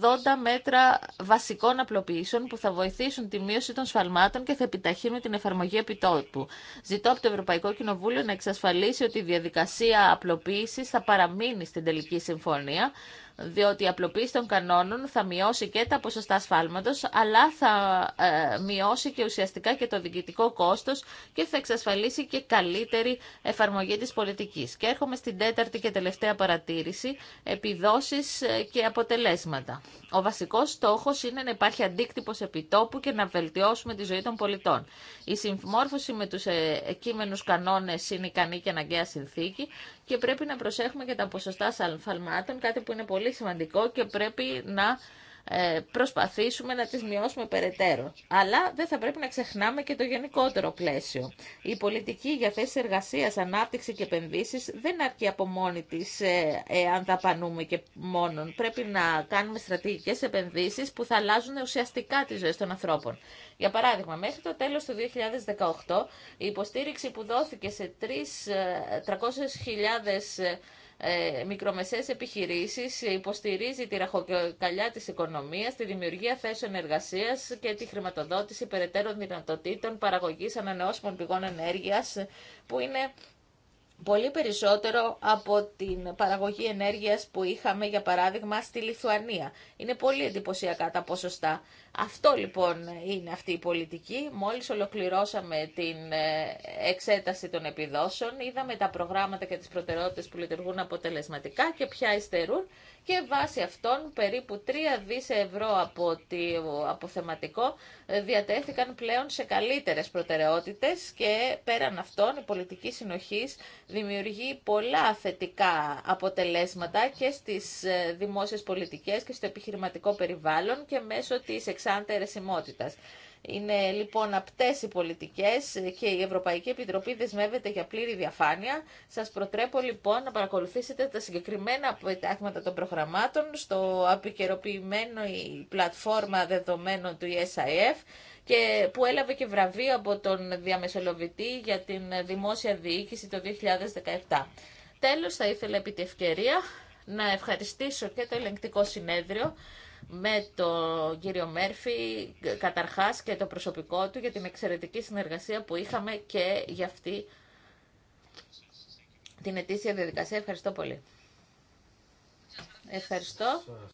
μέτρα βασικών απλοποιήσεων που θα βοηθήσουν τη μείωση των σφαλμάτων και θα επιταχύνουν την εφαρμογή επιτόπου. Ζητώ από το Ευρωπαϊκό Κοινοβούλιο να εξασφαλίσει ότι η διαδικασία απλοποίησης θα παραμείνει στην τελική συμφωνία διότι η απλοποίηση των κανόνων θα μειώσει και τα ποσοστά σφάλματος, αλλά θα ε, μειώσει και ουσιαστικά και το διοικητικό κόστος και θα εξασφαλίσει και καλύτερη εφαρμογή της πολιτικής. Και έρχομαι στην τέταρτη και τελευταία παρατήρηση, επιδόσεις ε, και αποτελέσματα. Ο βασικός στόχος είναι να υπάρχει αντίκτυπος επιτόπου και να βελτιώσουμε τη ζωή των πολιτών. Η συμμόρφωση με τους ε, κείμενους κανόνες είναι ικανή και αναγκαία συνθήκη και πρέπει να προσέχουμε και τα ποσοστά σαλφαλμάτων, κάτι που είναι πολύ σημαντικό και πρέπει να ε, προσπαθήσουμε να τις μειώσουμε περαιτέρω. Αλλά δεν θα πρέπει να ξεχνάμε και το γενικότερο πλαίσιο. Η πολιτική για θέσεις εργασίας, ανάπτυξη και επενδύσεις δεν αρκεί από μόνη της ε, ε, αν πανούμε και μόνον. Πρέπει να κάνουμε στρατηγικές επενδύσεις που θα αλλάζουν ουσιαστικά τις ζωές των ανθρώπων. Για παράδειγμα, μέχρι το τέλος του 2018 η υποστήριξη που δόθηκε σε 300.000 ε, μικρομεσαίες επιχειρήσεις, υποστηρίζει τη ραχοκαλιά της οικονομίας, τη δημιουργία θέσεων εργασίας και τη χρηματοδότηση περαιτέρω δυνατοτήτων παραγωγής ανανεώσιμων πηγών ενέργειας, που είναι πολύ περισσότερο από την παραγωγή ενέργειας που είχαμε, για παράδειγμα, στη Λιθουανία. Είναι πολύ εντυπωσιακά τα ποσοστά. Αυτό λοιπόν είναι αυτή η πολιτική. Μόλις ολοκληρώσαμε την ε, εξέταση των επιδόσεων, είδαμε τα προγράμματα και τις προτεραιότητες που λειτουργούν αποτελεσματικά και ποια υστερούν και βάσει αυτών περίπου 3 δις ευρώ από το αποθεματικό ε, διατέθηκαν πλέον σε καλύτερες προτεραιότητες και πέραν αυτών η πολιτική συνοχής δημιουργεί πολλά θετικά αποτελέσματα και στις ε, δημόσιες πολιτικές και στο επιχειρηματικό περιβάλλον και μέσω της εξάντερεσιμότητας. Είναι λοιπόν απτές οι πολιτικές και η Ευρωπαϊκή Επιτροπή δεσμεύεται για πλήρη διαφάνεια. Σας προτρέπω λοιπόν να παρακολουθήσετε τα συγκεκριμένα αποτελέσματα των προγραμμάτων στο απεικαιροποιημένο η πλατφόρμα δεδομένων του ESIF και που έλαβε και βραβείο από τον διαμεσολογητή για την δημόσια διοίκηση το 2017. Τέλος, θα ήθελα επί τη ευκαιρία να ευχαριστήσω και το ελεγκτικό συνέδριο με τον κύριο Μέρφυ, καταρχάς και το προσωπικό του για την εξαιρετική συνεργασία που είχαμε και για αυτή την ετήσια διαδικασία. Ευχαριστώ πολύ. Ευχαριστώ.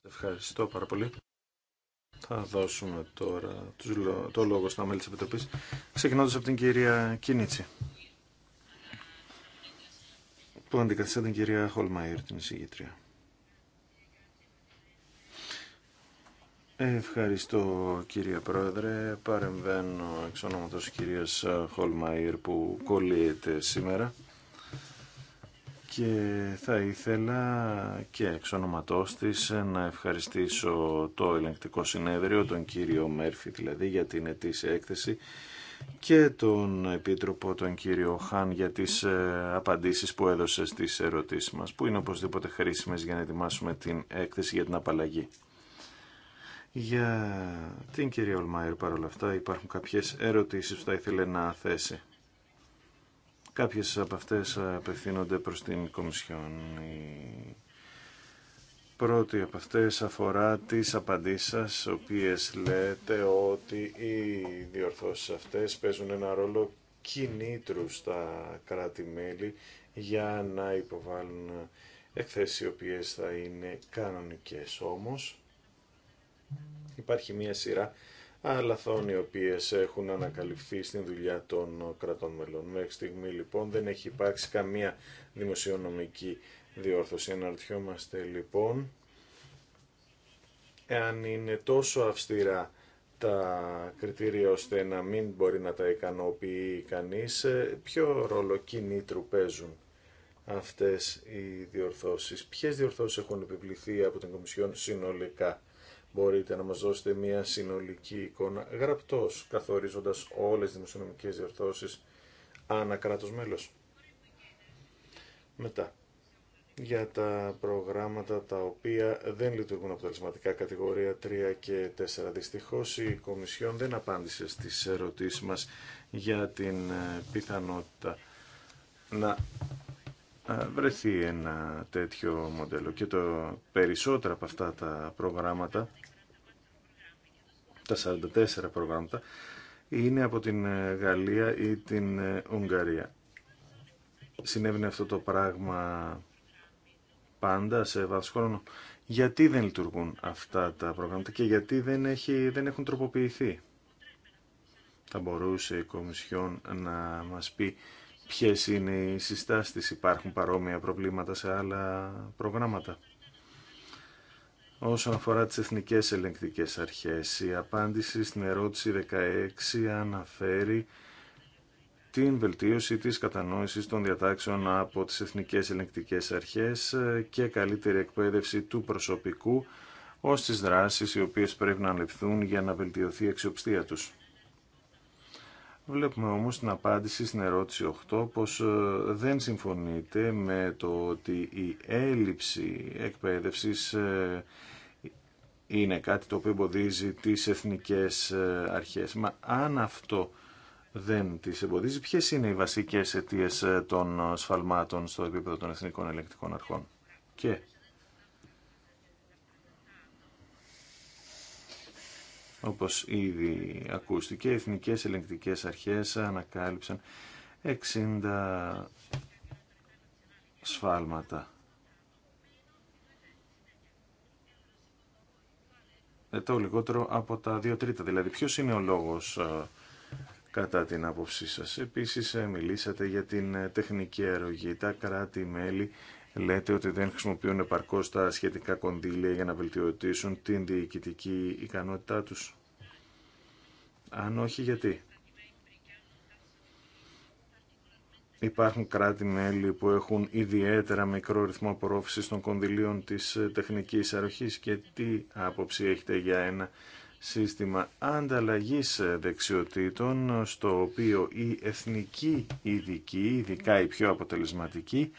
ευχαριστώ πάρα πολύ. Θα δώσουμε τώρα το λόγο στα μέλη της Επιτροπής, ξεκινώντας από την κυρία Κινίτσι που αντικαθιστά την κυρία Χολμαϊρ, την εισηγήτρια. Ευχαριστώ κύριε Πρόεδρε. Παρεμβαίνω εξ ονόματος κυρίας Χολμαϊρ που κολλείεται σήμερα και θα ήθελα και εξ ονοματός της να ευχαριστήσω το ελεγκτικό συνέδριο, τον κύριο Μέρφη δηλαδή για την ετήσια έκθεση και τον Επίτροπο τον κύριο Χάν για τις ε, απαντήσεις που έδωσε στις ερωτήσεις μας που είναι οπωσδήποτε χρήσιμες για να ετοιμάσουμε την έκθεση για την απαλλαγή. Για την κυρία Ολμάιρ παρόλα αυτά υπάρχουν κάποιες ερωτήσεις που θα ήθελε να θέσει. Κάποιες από αυτές απευθύνονται προς την Κομισιόν. Η πρώτη από αυτές αφορά τις απαντήσεις σας, οποίες λέτε ότι οι διορθώσεις αυτές παίζουν ένα ρόλο κινήτρου στα κράτη-μέλη για να υποβάλουν εκθέσεις οι οποίες θα είναι κανονικές όμως Υπάρχει μια σειρά αλαθών οι οποίες έχουν ανακαλυφθεί στην δουλειά των κρατών μελών. Μέχρι στιγμή λοιπόν δεν έχει υπάρξει καμία δημοσιονομική διόρθωση. Αναρωτιόμαστε λοιπόν εάν είναι τόσο αυστηρά τα κριτήρια ώστε να μην μπορεί να τα ικανοποιεί κανείς, ποιο ρόλο κινήτρου παίζουν αυτές οι διορθώσεις. Ποιες διορθώσεις έχουν επιβληθεί από την Κομισιόν συνολικά μπορείτε να μας δώσετε μια συνολική εικόνα γραπτός, καθορίζοντας όλες τις δημοσιονομικές διορθώσεις ανά κράτος μέλος. Μετά, για τα προγράμματα τα οποία δεν λειτουργούν αποτελεσματικά κατηγορία 3 και 4. Δυστυχώς η Κομισιόν δεν απάντησε στις ερωτήσεις μας για την ε, πιθανότητα να βρεθεί ένα τέτοιο μοντέλο. Και το περισσότερα από αυτά τα προγράμματα, τα 44 προγράμματα, είναι από την ε, Γαλλία ή την ε, Ουγγαρία. Συνέβαινε αυτό το πράγμα πάντα σε βάθος χρόνου. Γιατί δεν λειτουργούν αυτά τα προγράμματα και γιατί δεν, έχει, δεν έχουν τροποποιηθεί. Θα μπορούσε η την ουγγαρια συνεβαινε αυτο το πραγμα παντα σε βαθος χρονο γιατι δεν λειτουργουν αυτα τα προγραμματα και γιατι δεν εχει δεν εχουν τροποποιηθει θα μπορουσε η κομισιον να μας πει ποιες είναι οι συστάσεις, υπάρχουν παρόμοια προβλήματα σε άλλα προγράμματα. Όσον αφορά τις εθνικές ελεγκτικές αρχές, η απάντηση στην ερώτηση 16 αναφέρει την βελτίωση της κατανόησης των διατάξεων από τις εθνικές ελεγκτικές αρχές και καλύτερη εκπαίδευση του προσωπικού ως τις δράσεις οι οποίες πρέπει να ληφθούν για να βελτιωθεί η αξιοπιστία τους. Βλέπουμε όμως την απάντηση στην ερώτηση 8 πως ε, δεν συμφωνείτε με το ότι η έλλειψη εκπαίδευσης ε, είναι κάτι το οποίο εμποδίζει τις εθνικές ε, αρχές. Μα αν αυτό δεν τις εμποδίζει, ποιες είναι οι βασικές αιτίες των σφαλμάτων στο επίπεδο των εθνικών ελεκτικών αρχών. Και Όπως ήδη ακούστηκε, οι εθνικές ελεγκτικές αρχές ανακάλυψαν 60 σφάλματα. Ε, το λιγότερο από τα δύο τρίτα. Δηλαδή, ποιος είναι ο λόγος ε, κατά την άποψή σας. Επίσης, ε, μιλήσατε για την τεχνική αρρωγή. Τα κράτη-μέλη λέτε ότι δεν χρησιμοποιούν επαρκώ τα σχετικά κονδύλια για να βελτιωτήσουν την διοικητική ικανότητά τους. Αν όχι, γιατί. Υπάρχουν κράτη-μέλη που έχουν ιδιαίτερα μικρό ρυθμό απορρόφησης των κονδυλίων της τεχνικής αρχής και τι άποψη έχετε για ένα σύστημα ανταλλαγής δεξιοτήτων στο οποίο οι εθνικοί ειδικοί, ειδικά οι πιο αποτελεσματικοί,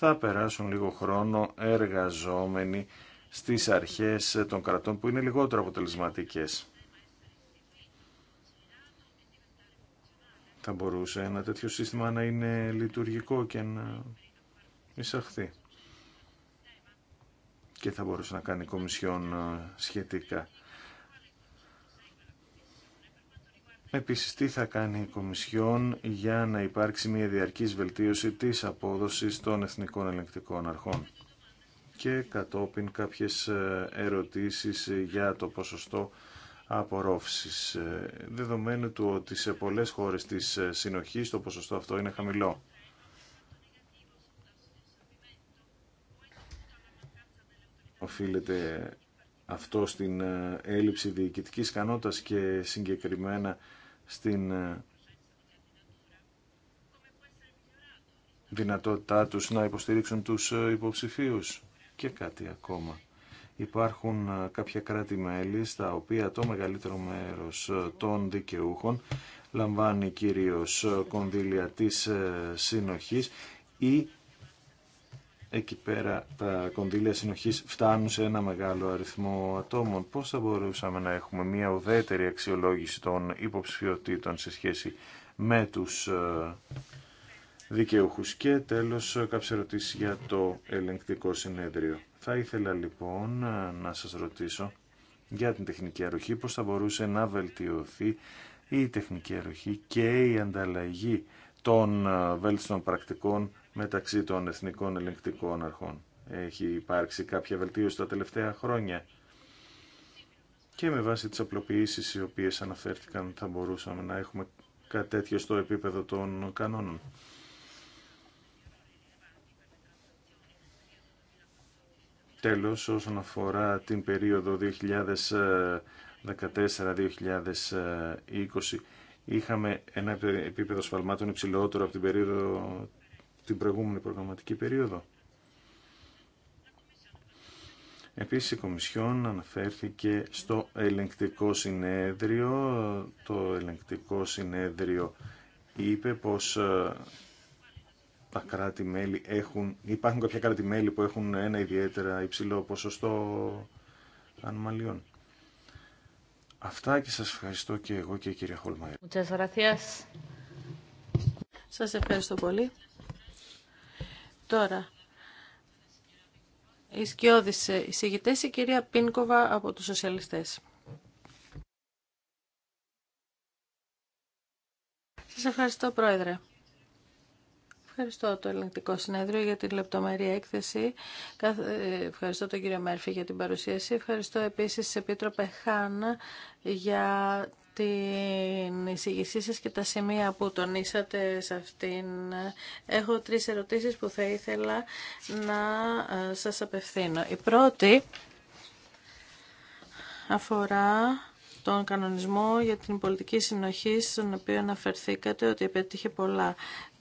θα περάσουν λίγο χρόνο εργαζόμενοι στις αρχές των κρατών που είναι λιγότερο αποτελεσματικές. Θα μπορούσε ένα τέτοιο σύστημα να είναι λειτουργικό και να εισαχθεί. Και θα μπορούσε να κάνει κομισιόν ε, σχετικά. Επίσης, τι θα κάνει η Κομισιόν για να υπάρξει μια διαρκής βελτίωση της απόδοσης των εθνικών ελεγκτικών αρχών. Και κατόπιν κάποιες ε, ερωτήσεις για το ποσοστό απορρόφησης. Ε, δεδομένου του ότι σε πολλές χώρες της ε, συνοχής το ποσοστό αυτό είναι χαμηλό. Οφείλεται αυτό στην έλλειψη διοικητικής κανότας και συγκεκριμένα στην ε, δυνατότητά τους να υποστηρίξουν τους ε, υποψηφίους και κάτι ακόμα. Υπάρχουν ε, κάποια κράτη-μέλη στα οποία το μεγαλύτερο μέρος των δικαιούχων λαμβάνει κυρίως κονδύλια της συνοχής ή εκεί πέρα τα κονδύλια συνοχής φτάνουν σε ένα μεγάλο αριθμό ατόμων. Πώς θα μπορούσαμε να έχουμε μια ουδέτερη αξιολόγηση των υποψηφιωτήτων σε σχέση με τους ε, δικαιούχου. Και τέλος κάποιε ερωτήσει για το ελεγκτικό συνέδριο. Θα ήθελα λοιπόν ε, να σας ρωτήσω για την τεχνική αρρωχή, πώς θα μπορούσε να βελτιωθεί η τεχνική αρρωχή και η ανταλλαγή των ε, βέλτιστων πρακτικών μεταξύ των εθνικών ελεγκτικών αρχών. Έχει υπάρξει κάποια βελτίωση τα τελευταία χρόνια και με βάση τις απλοποιήσεις οι οποίες αναφέρθηκαν θα μπορούσαμε να έχουμε κάτι τέτοιο στο επίπεδο των κανόνων. Τέλος, όσον αφορά την περίοδο 2014-2020, είχαμε ένα επίπεδο σφαλμάτων υψηλότερο από την περίοδο την προηγούμενη προγραμματική περίοδο. Επίσης η Κομισιόν αναφέρθηκε στο ελεγκτικό συνέδριο. Το ελεγκτικό συνέδριο είπε πως ε, τα κράτη-μέλη έχουν, υπάρχουν κάποια κράτη-μέλη που έχουν ένα ιδιαίτερα υψηλό ποσοστό ανομαλιών. Αυτά και σας ευχαριστώ και εγώ και η κυρία Χολμαϊρ. Σας ευχαριστώ πολύ. Τώρα, η σκιώδης εισηγητές, η κυρία Πίνκοβα από τους σοσιαλιστές. Σας ευχαριστώ, Πρόεδρε. Ευχαριστώ το Ελληνικό Συνέδριο για την λεπτομερή έκθεση. Ε, ευχαριστώ τον κύριο Μέρφυ για την παρουσίαση. Ευχαριστώ επίσης Επίτροπε Χάν για την εισηγησή σας και τα σημεία που τονίσατε σε αυτήν. Έχω τρεις ερωτήσεις που θα ήθελα να ε, σας απευθύνω. Η πρώτη αφορά τον κανονισμό για την πολιτική συνοχή στον οποίο αναφερθήκατε ότι επέτυχε πολλά.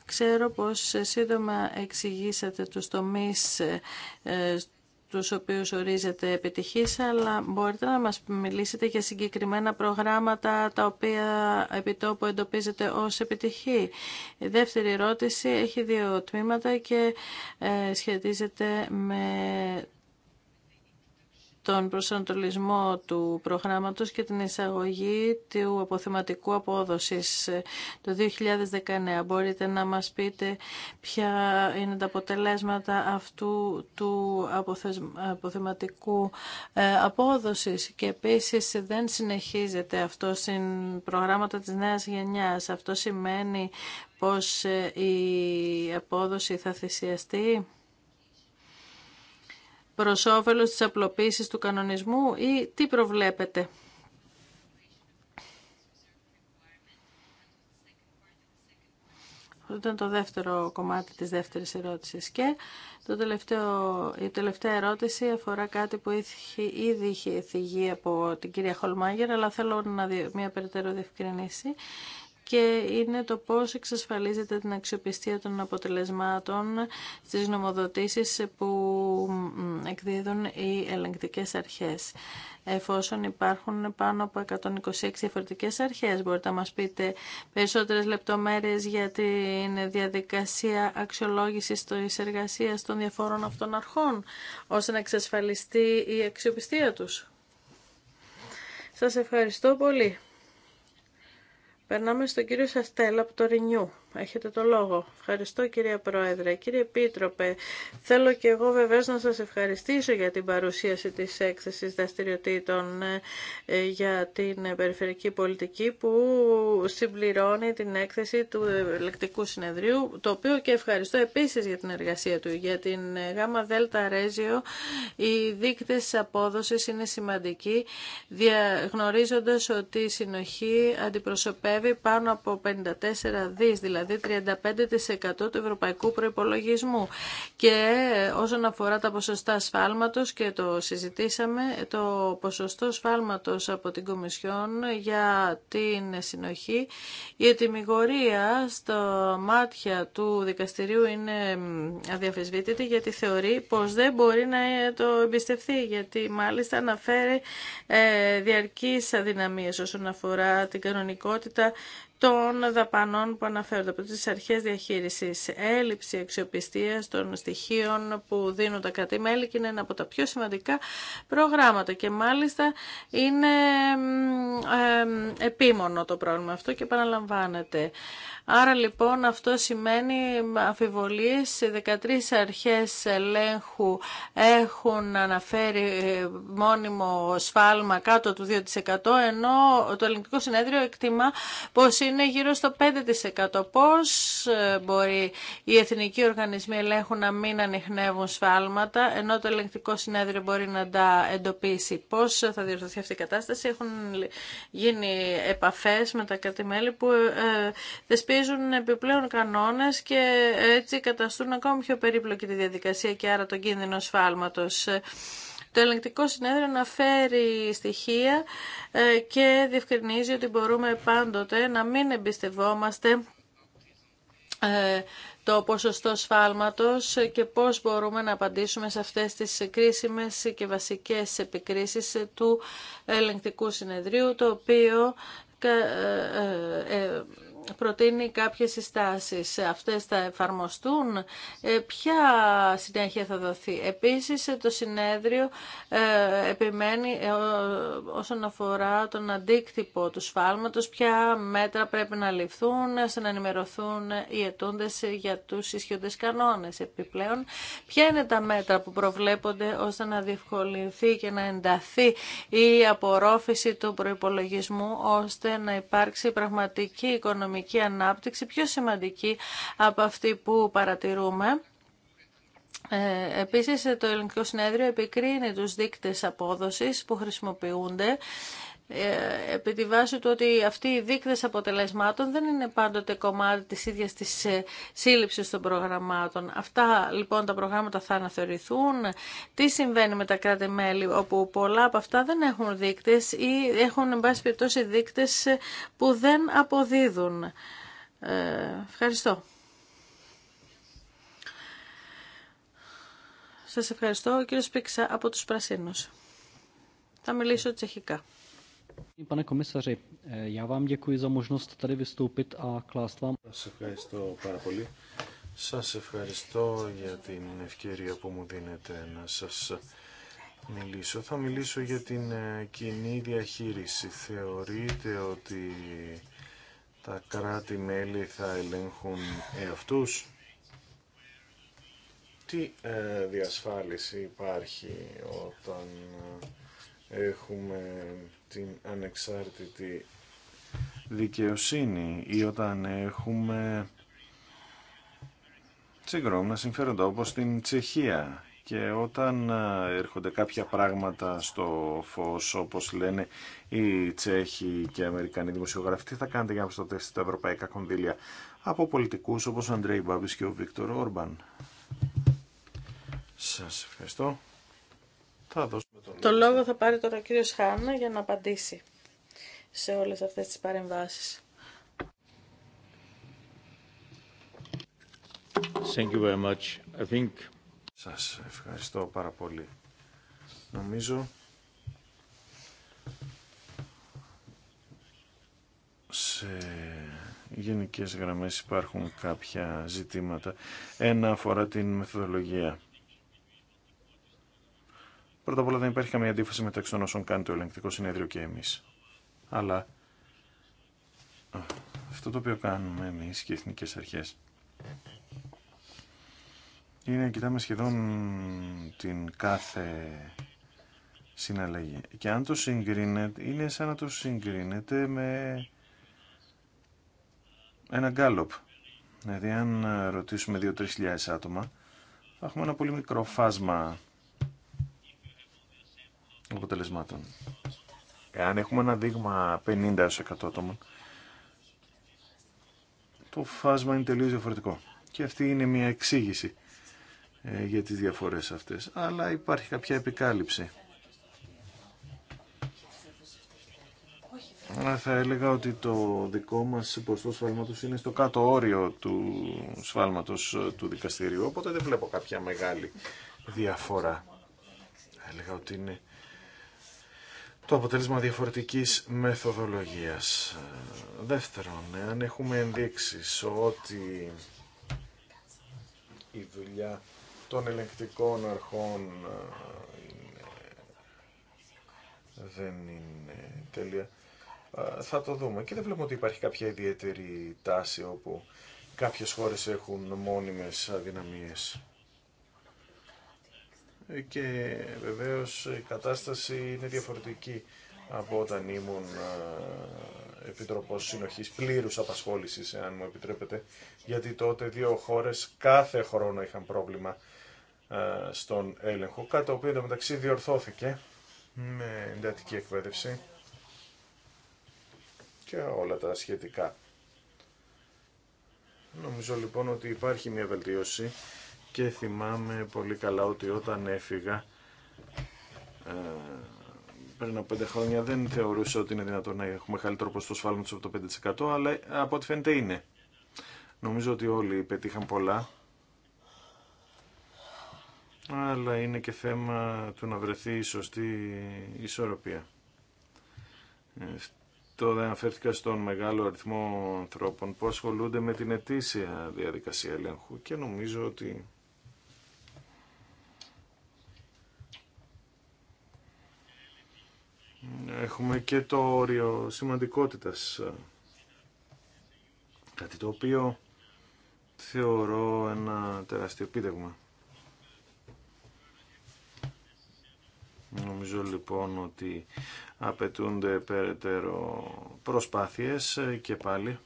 Ξέρω πως σύντομα εξηγήσατε τους τομείς ε, τους οποίους ορίζεται επιτυχής, αλλά μπορείτε να μας μιλήσετε για συγκεκριμένα προγράμματα τα οποία επιτόπου εντοπίζεται ως επιτυχή. Η δεύτερη ερώτηση έχει δύο τμήματα και ε, σχετίζεται με τον προσανατολισμό του προγράμματος και την εισαγωγή του αποθεματικού απόδοσης ε, το 2019. Μπορείτε να μας πείτε ποια είναι τα αποτελέσματα αυτού του αποθεματικού ε, απόδοσης και επίσης δεν συνεχίζεται αυτό στην προγράμματα της νέας γενιάς. Αυτό σημαίνει πως ε, η απόδοση θα θυσιαστεί προς όφελος της απλοποίησης του κανονισμού ή τι προβλέπετε. Αυτό ήταν το δεύτερο κομμάτι της δεύτερης ερώτησης. Και το τελευταίο, η τελευταία ερώτηση αφορά κάτι που είχε, ήδη είχε θυγεί από την κυρία Χολμάγερ, αλλά θέλω να μια περαιτέρω διευκρινήση και είναι το πώς εξασφαλίζεται την αξιοπιστία των αποτελεσμάτων στις νομοδοτήσεις που εκδίδουν οι ελεγκτικές αρχές. Εφόσον υπάρχουν πάνω από 126 διαφορετικές αρχές, μπορείτε να μας πείτε περισσότερες λεπτομέρειες για την διαδικασία αξιολόγηση της εργασίας των διαφόρων αυτών αρχών, ώστε να εξασφαλιστεί η αξιοπιστία τους. Σας ευχαριστώ πολύ. Περνάμε στον κύριο Σαστέλα από το Ρηνιού. Έχετε το λόγο. Ευχαριστώ κυρία Πρόεδρε. Κύριε Επίτροπε, θέλω και εγώ βεβαίως να σας ευχαριστήσω για την παρουσίαση της έκθεσης δραστηριοτήτων ε, ε, για την περιφερική πολιτική που συμπληρώνει την έκθεση του Ελεκτικού Συνεδρίου, το οποίο και ευχαριστώ επίσης για την εργασία του. Για την γάμα δέλτα οι δείκτες τη απόδοσης είναι σημαντικοί, διαγνωρίζοντας ότι η συνοχή αντιπροσωπεύει πάνω από 54 δις, δηλαδή δηλαδή 35% του ευρωπαϊκού προϋπολογισμού. Και όσον αφορά τα ποσοστά σφάλματος και το συζητήσαμε, το ποσοστό σφάλματος από την Κομισιόν για την συνοχή, η ετοιμιγορία στα μάτια του δικαστηρίου είναι αδιαφεσβήτητη γιατί θεωρεί πως δεν μπορεί να το εμπιστευτεί γιατί μάλιστα αναφέρει ε, διαρκείς αδυναμίες όσον αφορά την κανονικότητα των δαπανών που αναφέρονται από τις αρχές διαχείρισης. Έλλειψη αξιοπιστίας των στοιχείων που δίνουν τα κρατημέλη και είναι ένα από τα πιο σημαντικά προγράμματα και μάλιστα είναι ε, επίμονο το πρόβλημα αυτό και επαναλαμβάνεται. Άρα λοιπόν αυτό σημαίνει αφιβολίες. 13 αρχές ελέγχου έχουν αναφέρει ε, μόνιμο σφάλμα κάτω του 2% ενώ το ελληνικό συνέδριο εκτιμά πως είναι γύρω στο 5%. Πώς ε, μπορεί οι εθνικοί οργανισμοί ελέγχου να μην ανοιχνεύουν σφάλματα ενώ το ελεγκτικό συνέδριο μπορεί να τα εντοπίσει. Πώς θα διορθωθεί αυτή η κατάσταση. Έχουν γίνει επαφές με τα κατημέλη που ε, ε ορίζουν επιπλέον κανόνες και έτσι καταστούν ακόμη πιο περίπλοκη τη διαδικασία και άρα τον κίνδυνο σφάλματος. Το ελεγκτικό συνέδριο αναφέρει στοιχεία ε, και διευκρινίζει ότι μπορούμε πάντοτε να μην εμπιστευόμαστε ε, το ποσοστό σφάλματος και πώς μπορούμε να απαντήσουμε σε αυτές τις κρίσιμες και βασικές επικρίσεις του ελεγκτικού συνεδρίου, το οποίο ε, προτείνει κάποιες συστάσεις. Αυτές θα εφαρμοστούν. Ε, ποια συνέχεια θα δοθεί. Επίσης, το συνέδριο ε, επιμένει ε, όσον αφορά τον αντίκτυπο του σφάλματος, ποια μέτρα πρέπει να ληφθούν ώστε να ενημερωθούν οι ετούντες για τους ισχυοντές κανόνες. Επιπλέον, ποια είναι τα μέτρα που προβλέπονται ώστε να διευκολυνθεί και να ενταθεί η απορρόφηση του προϋπολογισμού ώστε να υπάρξει πραγματική οικονομική οικονομική ανάπτυξη πιο σημαντική από αυτή που παρατηρούμε. Ε, επίσης, το Ελληνικό Συνέδριο επικρίνει τους δείκτες απόδοσης που χρησιμοποιούνται ε, επί τη βάση του ότι αυτοί οι δείκτες αποτελεσμάτων δεν είναι πάντοτε κομμάτι της ίδιας της ε, σύλληψης των προγραμμάτων. Αυτά λοιπόν τα προγράμματα θα αναθεωρηθούν. Τι συμβαίνει με τα κράτη-μέλη όπου πολλά από αυτά δεν έχουν δείκτες ή έχουν εν πάση περιπτώσει δείκτες που δεν αποδίδουν. Ε, ευχαριστώ. Σας ευχαριστώ. Ο κύριος Πίξα από τους Πρασίνους. Θα μιλήσω τσεχικά. Σας eh, ευχαριστώ πάρα πολύ. Σας ευχαριστώ για την ευκαιρία που μου δίνετε να σας μιλήσω. Θα μιλήσω για την ε, κοινή διαχείριση. Θεωρείτε ότι τα κράτη-μέλη θα ελέγχουν εαυτούς. Τι ε, διασφάλιση υπάρχει όταν ε, έχουμε την ανεξάρτητη δικαιοσύνη ή όταν έχουμε συγκρόμνα συμφέροντα όπως την Τσεχία και όταν έρχονται κάποια πράγματα στο φως όπως λένε οι Τσέχοι και οι Αμερικανοί δημοσιογράφοι τι θα κάνετε για να προστατεύσετε τα ευρωπαϊκά κονδύλια από πολιτικούς όπως ο Αντρέι Μπάμπης και ο Βίκτορ Όρμπαν Σας ευχαριστώ θα το, λόγο. θα πάρει τώρα ο κύριος Χάνα για να απαντήσει σε όλες αυτές τις παρεμβάσεις. Thank you very much. I think... Σας ευχαριστώ πάρα πολύ. Νομίζω σε γενικές γραμμές υπάρχουν κάποια ζητήματα. Ένα αφορά την μεθοδολογία. Πρώτα απ' όλα δεν υπάρχει καμία αντίφαση μεταξύ των όσων κάνει το ελεγκτικό συνέδριο και εμείς. Αλλά αυτό το οποίο κάνουμε εμείς και οι εθνικές αρχές είναι να κοιτάμε σχεδόν την κάθε συναλλαγή. Και αν το συγκρίνετε, είναι σαν να το συγκρίνετε με ένα γκάλοπ. Δηλαδή αν ρωτήσουμε 2-3 άτομα θα έχουμε ένα πολύ μικρό φάσμα αποτελεσμάτων. Εάν έχουμε ένα δείγμα ατόμων, το φάσμα είναι τελείως διαφορετικό. Και αυτή είναι μια εξήγηση ε, για τις διαφορές αυτές. Αλλά υπάρχει κάποια επικάλυψη. Ε, θα έλεγα ότι το δικό μας ποστό σφάλματος είναι στο κάτω όριο του σφάλματος ε, του δικαστηρίου, οπότε δεν βλέπω κάποια μεγάλη διαφορά. Θα έλεγα ότι είναι το αποτέλεσμα διαφορετικής μεθοδολογίας. Δεύτερον, αν έχουμε ενδείξεις ότι η δουλειά των ελεγκτικών αρχών ε, δεν είναι τέλεια, ε, θα το δούμε. Και δεν βλέπουμε ότι υπάρχει κάποια ιδιαίτερη τάση όπου κάποιες χώρες έχουν μόνιμες αδυναμίες και βεβαίως η κατάσταση είναι διαφορετική από όταν ήμουν Επιτροπός Συνοχής πλήρους απασχόλησης, αν μου επιτρέπετε, γιατί τότε δύο χώρες κάθε χρόνο είχαν πρόβλημα στον έλεγχο, κάτι το οποίο μεταξύ διορθώθηκε με εντατική εκπαίδευση και όλα τα σχετικά. Νομίζω λοιπόν ότι υπάρχει μια βελτίωση και θυμάμαι πολύ καλά ότι όταν έφυγα ε, πριν από πέντε χρόνια δεν θεωρούσα ότι είναι δυνατόν να έχουμε καλύτερο ποσοστό σφάλματος από το 5% αλλά ε, από ό,τι φαίνεται είναι. Νομίζω ότι όλοι πετύχαν πολλά αλλά είναι και θέμα του να βρεθεί η σωστή ισορροπία. Ε, Τώρα αναφέρθηκα στον μεγάλο αριθμό ανθρώπων που ασχολούνται με την ετήσια διαδικασία ελέγχου και νομίζω ότι Έχουμε και το όριο σημαντικότητας. Κάτι το οποίο θεωρώ ένα τεράστιο επίτευγμα. Νομίζω λοιπόν ότι απαιτούνται περαιτέρω προσπάθειες και πάλι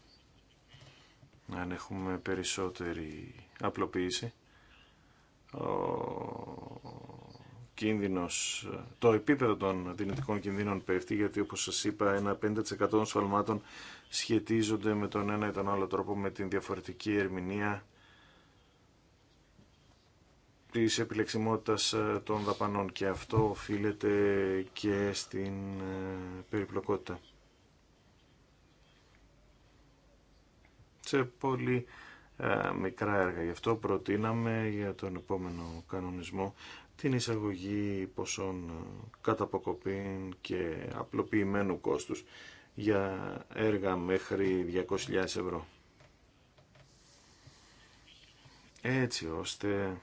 αν έχουμε περισσότερη απλοποίηση κίνδυνος, το επίπεδο των δυνητικών κινδύνων πέφτει, γιατί όπως σας είπα ένα 50% των σφαλμάτων σχετίζονται με τον ένα ή τον άλλο τρόπο με την διαφορετική ερμηνεία της επιλεξιμότητας ε, των δαπανών και αυτό οφείλεται και στην ε, περιπλοκότητα. Σε πολύ ε, μικρά έργα. Γι' αυτό προτείναμε για τον επόμενο κανονισμό την εισαγωγή ποσών ε, καταποκοπήν και απλοποιημένου κόστους για έργα μέχρι 200.000 ευρώ. Έτσι ώστε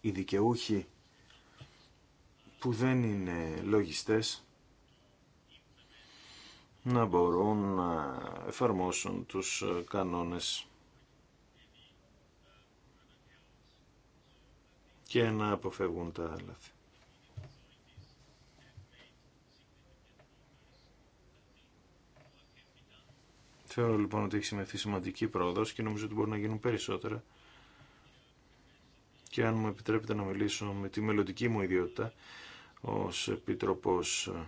οι δικαιούχοι που δεν είναι λογιστές να μπορούν να εφαρμόσουν τους κανόνες και να αποφεύγουν τα λάθη. Θεωρώ λοιπόν ότι έχει συμμεθεί σημαντική πρόοδος και νομίζω ότι μπορεί να γίνουν περισσότερα. Και αν μου επιτρέπετε να μιλήσω με τη μελλοντική μου ιδιότητα ως Επίτροπος ε,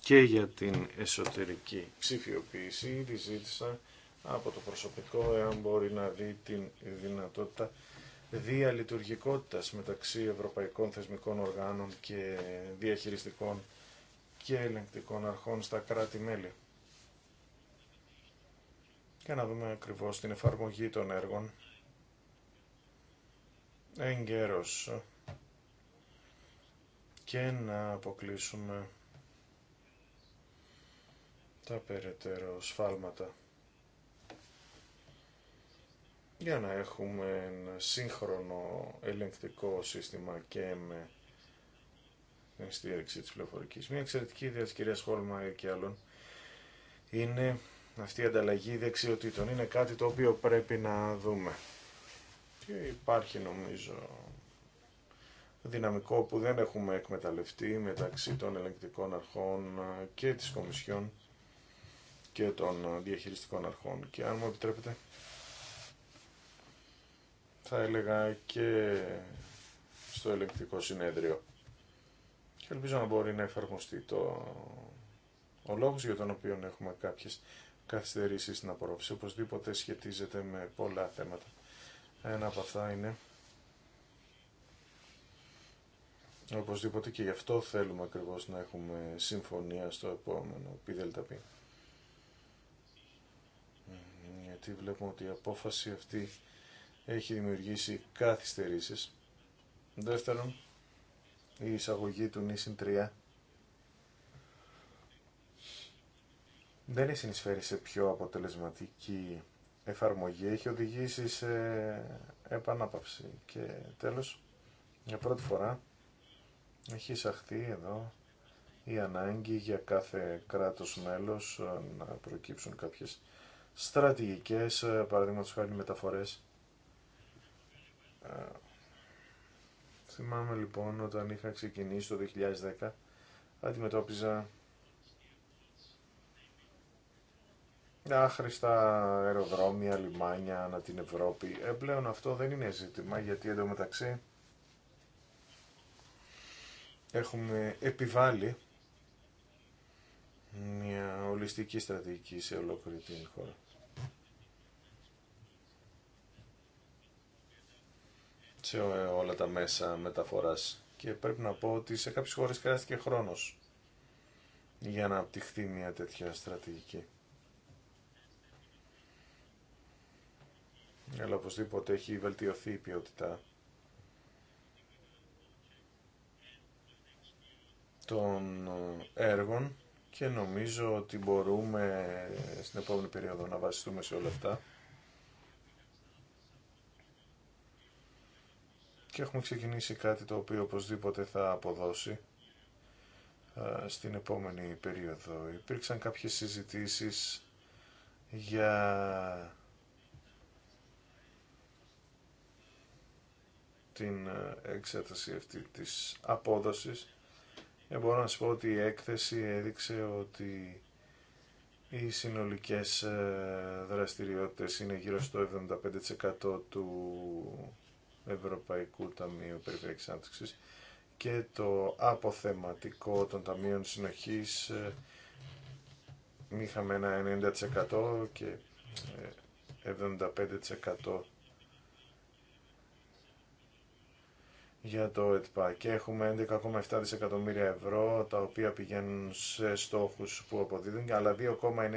και για την εσωτερική ψηφιοποίηση, τη ζήτησα από το προσωπικό εάν μπορεί να δει την δυνατότητα διαλειτουργικότητας μεταξύ ευρωπαϊκών θεσμικών οργάνων και διαχειριστικών και ελεγκτικών αρχών στα κράτη-μέλη. Και να δούμε ακριβώς την εφαρμογή των έργων εγκαίρως και να αποκλείσουμε τα περαιτέρω σφάλματα για να έχουμε ένα σύγχρονο ελεγκτικό σύστημα και με στήριξη της πληροφορικής. Μια εξαιρετική ιδέα της κυρίας Χόλμα και άλλων είναι αυτή η ανταλλαγή δεξιοτήτων. Είναι κάτι το οποίο πρέπει να δούμε. Και υπάρχει νομίζω δυναμικό που δεν έχουμε εκμεταλλευτεί μεταξύ των ελεγκτικών αρχών και της Κομισιόν και των διαχειριστικών αρχών. Και αν μου επιτρέπετε θα έλεγα και στο ηλεκτρικό συνέδριο. Και ελπίζω να μπορεί να εφαρμοστεί το... ο λόγος για τον οποίο έχουμε κάποιες καθυστερήσεις στην απορρόφηση. Οπωσδήποτε σχετίζεται με πολλά θέματα. Ένα από αυτά είναι Οπωσδήποτε και γι' αυτό θέλουμε ακριβώς να έχουμε συμφωνία στο επόμενο ΠΔΠ. Γιατί βλέπουμε ότι η απόφαση αυτή έχει δημιουργήσει καθυστερήσεις. Δεύτερον, η εισαγωγή του ΝΙΣΙΝΤΡΙΑ 3 δεν έχει συνεισφέρει σε πιο αποτελεσματική εφαρμογή, έχει οδηγήσει σε επανάπαυση. Και τέλος, για πρώτη φορά έχει εισαχθεί εδώ η ανάγκη για κάθε κράτος μέλος να προκύψουν κάποιες στρατηγικές, παραδείγματος χάρη μεταφορές Θυμάμαι λοιπόν όταν είχα ξεκινήσει το 2010 αντιμετώπιζα άχρηστα αεροδρόμια, λιμάνια ανά την Ευρώπη. Ε, πλέον αυτό δεν είναι ζήτημα γιατί εντωμεταξύ έχουμε επιβάλει μια ολιστική στρατηγική σε ολόκληρη την χώρα. σε όλα τα μέσα μεταφοράς και πρέπει να πω ότι σε κάποιες χώρες χρειάστηκε χρόνος για να απτυχθεί μια τέτοια στρατηγική. Αλλά οπωσδήποτε έχει βελτιωθεί η ποιότητα των ε, έργων και νομίζω ότι μπορούμε στην επόμενη περίοδο να βασιστούμε σε όλα αυτά. και έχουμε ξεκινήσει κάτι το οποίο οπωσδήποτε θα αποδώσει ε, στην επόμενη περίοδο. Υπήρξαν κάποιες συζητήσεις για την ε, εξέταση αυτή της απόδοσης. Και ε, μπορώ να σας πω ότι η έκθεση έδειξε ότι οι συνολικές δραστηριότητες είναι γύρω στο 75% του Ευρωπαϊκού Ταμείου Περιφερειακής Ανάπτυξης και το αποθεματικό των Ταμείων Συνοχής ε, είχαμε ένα 90% και 75% ε, για το ΕΤΠΑ και έχουμε 11,7 δισεκατομμύρια ευρώ τα οποία πηγαίνουν σε στόχους που αποδίδουν αλλά 2,9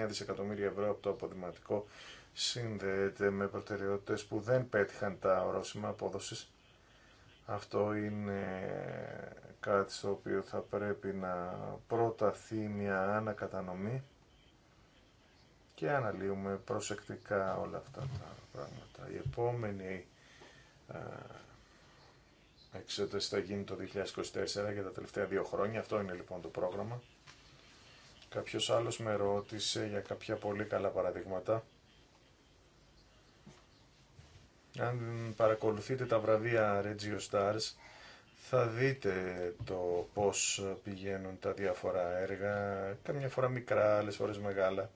δισεκατομμύρια ευρώ από το αποδηματικό συνδέεται με προτεραιότητες που δεν πέτυχαν τα ορόσημα απόδοσης. Αυτό είναι κάτι στο οποίο θα πρέπει να προταθεί μια ανακατανομή και αναλύουμε προσεκτικά όλα αυτά τα πράγματα. Η επόμενη εξέταση θα γίνει το 2024 για τα τελευταία δύο χρόνια. Αυτό είναι λοιπόν το πρόγραμμα. Κάποιος άλλος με ρώτησε για κάποια πολύ καλά παραδείγματα αν παρακολουθείτε τα βραβεία Regio Stars, θα δείτε το πώς πηγαίνουν τα διάφορα έργα, καμιά φορά μικρά, άλλες φορές μεγάλα.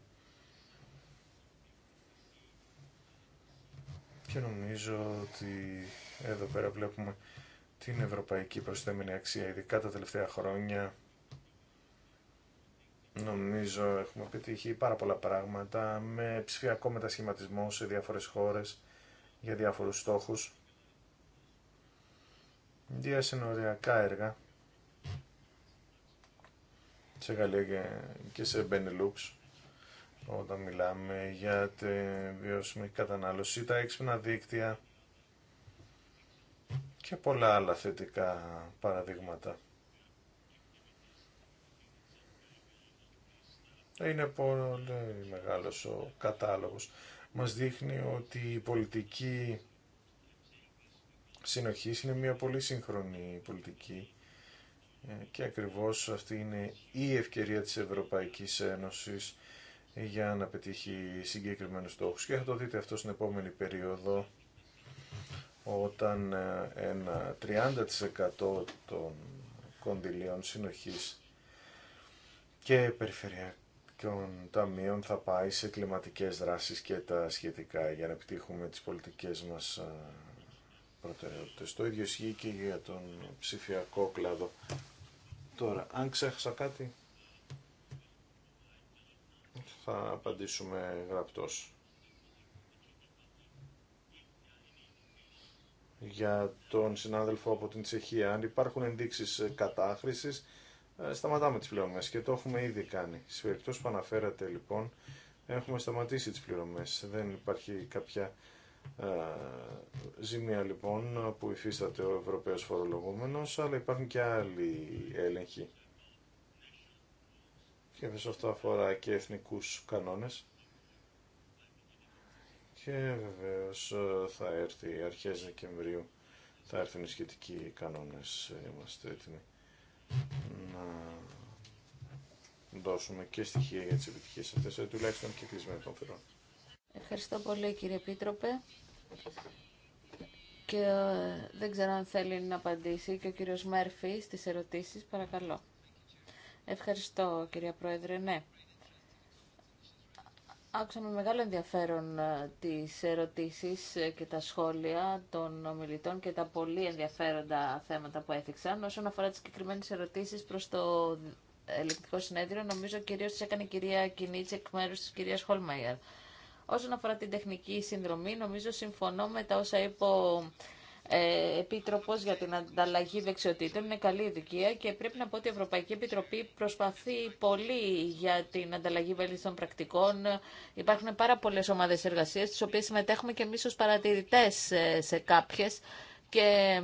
Και νομίζω ότι εδώ πέρα βλέπουμε την ευρωπαϊκή προσθέμενη αξία, ειδικά τα τελευταία χρόνια. Νομίζω έχουμε πετύχει πάρα πολλά πράγματα με ψηφιακό μετασχηματισμό σε διάφορες χώρες για διάφορους στόχους, διασυνοριακά έργα σε Γαλλία και σε Benelux όταν μιλάμε για τη βιώσιμη κατανάλωση, τα έξυπνα δίκτυα και πολλά άλλα θετικά παραδείγματα. Είναι πολύ μεγάλος ο κατάλογος μας δείχνει ότι η πολιτική συνοχή είναι μια πολύ σύγχρονη πολιτική ε, και ακριβώς αυτή είναι η ευκαιρία της Ευρωπαϊκής Ένωσης για να πετύχει συγκεκριμένους στόχους και θα το δείτε αυτό στην επόμενη περίοδο όταν ε, ένα 30% των κονδυλίων συνοχής και περιφερειακών των ταμείων θα πάει σε κλιματικές δράσεις και τα σχετικά για να επιτύχουμε τις πολιτικές μας ε, προτεραιότητες. Το ίδιο ισχύει και για τον ψηφιακό κλάδο. Τώρα, αν ξέχασα κάτι, θα απαντήσουμε γραπτός. Για τον συνάδελφο από την Τσεχία, αν υπάρχουν ενδείξεις κατάχρησης, ε, σταματάμε τις πληρωμές και το έχουμε ήδη κάνει. Στις περιπτώσεις που αναφέρατε λοιπόν έχουμε σταματήσει τις πληρωμές. Δεν υπάρχει κάποια ε, ζημία λοιπόν που υφίσταται ο Ευρωπαίος φορολογούμενος, αλλά υπάρχουν και άλλοι έλεγχοι. Και αυτό αφορά και εθνικούς κανόνες. Και βεβαίω ε, θα έρθει αρχές Δεκεμβρίου, θα έρθουν οι σχετικοί κανόνες, είμαστε έτοιμοι να δώσουμε και στοιχεία για τις επιτυχίες αυτές, ε, τουλάχιστον και με των θερών. Ευχαριστώ πολύ κύριε Πίτροπε. Και ε, δεν ξέρω αν θέλει να απαντήσει και ο κύριος Μέρφη στις ερωτήσεις, παρακαλώ. Ευχαριστώ κυρία Πρόεδρε, ναι. Άκουσα με μεγάλο ενδιαφέρον ε, τις ερωτήσεις ε, και τα σχόλια των ομιλητών και τα πολύ ενδιαφέροντα θέματα που έθιξαν. Όσον αφορά τις συγκεκριμένε ερωτήσεις προς το ελληνικό συνέδριο, νομίζω κυρίως τις έκανε η κυρία Κινίτσεκ εκ μέρους της κυρίας Χολμαϊερ. Όσον αφορά την τεχνική συνδρομή, νομίζω συμφωνώ με τα όσα είπε ο ε, Επίτροπο για την ανταλλαγή δεξιοτήτων. Είναι καλή ειδικία και πρέπει να πω ότι η Ευρωπαϊκή Επιτροπή προσπαθεί πολύ για την ανταλλαγή βέλτιστων πρακτικών. Υπάρχουν πάρα πολλέ ομάδες εργασία, τι οποίες συμμετέχουμε και εμεί ως παρατηρητές ε, σε κάποιες και ε,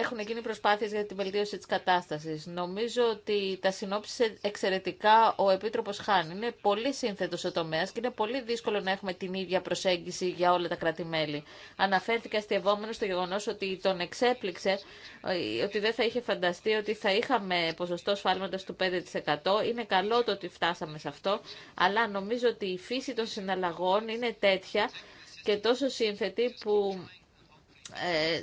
έχουν γίνει προσπάθειες για την βελτίωση της κατάστασης. Νομίζω ότι τα συνόψισε εξαιρετικά ο Επίτροπος Χάν. Είναι πολύ σύνθετος ο τομέας και είναι πολύ δύσκολο να έχουμε την ίδια προσέγγιση για όλα τα κράτη-μέλη. Αναφέρθηκα στο γεγονός ότι τον εξέπληξε, ε, ότι δεν θα είχε φανταστεί ότι θα είχαμε ποσοστό σφάλματος του 5%. Είναι καλό το ότι φτάσαμε σε αυτό, αλλά νομίζω ότι η φύση των συναλλαγών είναι τέτοια και τόσο σύνθετη που ε,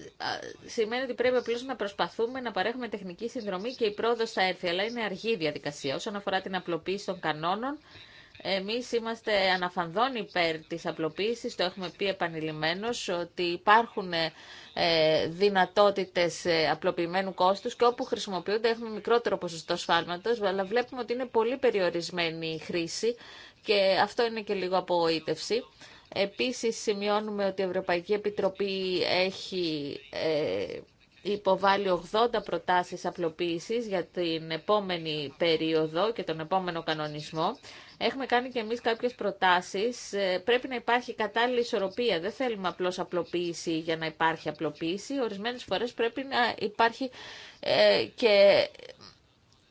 σημαίνει ότι πρέπει απλώ να προσπαθούμε να παρέχουμε τεχνική συνδρομή και η πρόοδο θα έρθει, αλλά είναι αργή η διαδικασία. Όσον αφορά την απλοποίηση των κανόνων, εμεί είμαστε αναφανδόν υπέρ τη απλοποίηση. Το έχουμε πει επανειλημμένω ότι υπάρχουν ε, δυνατότητε ε, απλοποιημένου κόστου και όπου χρησιμοποιούνται έχουμε μικρότερο ποσοστό σφάλματο, αλλά βλέπουμε ότι είναι πολύ περιορισμένη η χρήση και αυτό είναι και λίγο απογοήτευση. Επίσης σημειώνουμε ότι η Ευρωπαϊκή Επιτροπή έχει ε, υποβάλει 80 προτάσεις απλοποίησης για την επόμενη περίοδο και τον επόμενο κανονισμό. Έχουμε κάνει και εμείς κάποιες προτάσεις. Ε, πρέπει να υπάρχει κατάλληλη ισορροπία. Δεν θέλουμε απλώς απλοποίηση για να υπάρχει απλοποίηση. Ορισμένες φορές πρέπει να υπάρχει ε, και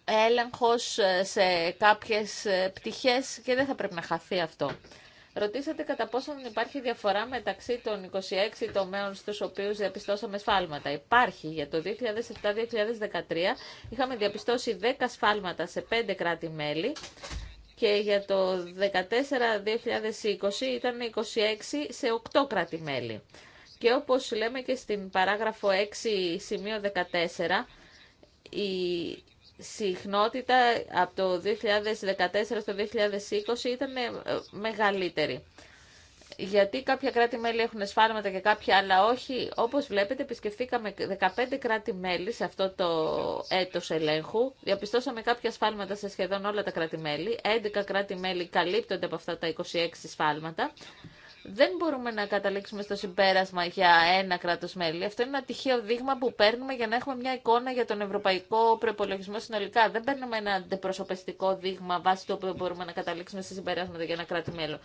έλεγχος σε κάποιες πτυχές και δεν θα πρέπει να χαθεί αυτό. Ρωτήσατε κατά πόσον υπάρχει διαφορά μεταξύ των 26 τομέων στους οποίους διαπιστώσαμε σφάλματα. Υπάρχει. Για το 2007-2013 είχαμε διαπιστώσει 10 σφάλματα σε 5 κράτη-μέλη και για το 2014 2020 ήταν 26 σε 8 κράτη-μέλη. Και όπως λέμε και στην παράγραφο 6 σημείο 14, η συχνότητα από το 2014 στο 2020 ήταν ε, μεγαλύτερη. Γιατί κάποια κράτη-μέλη έχουν σφάλματα και κάποια άλλα όχι. Όπως βλέπετε επισκεφθήκαμε 15 κράτη-μέλη σε αυτό το έτος ελέγχου. Διαπιστώσαμε κάποια σφάλματα σε σχεδόν όλα τα κράτη-μέλη. 11 κράτη-μέλη καλύπτονται από αυτά τα 26 σφάλματα δεν μπορούμε να καταλήξουμε στο συμπέρασμα για ένα κράτο μέλη. Αυτό είναι ένα τυχαίο δείγμα που παίρνουμε για να έχουμε μια εικόνα για τον ευρωπαϊκό προπολογισμό συνολικά. Δεν παίρνουμε ένα αντιπροσωπευτικό δείγμα βάσει το οποίο μπορούμε να καταλήξουμε σε συμπεράσματα για ένα κράτο μέλο.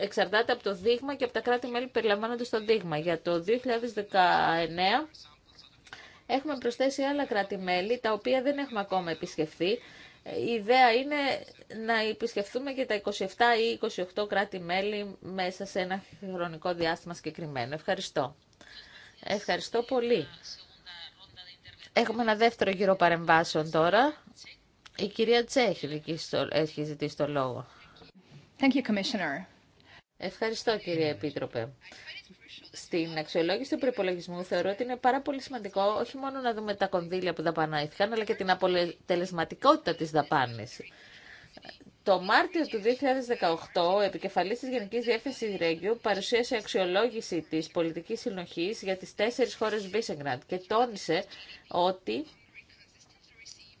Εξαρτάται από το δείγμα και από τα κράτη-μέλη που περιλαμβάνονται στο δείγμα. Για το 2019 έχουμε προσθέσει άλλα κράτη-μέλη τα οποία δεν έχουμε ακόμα επισκεφθεί η ιδέα είναι να επισκεφθούμε και τα 27 ή 28 κράτη-μέλη μέσα σε ένα χρονικό διάστημα συγκεκριμένο. Ευχαριστώ. Ευχαριστώ πολύ. Έχουμε ένα δεύτερο γύρο παρεμβάσεων τώρα. Η κυρία Τσέ έχει ζητήσει το λόγο. Ευχαριστώ, κύριε Επίτροπε στην αξιολόγηση του προπολογισμού θεωρώ ότι είναι πάρα πολύ σημαντικό όχι μόνο να δούμε τα κονδύλια που δαπανάηθηκαν, αλλά και την αποτελεσματικότητα της δαπάνης. Το Μάρτιο του 2018, ο επικεφαλής της Γενικής Διεύθυνσης Ρέγγιου παρουσίασε αξιολόγηση της πολιτικής συνοχής για τις τέσσερις χώρες Βίσεγκραντ και τόνισε ότι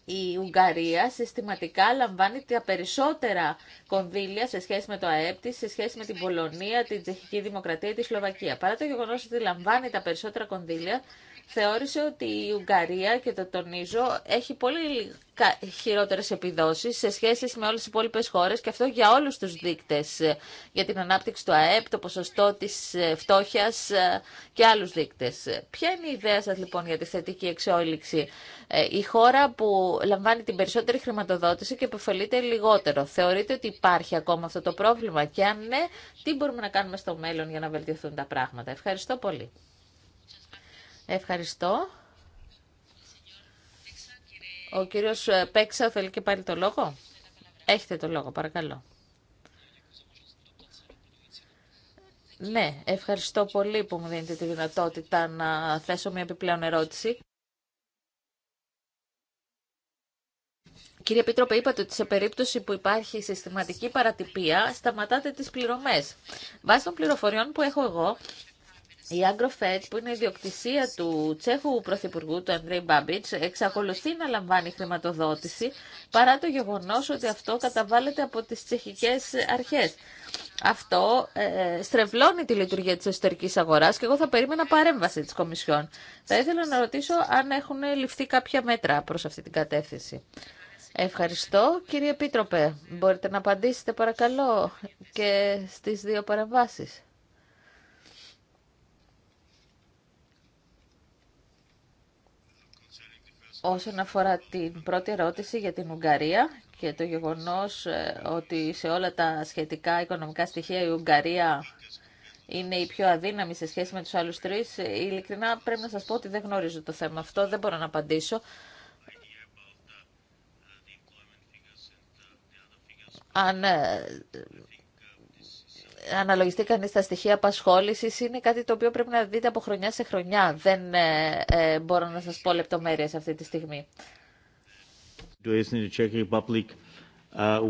η Ουγγαρία συστηματικά λαμβάνει τα περισσότερα κονδύλια σε σχέση με το ΑΕΠ της, σε σχέση με την Πολωνία, την Τσεχική Δημοκρατία ή τη Σλοβακία. Παρά το γεγονός ότι λαμβάνει τα περισσότερα κονδύλια, θεώρησε ότι η Ουγγαρία, και το τονίζω, έχει πολύ χειρότερε επιδόσει σε σχέση με όλε τις υπόλοιπε χώρε και αυτό για όλου του δείκτε. Ε, για την ανάπτυξη του ΑΕΠ, το ποσοστό τη ε, φτώχεια ε, και άλλου δείκτε. Ποια είναι η ιδέα σα λοιπόν για τη θετική εξόλυξη. Η χώρα που λαμβάνει την περισσότερη χρηματοδότηση και επωφελείται λιγότερο. Θεωρείτε ότι υπάρχει ακόμα αυτό το πρόβλημα και αν ναι, τι μπορούμε να κάνουμε στο μέλλον για να βελτιωθούν τα πράγματα. Ευχαριστώ πολύ. Ευχαριστώ. Ο κύριος Πέξα θέλει και πάλι το λόγο. Έχετε το λόγο, παρακαλώ. Ναι, ευχαριστώ πολύ που μου δίνετε τη δυνατότητα να θέσω μια επιπλέον ερώτηση. Κύριε Επίτροπε, είπατε ότι σε περίπτωση που υπάρχει συστηματική παρατυπία, σταματάτε τις πληρωμές. Βάσει των πληροφοριών που έχω εγώ, η Agrofed, που είναι η διοκτησία του Τσέχου Πρωθυπουργού, του Ανδρέη Μπάμπιτς, εξακολουθεί να λαμβάνει χρηματοδότηση, παρά το γεγονός ότι αυτό καταβάλλεται από τις τσεχικές αρχές. Αυτό ε, στρεβλώνει τη λειτουργία της εσωτερικής αγοράς και εγώ θα περίμενα παρέμβαση της Κομισιόν. Θα ήθελα να ρωτήσω αν έχουν ληφθεί κάποια μέτρα προς αυτή την κατεύθυνση. Ευχαριστώ. Κύριε Επίτροπε, μπορείτε να απαντήσετε παρακαλώ και στις δύο παρεμβάσεις. Όσον αφορά την πρώτη ερώτηση για την Ουγγαρία και το γεγονός ε, ότι σε όλα τα σχετικά οικονομικά στοιχεία η Ουγγαρία είναι η πιο αδύναμη σε σχέση με τους άλλους τρεις, ε, ειλικρινά πρέπει να σας πω ότι δεν γνωρίζω το θέμα αυτό, δεν μπορώ να απαντήσω. Αν ε, αναλογιστεί κανείς τα στοιχεία απασχόλησης είναι κάτι το οποίο πρέπει να δείτε από χρονιά σε χρονιά. Δεν ε, ε, μπορώ να σας πω λεπτομέρειες αυτή τη στιγμή. Uh,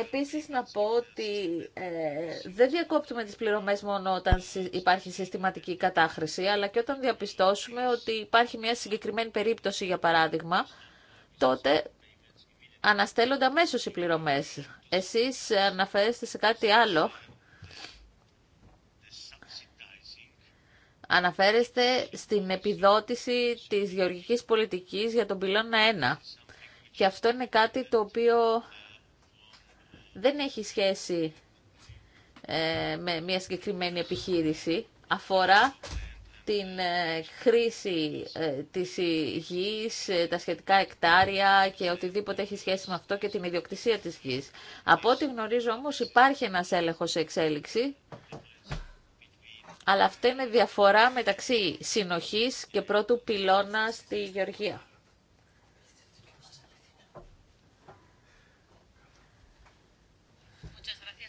Επίσης να πω ότι ε, δεν διακόπτουμε τις πληρωμές μόνο όταν υπάρχει συστηματική κατάχρηση, αλλά και όταν διαπιστώσουμε ότι υπάρχει μια συγκεκριμένη περίπτωση, για παράδειγμα, τότε αναστέλλονται αμέσω οι πληρωμές. Εσείς αναφέρεστε σε κάτι άλλο. Αναφέρεστε στην επιδότηση της γεωργικής πολιτικής για τον πυλώνα 1. Και αυτό είναι κάτι το οποίο δεν έχει σχέση ε, με μια συγκεκριμένη επιχείρηση. Αφορά την ε, χρήση ε, της γης, ε, τα σχετικά εκτάρια και οτιδήποτε έχει σχέση με αυτό και την ιδιοκτησία της γης. Από ό,τι γνωρίζω όμως υπάρχει ένας έλεγχος σε εξέλιξη, αλλά αυτή είναι διαφορά μεταξύ συνοχής και πρώτου πυλώνα στη Γεωργία.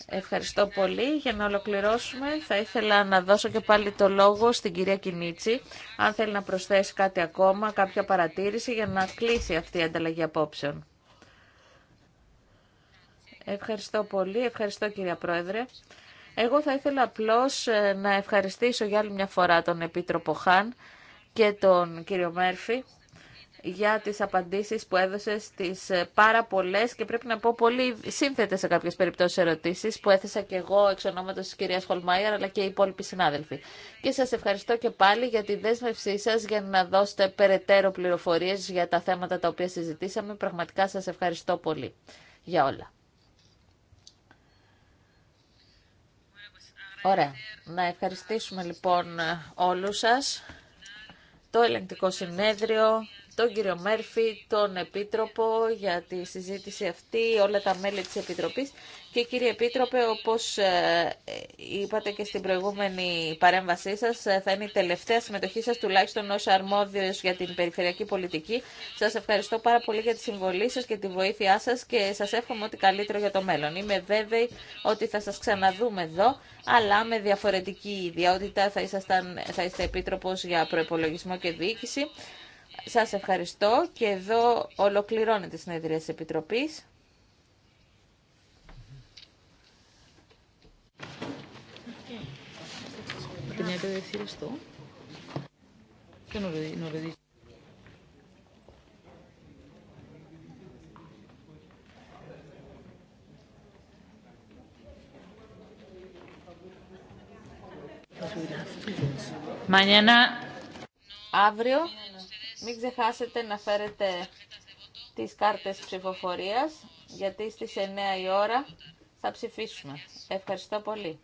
Ευχαριστώ πολύ. Για να ολοκληρώσουμε, θα ήθελα να δώσω και πάλι το λόγο στην κυρία Κινίτσι, αν θέλει να προσθέσει κάτι ακόμα, κάποια παρατήρηση, για να κλείσει αυτή η ανταλλαγή απόψεων. Ευχαριστώ πολύ. Ευχαριστώ κυρία Πρόεδρε. Εγώ θα ήθελα απλώς ε, να ευχαριστήσω για άλλη μια φορά τον Επίτροπο Χάν και τον κύριο Μέρφη για τις απαντήσεις που έδωσε στις ε, πάρα πολλές και πρέπει να πω πολύ σύνθετες σε κάποιες περιπτώσεις ερωτήσεις που έθεσα και εγώ εξ ονόματος της κυρίας Χολμάιερ αλλά και οι υπόλοιποι συνάδελφοι. Και σας ευχαριστώ και πάλι για τη δέσμευσή σας για να δώσετε περαιτέρω πληροφορίες για τα θέματα τα οποία συζητήσαμε. Πραγματικά σας ευχαριστώ πολύ για όλα. Ωραία. Να ευχαριστήσουμε λοιπόν όλους σας το ελεγκτικό συνέδριο τον κύριο Μέρφυ, τον Επίτροπο για τη συζήτηση αυτή, όλα τα μέλη της Επιτροπής. Και κύριε Επίτροπε, όπως ε, είπατε και στην προηγούμενη παρέμβασή σας, ε, θα είναι η τελευταία συμμετοχή σας τουλάχιστον ως αρμόδιος για την περιφερειακή πολιτική. Σας ευχαριστώ πάρα πολύ για τη συμβολή σας και τη βοήθειά σας και σας εύχομαι ό,τι καλύτερο για το μέλλον. Είμαι βέβαιη ότι θα σας ξαναδούμε εδώ, αλλά με διαφορετική ιδιότητα θα, ήσασταν, θα είστε Επίτροπος για Προπολογισμό και Διοίκηση. Σας ευχαριστώ και εδώ ολοκληρώνεται η συνεδρία της Επιτροπής. Mañana. Αύριο μην ξεχάσετε να φέρετε τις κάρτες ψηφοφορίας, γιατί στις 9 η ώρα θα ψηφίσουμε. Ευχαριστώ πολύ.